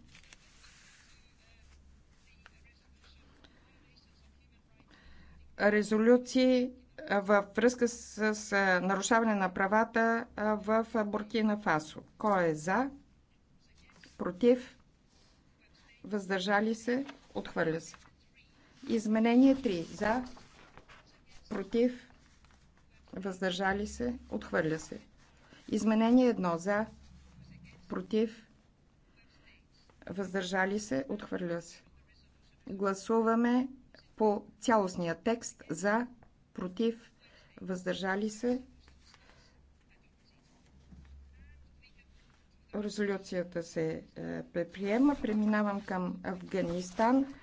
Резолюции във връзка с, с нарушаване на правата в Буркина Фасо. Кой е за? Против? Въздържали се? Отхвърля се. Изменение 3. За? Против? Въздържали се? Отхвърля се. Изменение 1. За? Против? въздържали се, отхвърля се. Гласуваме по цялостния текст за, против, въздържали се. Резолюцията се е, предприема. Преминавам към Афганистан.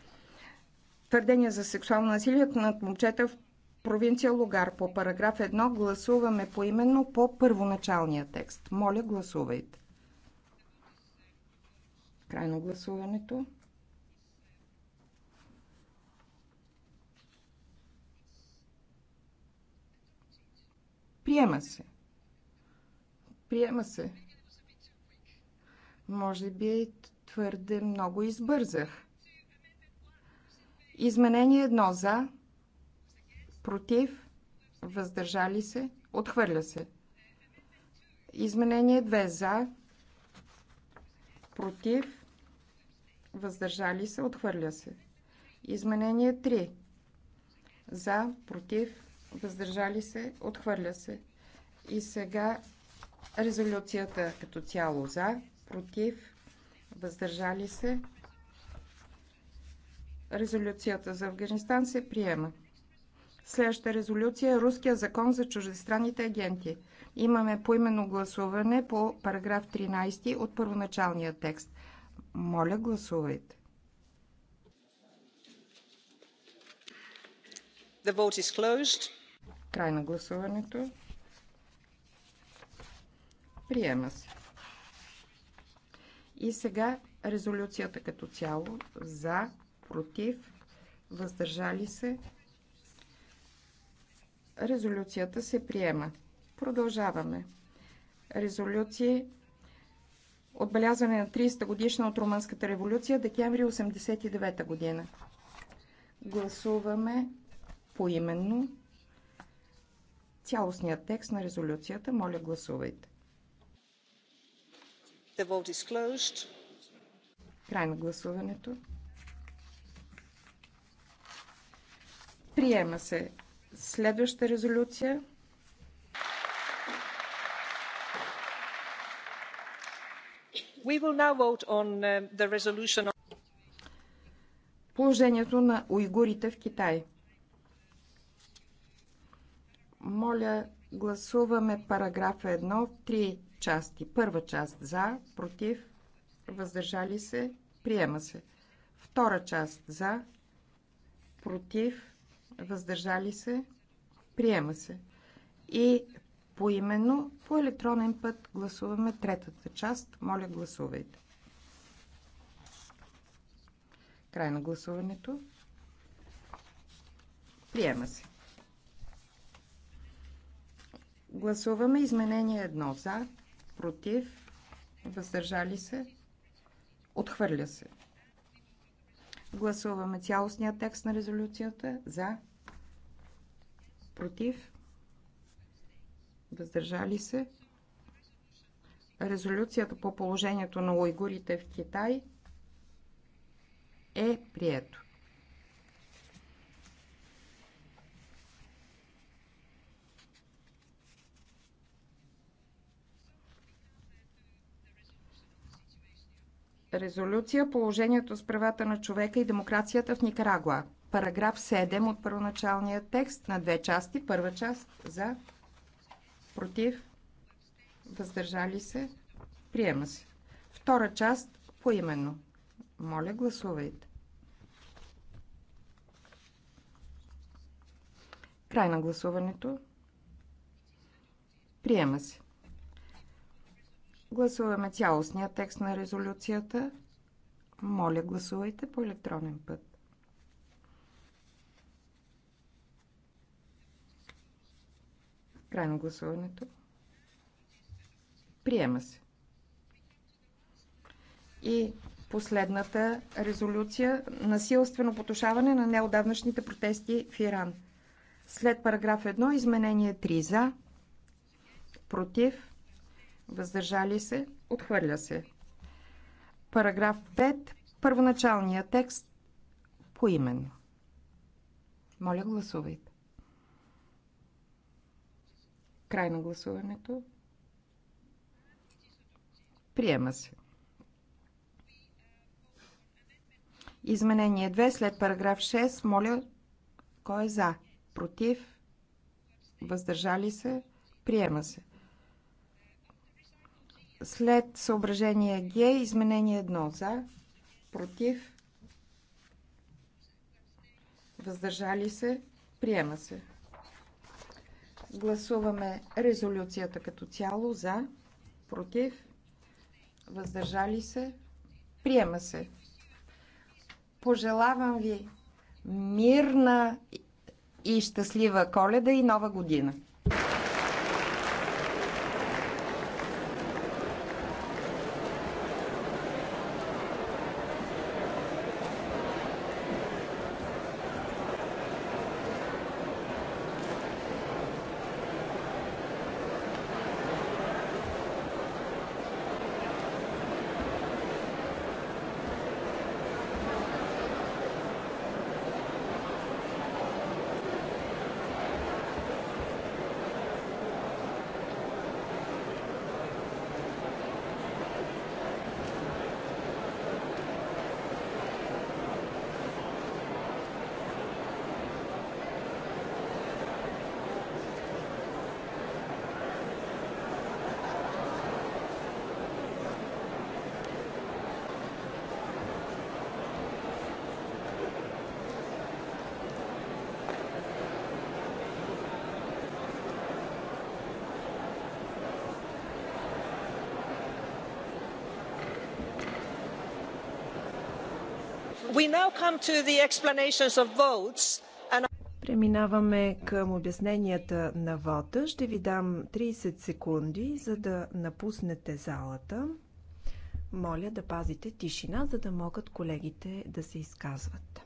Твърдения за сексуално насилие над момчета в провинция Лугар по параграф 1 гласуваме поименно по първоначалния текст. Моля, гласувайте. Край на гласуването. Приема се. Приема се. Може би твърде много избързах. Изменение едно за, против, въздържали се, отхвърля се. Изменение 2 за, против, въздържали се, отхвърля се. Изменение 3. За, против, въздържали се, отхвърля се. И сега резолюцията като цяло за, против, въздържали се. Резолюцията за Афганистан се приема. Следваща резолюция е Руския закон за чуждестранните агенти. Имаме поименно гласуване по параграф 13 от първоначалния текст. Моля, гласувайте. The vote is closed. Край на гласуването. Приема се. И сега резолюцията като цяло за, против, въздържали се. Резолюцията се приема. Продължаваме. Резолюции отбелязване на 30-та годишна от Румънската революция, декември 89-та година. Гласуваме поименно цялостният текст на резолюцията. Моля, гласувайте. The vote is closed. Край на гласуването. Приема се следваща резолюция. Uh, Положението на уйгурите в Китай. Моля, гласуваме параграф 1 в три части. Първа част за, против, въздържали се, приема се. Втора част за, против, въздържали се, приема се. И по по електронен път гласуваме третата част. Моля, гласувайте. Край на гласуването. Приема се. Гласуваме изменение едно за, против, въздържали се, отхвърля се. Гласуваме цялостния текст на резолюцията за, против, въздържали се. Резолюцията по положението на уйгурите в Китай е прието. Резолюция положението с правата на човека и демокрацията в Никарагуа. Параграф 7 от първоначалния текст на две части. Първа част за против, въздържали се, приема се. Втора част поименно. Моля, гласувайте. Край на гласуването. Приема се. Гласуваме цялостния текст на резолюцията. Моля, гласувайте по електронен път. Край на гласуването. Приема се. И последната резолюция – насилствено потушаване на неодавнашните протести в Иран. След параграф 1 изменение 3 за, против, въздържали се, отхвърля се. Параграф 5 – първоначалния текст поименно. Моля, гласувайте. Край на гласуването. Приема се. Изменение 2 след параграф 6. Моля, кой е за? Против? Въздържали се? Приема се. След съображение Г, изменение 1 за, против, въздържали се, приема се. Гласуваме резолюцията като цяло за, против, въздържали се, приема се. Пожелавам ви мирна и щастлива коледа и нова година! Преминаваме към обясненията на вота. Ще ви дам 30 секунди, за да напуснете залата. Моля да пазите тишина, за да могат колегите да се изказват.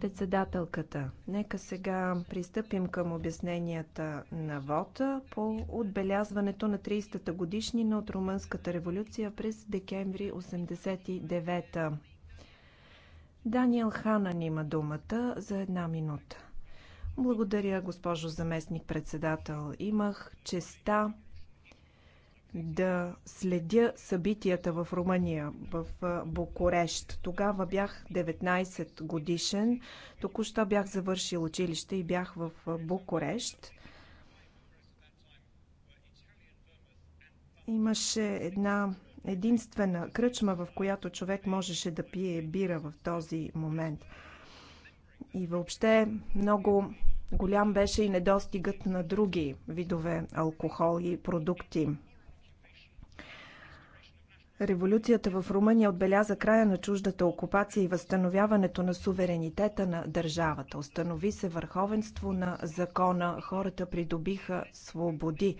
Председателката, нека сега пристъпим към обясненията на вота по отбелязването на 30-та годишнина от Румънската революция през декември 89-та. Даниел Ханан има думата за една минута. Благодаря, госпожо заместник-председател. Имах честа да следя събитията в Румъния, в Букурещ. Тогава бях 19 годишен. Току-що бях завършил училище и бях в Букурещ. Имаше една единствена кръчма, в която човек можеше да пие бира в този момент. И въобще много голям беше и недостигът на други видове алкохол и продукти. Революцията в Румъния отбеляза края на чуждата окупация и възстановяването на суверенитета на държавата. Установи се върховенство на закона, хората придобиха свободи,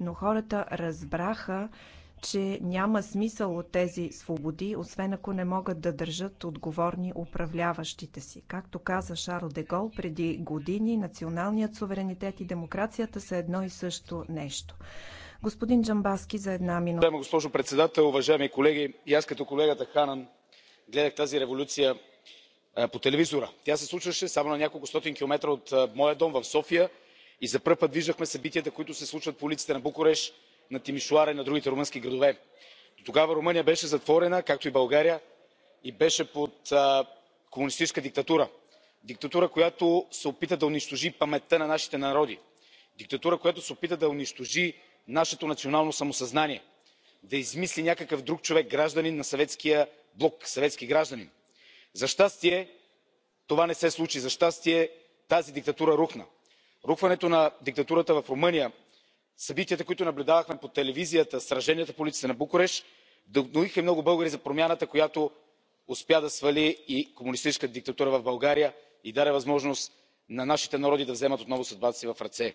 но хората разбраха, че няма смисъл от тези свободи, освен ако не могат да държат отговорни управляващите си. Както каза Шарл Дегол преди години, националният суверенитет и демокрацията са едно и също нещо. Господин Джамбаски за една минута. Уважаема госпожо председател, уважаеми колеги, и аз като колегата Ханан гледах тази революция по телевизора. Тя се случваше само на няколкостотин километра от моя дом в София и за пръв път виждахме събитията, които се случват по улиците на Букурещ, на Тимишоара и на другите румънски градове. Дотогава Румъния беше затворена, както и България, и беше под комунистическа диктатура. Диктатура, която се опита да унищожи паметта на нашите народи. Диктатура, която се опита да унищожи нашето национално самосъзнание да измисли някакъв друг човек гражданин на съветския блок съветски гражданин. за щастие това не се случи. за щастие тази диктатура рухна. рухването на диктатурата в румъния събитията които наблюдавахме по телевизията сраженията по улиците на букурещ вдъхновиха много българи за промяната която успя да свали и комунистическата диктатура в българя и даде възможност на нашите народи да вземат отново съдбата си в ръце.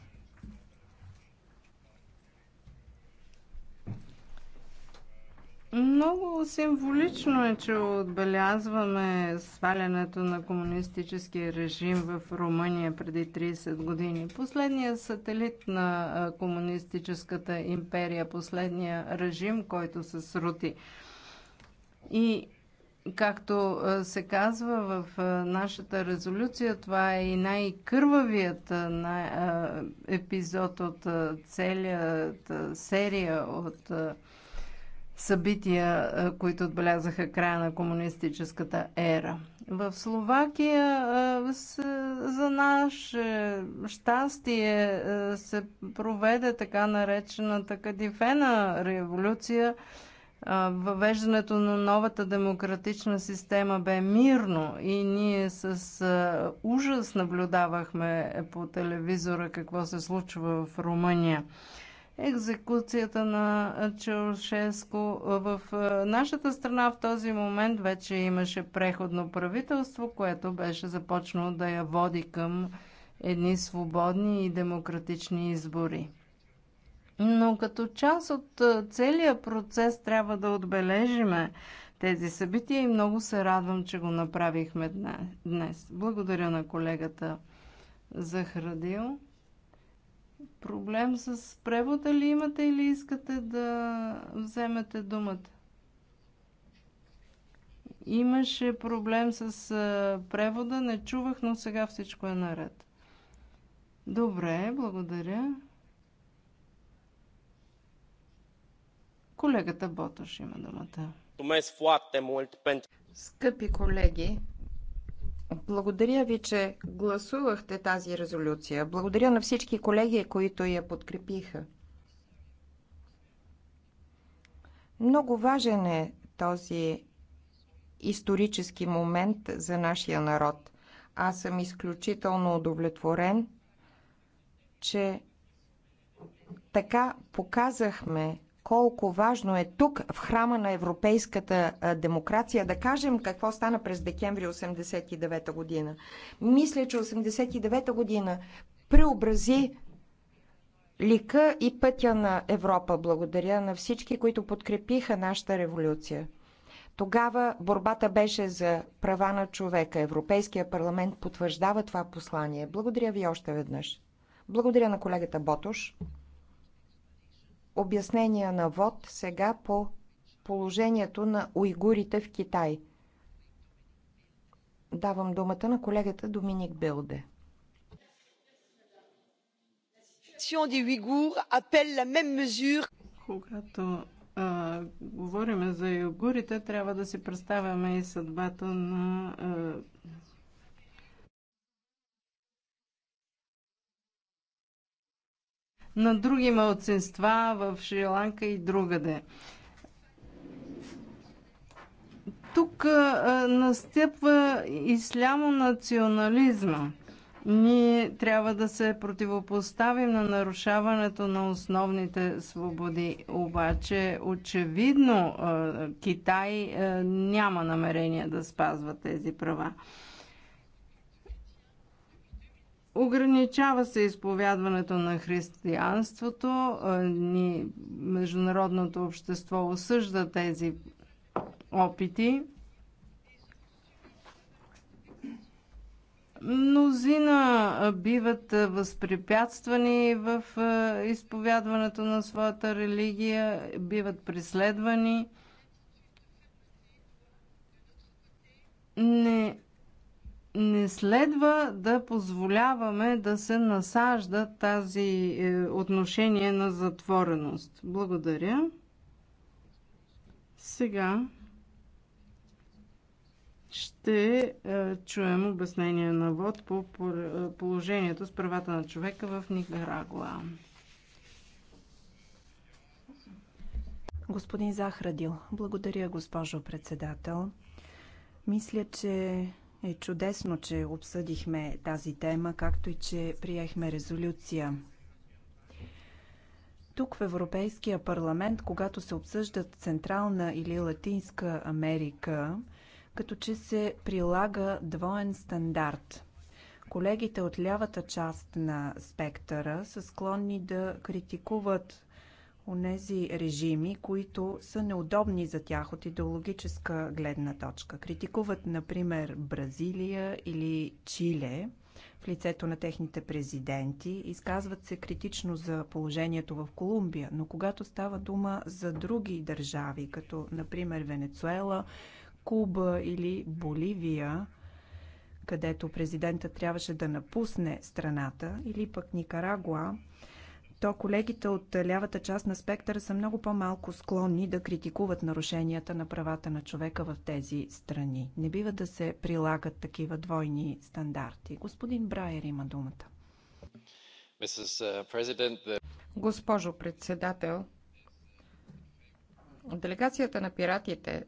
Много символично е, че отбелязваме свалянето на комунистическия режим в Румъния преди 30 години. Последният сателит на комунистическата империя, последния режим, който се срути. И както се казва в нашата резолюция, това е и най-кървавият епизод от целият серия от събития, които отбелязаха края на комунистическата ера. В Словакия за наше щастие се проведе така наречената кадифена революция. Въвеждането на новата демократична система бе мирно и ние с ужас наблюдавахме по телевизора какво се случва в Румъния екзекуцията на Чаушеско. В нашата страна в този момент вече имаше преходно правителство, което беше започнало да я води към едни свободни и демократични избори. Но като част от целия процес трябва да отбележиме тези събития и много се радвам, че го направихме днес. Благодаря на колегата Захрадил проблем с превода ли имате или искате да вземете думата? Имаше проблем с превода, не чувах, но сега всичко е наред. Добре, благодаря. Колегата Ботош има думата. Скъпи колеги, благодаря ви, че гласувахте тази резолюция. Благодаря на всички колеги, които я подкрепиха. Много важен е този исторически момент за нашия народ. Аз съм изключително удовлетворен, че така показахме колко важно е тук, в храма на европейската демокрация, да кажем какво стана през декември 1989 година. Мисля, че 1989 година преобрази лика и пътя на Европа. Благодаря на всички, които подкрепиха нашата революция. Тогава борбата беше за права на човека. Европейския парламент потвърждава това послание. Благодаря ви още веднъж. Благодаря на колегата Ботош обяснения на ВОД сега по положението на уйгурите в Китай. Давам думата на колегата Доминик Белде. Когато а, говорим за югурите, трябва да си представяме и съдбата на а, на други мълцинства в Шри-Ланка и другаде. Тук настъпва национализма, Ние трябва да се противопоставим на нарушаването на основните свободи. Обаче, очевидно, Китай няма намерение да спазва тези права. Ограничава се изповядването на християнството. Е, ни, международното общество осъжда тези опити. Мнозина е, биват е, възпрепятствани в изповядването на своята религия, биват преследвани. Не не следва да позволяваме да се насажда тази е, отношение на затвореност. Благодаря. Сега ще е, чуем обяснение на ВОД по е, положението с правата на човека в Никарагуа. Господин Захрадил, благодаря, госпожо председател. Мисля, че е чудесно, че обсъдихме тази тема, както и че приехме резолюция. Тук в Европейския парламент, когато се обсъждат Централна или Латинска Америка, като че се прилага двоен стандарт. Колегите от лявата част на спектъра са склонни да критикуват онези режими, които са неудобни за тях от идеологическа гледна точка. Критикуват, например, Бразилия или Чиле в лицето на техните президенти, изказват се критично за положението в Колумбия, но когато става дума за други държави, като например Венецуела, Куба или Боливия, където президента трябваше да напусне страната, или пък Никарагуа, то колегите от лявата част на спектъра са много по-малко склонни да критикуват нарушенията на правата на човека в тези страни. Не бива да се прилагат такива двойни стандарти. Господин Брайер има думата. Госпожо председател, делегацията на пиратите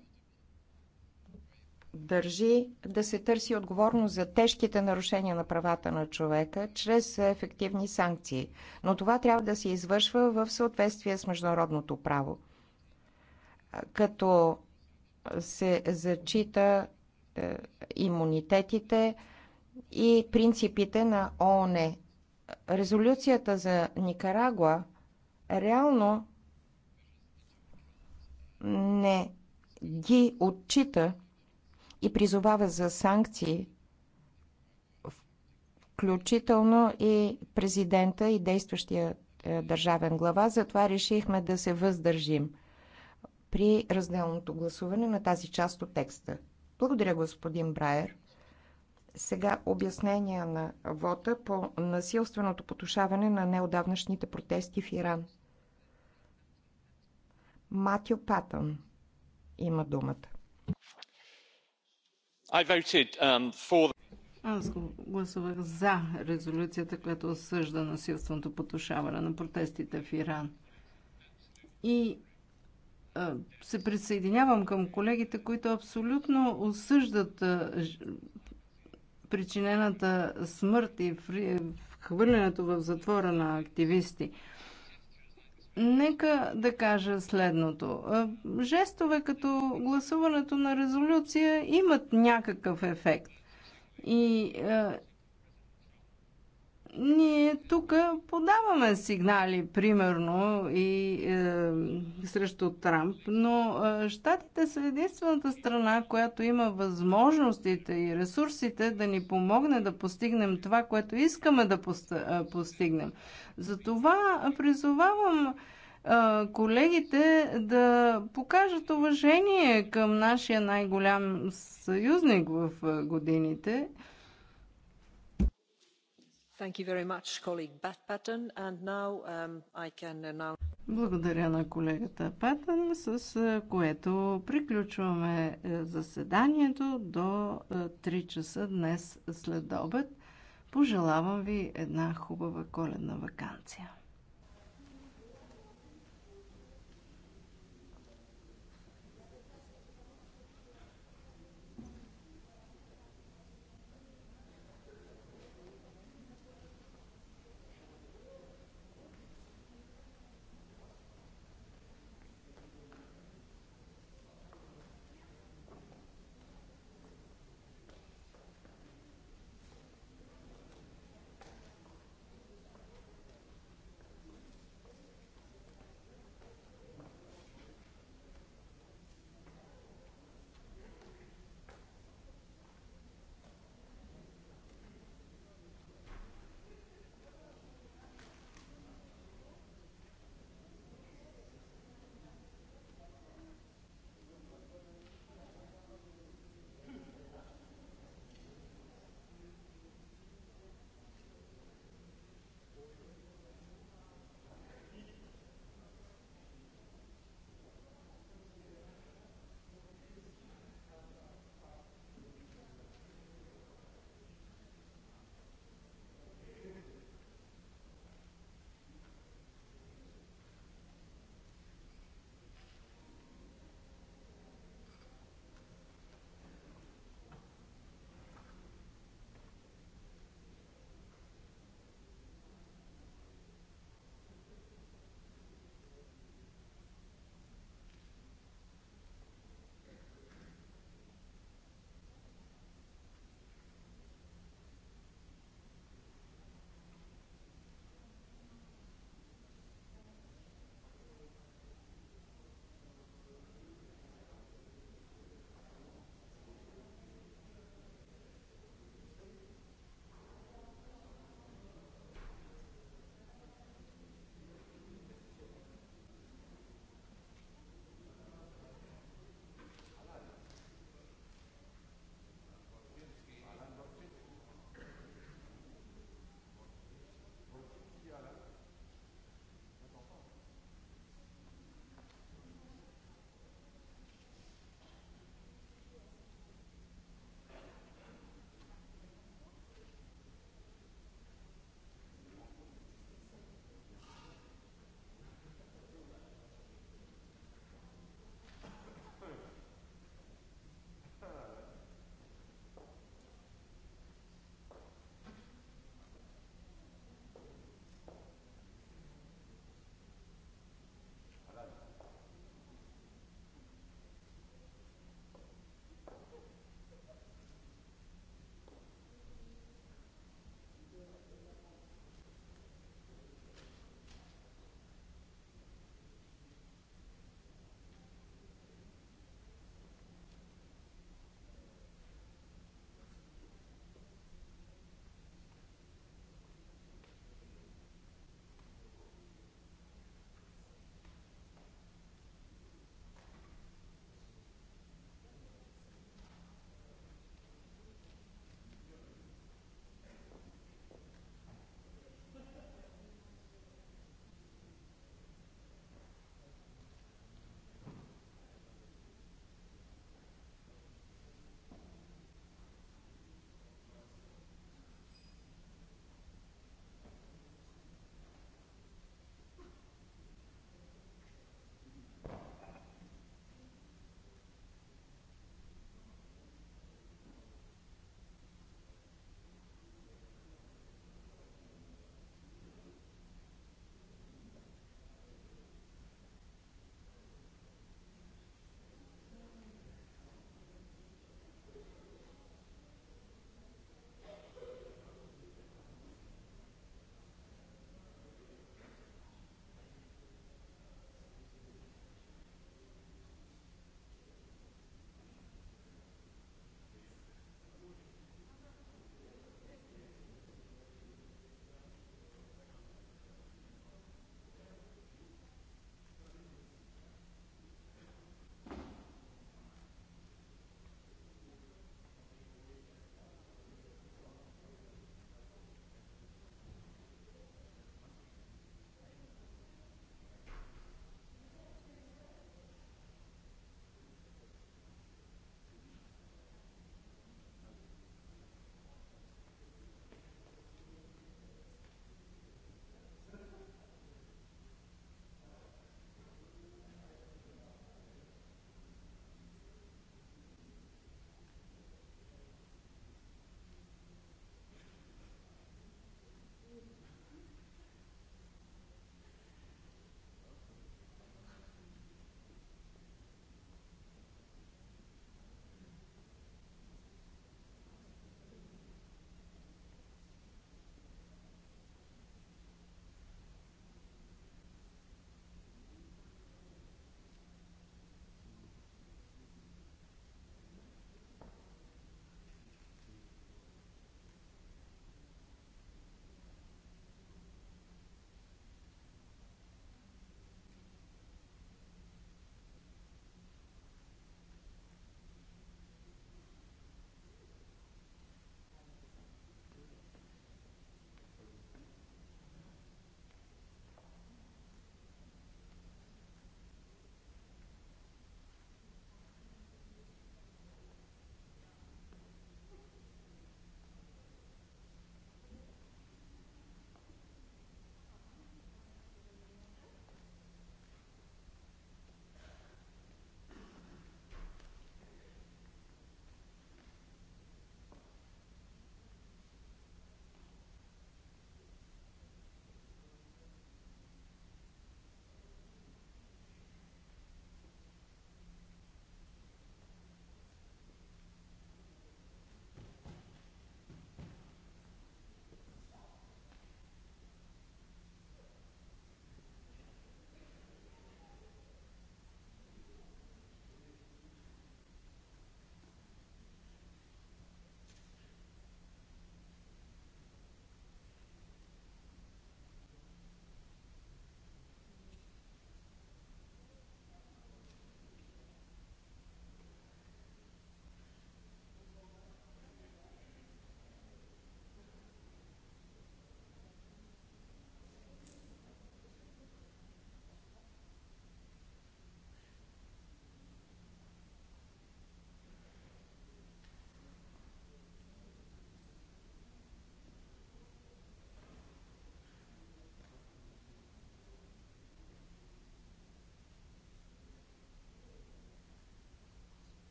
държи да се търси отговорност за тежките нарушения на правата на човека чрез ефективни санкции, но това трябва да се извършва в съответствие с международното право, като се зачита е, имунитетите и принципите на ООН. Резолюцията за Никарагуа реално не ги отчита и призовава за санкции, включително и президента и действащия е, държавен глава. Затова решихме да се въздържим при разделното гласуване на тази част от текста. Благодаря, господин Брайер. Сега обяснения на вота по насилственото потушаване на неодавнашните протести в Иран. Матю Патън има думата. Um, Аз гласувах за резолюцията, която осъжда насилственото потушаване на протестите в Иран. И а, се присъединявам към колегите, които абсолютно осъждат а, причинената смърт и в, хвърлянето в затвора на активисти. Нека да кажа следното. Жестове като гласуването на резолюция имат някакъв ефект. И ние тук подаваме сигнали, примерно, и е, срещу Трамп, но е, щатите са единствената страна, която има възможностите и ресурсите да ни помогне да постигнем това, което искаме да е, постигнем. Затова призовавам е, колегите да покажат уважение към нашия най-голям съюзник в е, годините – Um, Благодаря на колегата Патън, с което приключваме е, заседанието до 3 е, часа днес след обед. Пожелавам ви една хубава коледна вакансия.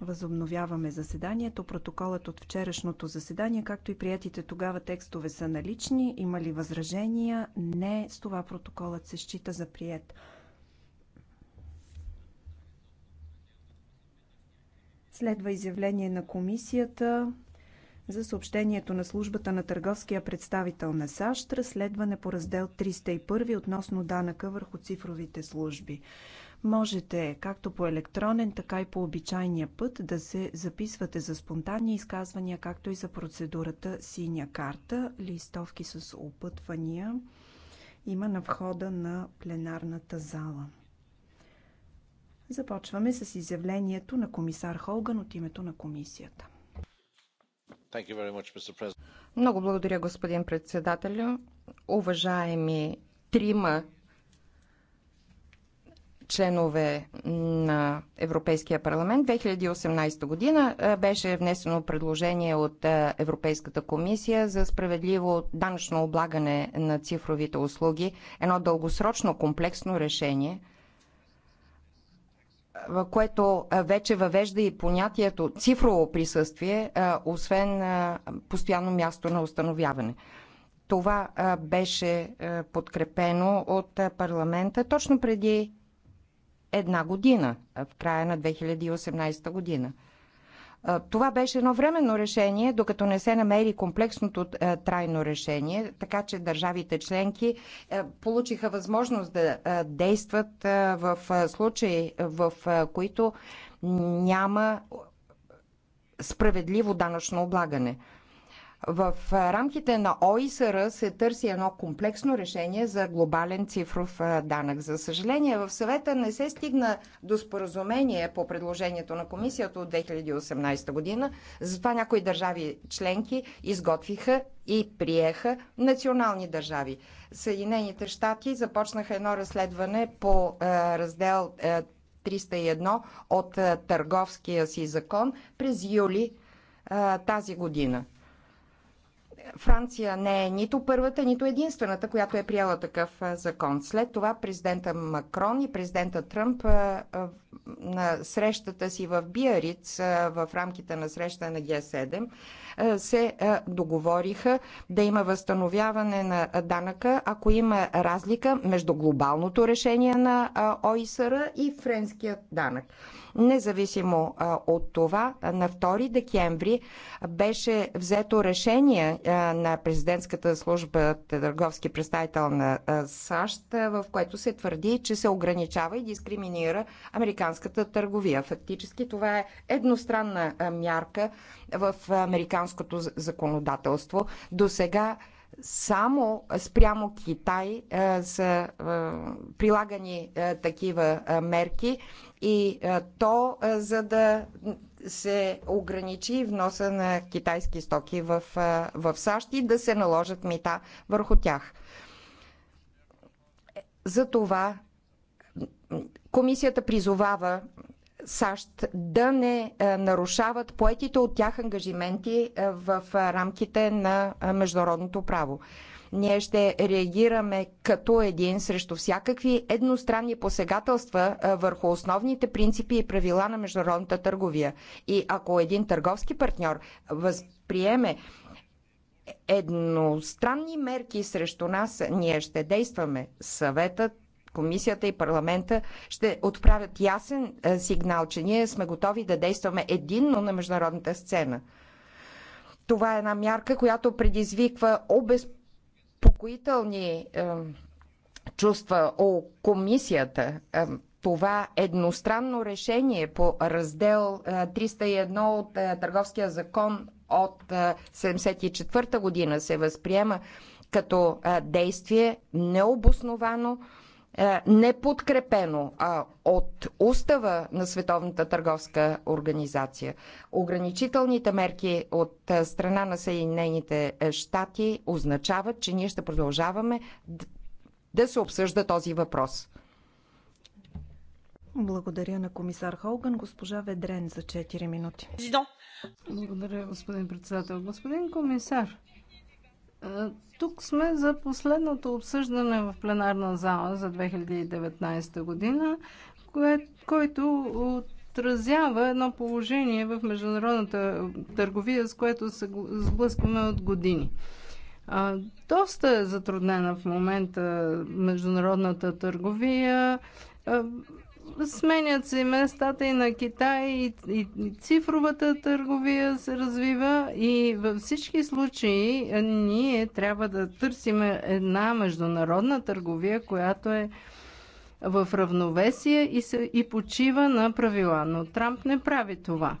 Възобновяваме заседанието. Протоколът от вчерашното заседание, както и приятите тогава текстове са налични. Има ли възражения? Не. С това протоколът се счита за прият. Следва изявление на комисията за съобщението на службата на търговския представител на САЩ, разследване по раздел 301 относно данъка върху цифровите служби. Можете както по електронен, така и по обичайния път да се записвате за спонтанни изказвания, както и за процедурата синя карта. Листовки с опътвания има на входа на пленарната зала. Започваме с изявлението на комисар Холган от името на комисията. Много благодаря, господин председател. Уважаеми трима членове на Европейския парламент. 2018 година беше внесено предложение от Европейската комисия за справедливо данъчно облагане на цифровите услуги. Едно дългосрочно комплексно решение – което вече въвежда и понятието цифрово присъствие, освен постоянно място на установяване. Това беше подкрепено от парламента точно преди една година, в края на 2018 година. Това беше едно временно решение, докато не се намери комплексното е, трайно решение, така че държавите членки е, получиха възможност да е, действат в случаи, в които няма справедливо данъчно облагане. В рамките на ОИСР се търси едно комплексно решение за глобален цифров данък. За съжаление, в съвета не се стигна до споразумение по предложението на комисията от 2018 година. Затова някои държави членки изготвиха и приеха национални държави. Съединените щати започнаха едно разследване по раздел 301 от търговския си закон през юли тази година. Франция не е нито първата, нито единствената, която е приела такъв закон. След това президента Макрон и президента Тръмп на срещата си в Биариц в рамките на среща на Г7 се договориха да има възстановяване на данъка, ако има разлика между глобалното решение на ОИСР и френският данък. Независимо от това, на 2 декември беше взето решение на президентската служба търговски представител на САЩ, в което се твърди, че се ограничава и дискриминира американските американската търговия. Фактически това е едностранна мярка в американското законодателство. До сега само спрямо Китай са прилагани такива мерки и то за да се ограничи вноса на китайски стоки в, в САЩ и да се наложат мита върху тях. Е, за това Комисията призовава САЩ да не е, нарушават поетите от тях ангажименти е, в е, рамките на международното право. Ние ще реагираме като един срещу всякакви едностранни посегателства върху основните принципи и правила на международната търговия. И ако един търговски партньор възприеме едностранни мерки срещу нас, ние ще действаме. Съветът комисията и парламента ще отправят ясен е, сигнал, че ние сме готови да действаме единно на международната сцена. Това е една мярка, която предизвиква обезпокоителни е, чувства о комисията. Е, това едностранно решение по раздел 301 е, от Търговския закон от 1974 година се възприема като действие необосновано е, неподкрепено от устава на Световната търговска организация. Ограничителните мерки от е, страна на Съединените щати означават, че ние ще продължаваме да се обсъжда този въпрос. Благодаря на комисар Холган, госпожа Ведрен за 4 минути. Благодаря, господин председател. Господин комисар, е, тук сме за последното обсъждане в пленарна зала за 2019 година, кое, който отразява едно положение в международната търговия, с което се сблъскваме от години. А, доста е затруднена в момента международната търговия. Сменят се местата и на Китай, и, и, цифровата търговия се развива и във всички случаи ние трябва да търсим една международна търговия, която е в равновесие и, се, и почива на правила. Но Трамп не прави това.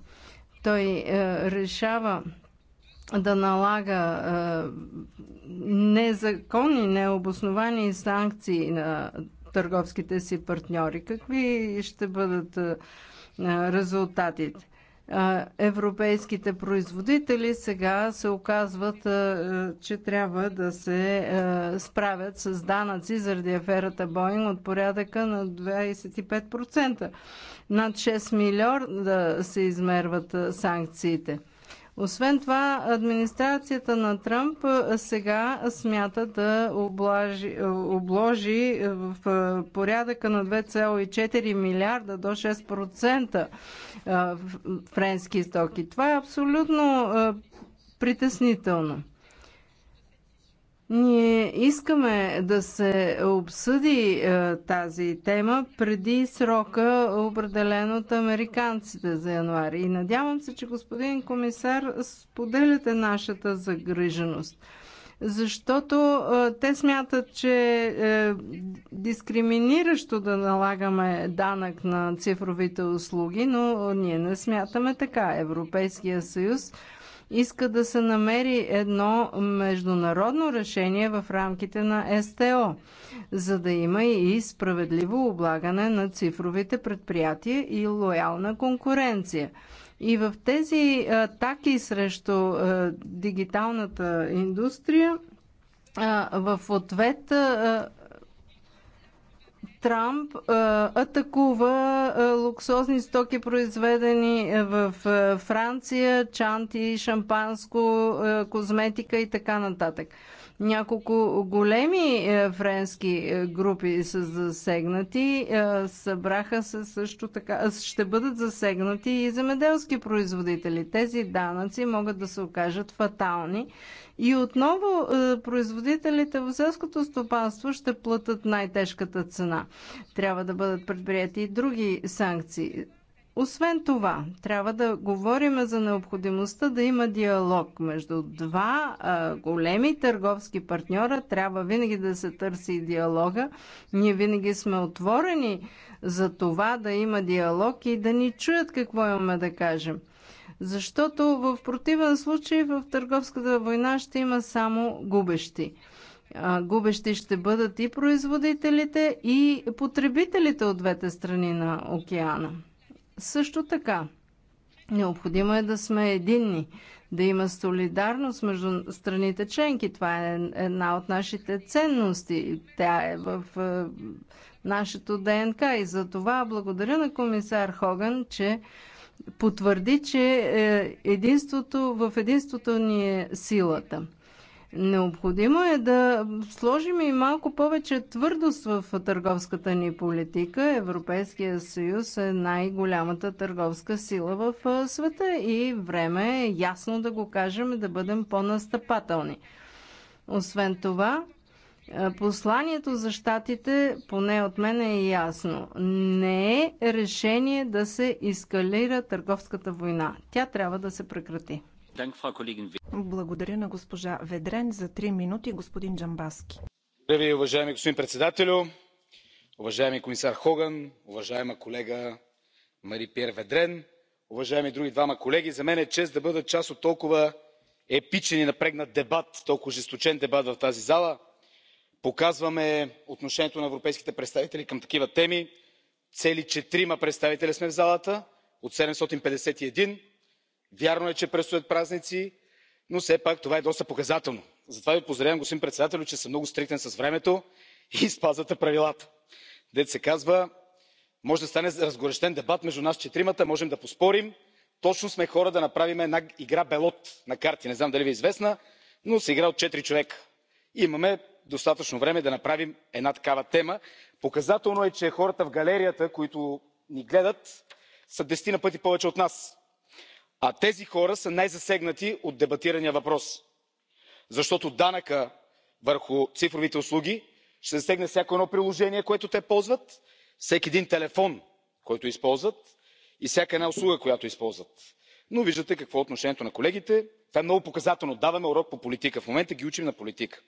Той е, решава да налага е, незаконни, необосновани санкции на търговските си партньори. Какви ще бъдат резултатите? европейските производители сега се оказват, че трябва да се справят с данъци заради аферата Боинг от порядъка на 25%. Над 6 милиарда се измерват санкциите. Освен това, администрацията на Тръмп сега смята да облажи, обложи в порядъка на 2,4 милиарда до 6% френски стоки. Това е абсолютно притеснително. Ние искаме да се обсъди е, тази тема преди срока, определен от американците за януари. И надявам се, че господин комисар споделяте нашата загриженост. Защото е, те смятат, че е дискриминиращо да налагаме данък на цифровите услуги, но е, ние не смятаме така. Европейския съюз иска да се намери едно международно решение в рамките на СТО, за да има и справедливо облагане на цифровите предприятия и лоялна конкуренция. И в тези атаки срещу дигиталната индустрия в ответ Трамп е, атакува е, луксозни стоки, произведени е, в Франция, чанти, шампанско, козметика и така нататък. Няколко големи френски групи са засегнати. Събраха се също така. Ще бъдат засегнати и земеделски производители. Тези данъци могат да се окажат фатални и отново е, производителите в селското стопанство ще платят най-тежката цена. Трябва да бъдат предприяти и други санкции. Освен това, трябва да говорим за необходимостта да има диалог между два а, е, големи търговски партньора. Трябва винаги да се търси диалога. Ние винаги сме отворени за това да има диалог и да ни чуят какво имаме да кажем. Защото в противен случай в търговската война ще има само губещи. Губещи ще бъдат и производителите, и потребителите от двете страни на океана. Също така, необходимо е да сме единни, да има солидарност между страните членки. Това е една от нашите ценности. Тя е в е, нашето ДНК и за това благодаря на комисар Хоган, че потвърди, че е, единството, в единството ни е силата. Необходимо е да сложим и малко повече твърдост в търговската ни политика. Европейския съюз е най-голямата търговска сила в е, света и време е ясно да го кажем, да бъдем по-настъпателни. Освен това, е, посланието за щатите, поне от мен е ясно. Не е решение да се ескалира търговската война. Тя трябва да се прекрати. Благодаря на госпожа Ведрен за 3 минути, господин Джамбаски. Благодаря ви, уважаеми господин председателю, уважаеми комисар Хоган, уважаема колега Мари Пьер Ведрен, уважаеми други двама колеги. За мен е чест да бъда част от толкова епичен и напрегнат дебат, толкова жесточен дебат в тази зала – показваме отношението на европейските представители към такива теми. цели четирима представители сме в залата от седемстотин петдесет и един. вярно е че предстоят празници но все пак това е доста показателно. затова ви поздравявам господин председателю че сте много стриктен с времето и спазвате правилата. дето се казва може да стане разгорещен дебат между нас четиримата можем да поспорим. точно сме хора да направим една игра белот на карти не знам дали ви е известна но се играе от четири човека. имаме достатъчно време да направим една такава тема. показателно е че хората в галерията които ни гледат са десетина пъти повече от нас а тези хора са най засегнати от дебатирания въпрос защото данъкът върху цифровите услуги ще засегне всяко едно приложение което те ползват всеки един телефон който използват и всяка една услуга която използват. но виждате какво е отношението на колегите това е много показателно даваме урок по политика. в момента ги учим на политика.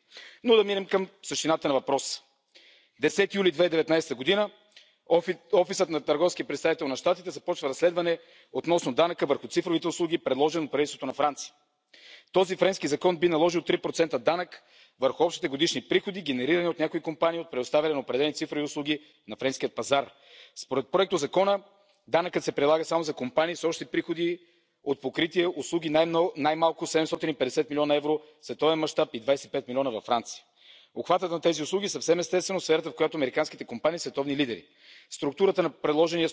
но да минем към същината на въпроса. на 10 юли 2019 г. офисът на търговския представител на щатите започва разследване относно данъка върху цифровите услуги предложен от правителството на франция. този френски закон би наложил 3% данък върху общите годишни приходи генерирани от някои компании от предоставяне на определени цифрови услуги на френския пазар. според проектозакона данъкът се прилага само за компании с общи приходи от покритие услуги най малко седемстотин и петдесет милиона евро в световен мащаб и двадесет и пет милиона във франция. обхватът на тези услуги съвсем естествено е сферата в която американските компании са световни лидери. структурата на предложения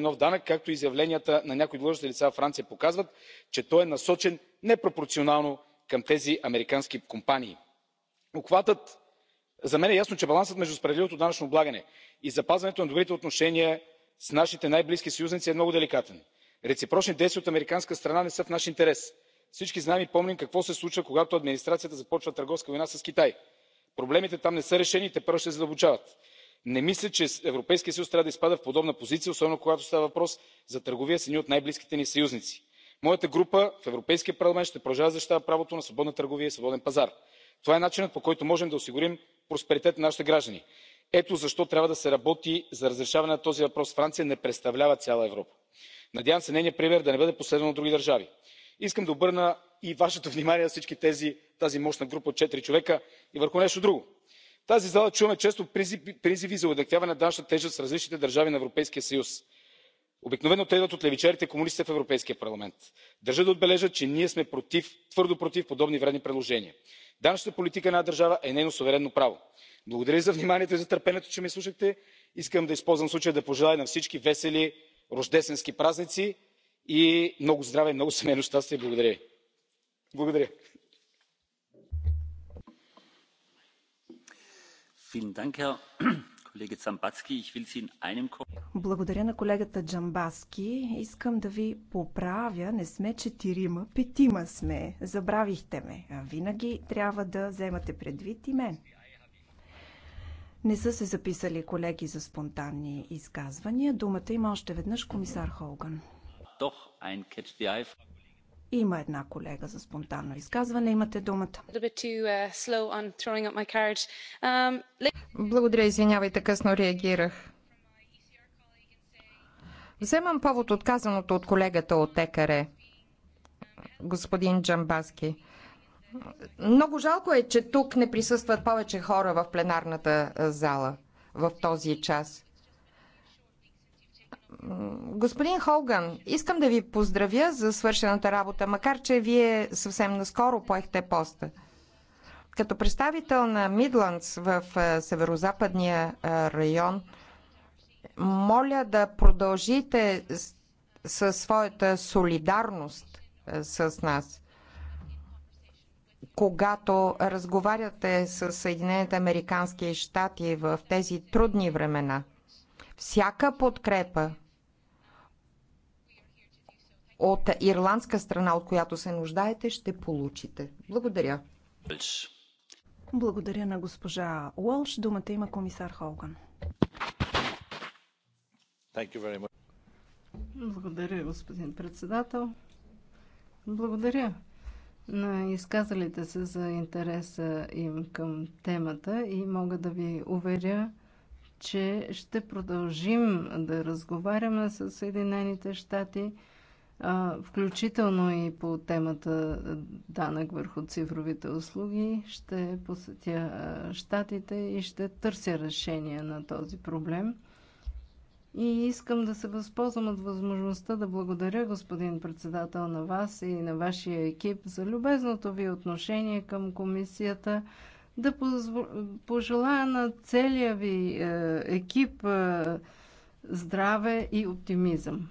нов данък както и изявленията на някои длъжностни лица във франция показват че той е насочен непропорционално към тези американски компании. за мен е ясно че балансът между справедливото данъчно облагане и запазването на добрите отношения с нашите най близки съюзници е много деликатен реципрочни действия от американска страна не са в наш интерес. всички знаем и помним какво се случва когато администрацията започва търговска война с китай. проблемите там не са решени и тепърва ще се задълбочават. не мисля че европейският съюз трябва да изпада в подобна позиция особено когато става въпрос за търговия с едни от най близките ни съюзници. моята група в европейския парламент ще продължава да защитава правото на свободна търговия и свободен пазар. това е начинът по който можем да осигурим просперитет на нашите граждани. ето защо трябва да се работи за разрешаване на този въпрос. франция не представлява цяла европа надявам се нейният пример да не бъде последван от други държави. искам да обърна и вашето внимание на всички тази мощна група от четири човека и върху нещо друго. в тази зала чуваме често призиви за уеднаквяване на данъчната тежест в различните държави на европейския съюз. обикновено те идват от левичарите комунистите в европейския парламент. държа да отбележа че ние сме твърдо против подобни вредни предложения. данъчната политика на една държава е нейно суверенно право. благодаря ви за вниманието и за търпението че ме изслушахте. искам да използвам случая да пожелая на всички весели рождественски празници и много здраве, много семейно щастие. Благодаря ви. Благодаря. Благодаря на колегата Джамбаски. Искам да ви поправя. Не сме четирима, петима сме. Забравихте ме. А винаги трябва да вземате предвид и мен. Не са се записали колеги за спонтанни изказвания. Думата има още веднъж комисар Холган. Има една колега за спонтанно изказване. Имате думата. Uh, um, Благодаря, извинявайте, късно реагирах. Вземам повод от казаното от колегата от ЕКАРЕ, господин Джамбаски. Много жалко е, че тук не присъстват повече хора в пленарната зала в този час. Господин Холган, искам да ви поздравя за свършената работа, макар че вие съвсем наскоро поехте поста. Като представител на Мидландс в северо-западния район, моля да продължите със своята солидарност с нас когато разговаряте с Съединените Американски щати в тези трудни времена. Всяка подкрепа от ирландска страна, от която се нуждаете, ще получите. Благодаря. Благодаря на госпожа Уолш. Думата има комисар Холган. Благодаря, господин председател. Благодаря на изказалите се за интереса им към темата и мога да ви уверя, че ще продължим да разговаряме с Съединените щати, включително и по темата данък върху цифровите услуги. Ще посетя щатите и ще търся решение на този проблем. И искам да се възползвам от възможността да благодаря, господин председател, на вас и на вашия екип за любезното ви отношение към комисията. Да пожелая на целия ви е, екип е, здраве и оптимизъм.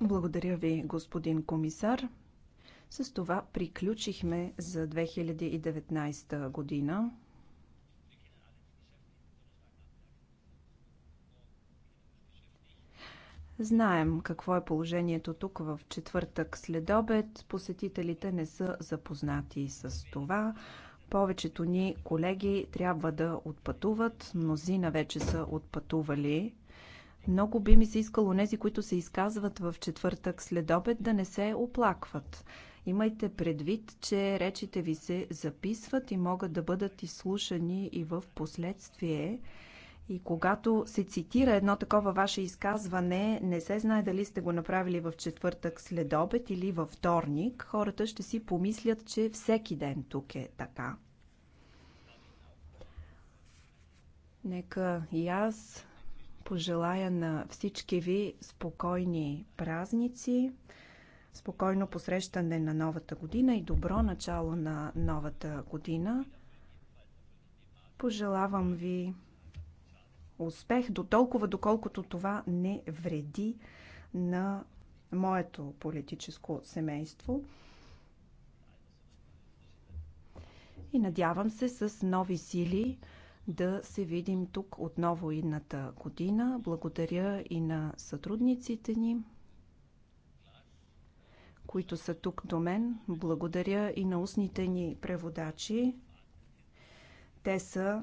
Благодаря ви, господин комисар. С това приключихме за 2019 година. Знаем какво е положението тук в четвъртък след обед. Посетителите не са запознати с това. Повечето ни колеги трябва да отпътуват. Мнозина вече са отпътували. Много би ми се искало нези, които се изказват в четвъртък след обед, да не се оплакват. Имайте предвид, че речите ви се записват и могат да бъдат изслушани и в последствие. И когато се цитира едно такова ваше изказване, не се знае дали сте го направили в четвъртък след обед или във вторник, хората ще си помислят, че всеки ден тук е така. Нека и аз пожелая на всички ви спокойни празници, спокойно посрещане на новата година и добро начало на новата година. Пожелавам ви успех, до толкова доколкото това не вреди на моето политическо семейство. И надявам се с нови сили да се видим тук отново едната година. Благодаря и на сътрудниците ни, които са тук до мен. Благодаря и на устните ни преводачи. Те са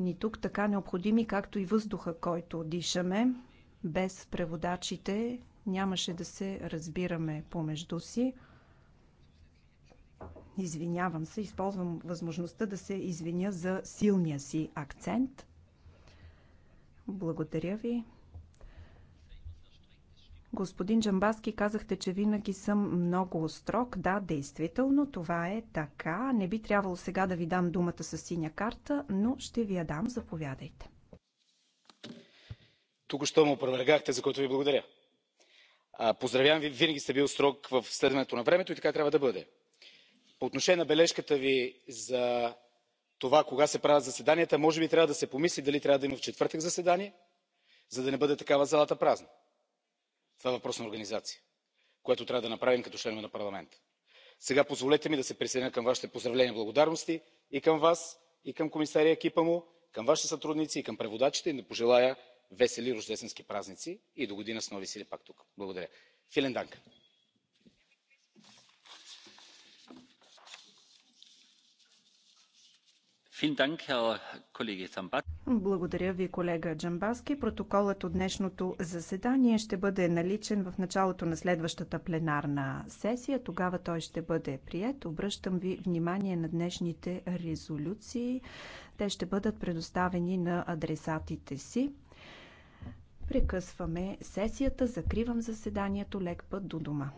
ни тук така необходими, както и въздуха, който дишаме. Без преводачите нямаше да се разбираме помежду си. Извинявам се, използвам възможността да се извиня за силния си акцент. Благодаря ви. Господин Джамбаски, казахте, че винаги съм много строг. Да, действително, това е така. Не би трябвало сега да ви дам думата с синя карта, но ще ви я дам. Заповядайте. Тук що му опровергахте, за което ви благодаря. А, поздравявам ви, винаги сте бил строг в следването на времето и така трябва да бъде. По отношение на бележката ви за това кога се правят заседанията, може би трябва да се помисли дали трябва да има в четвъртък заседание, за да не бъде такава залата празна това е въпрос на организация което трябва да направим като членове на парламента. сега позволете ми да се присъединя към вашите поздравления и благодарности и към вас и към комисаря и екипа му към вашите сътрудници и към преводачите и да пожелая весели рождественски празници и догодина с нови сили пак тук. благодаря. Благодаря ви, колега Джамбаски. Протоколът от днешното заседание ще бъде наличен в началото на следващата пленарна сесия. Тогава той ще бъде прият. Обръщам ви внимание на днешните резолюции. Те ще бъдат предоставени на адресатите си. Прекъсваме сесията. Закривам заседанието. Лек път до дома.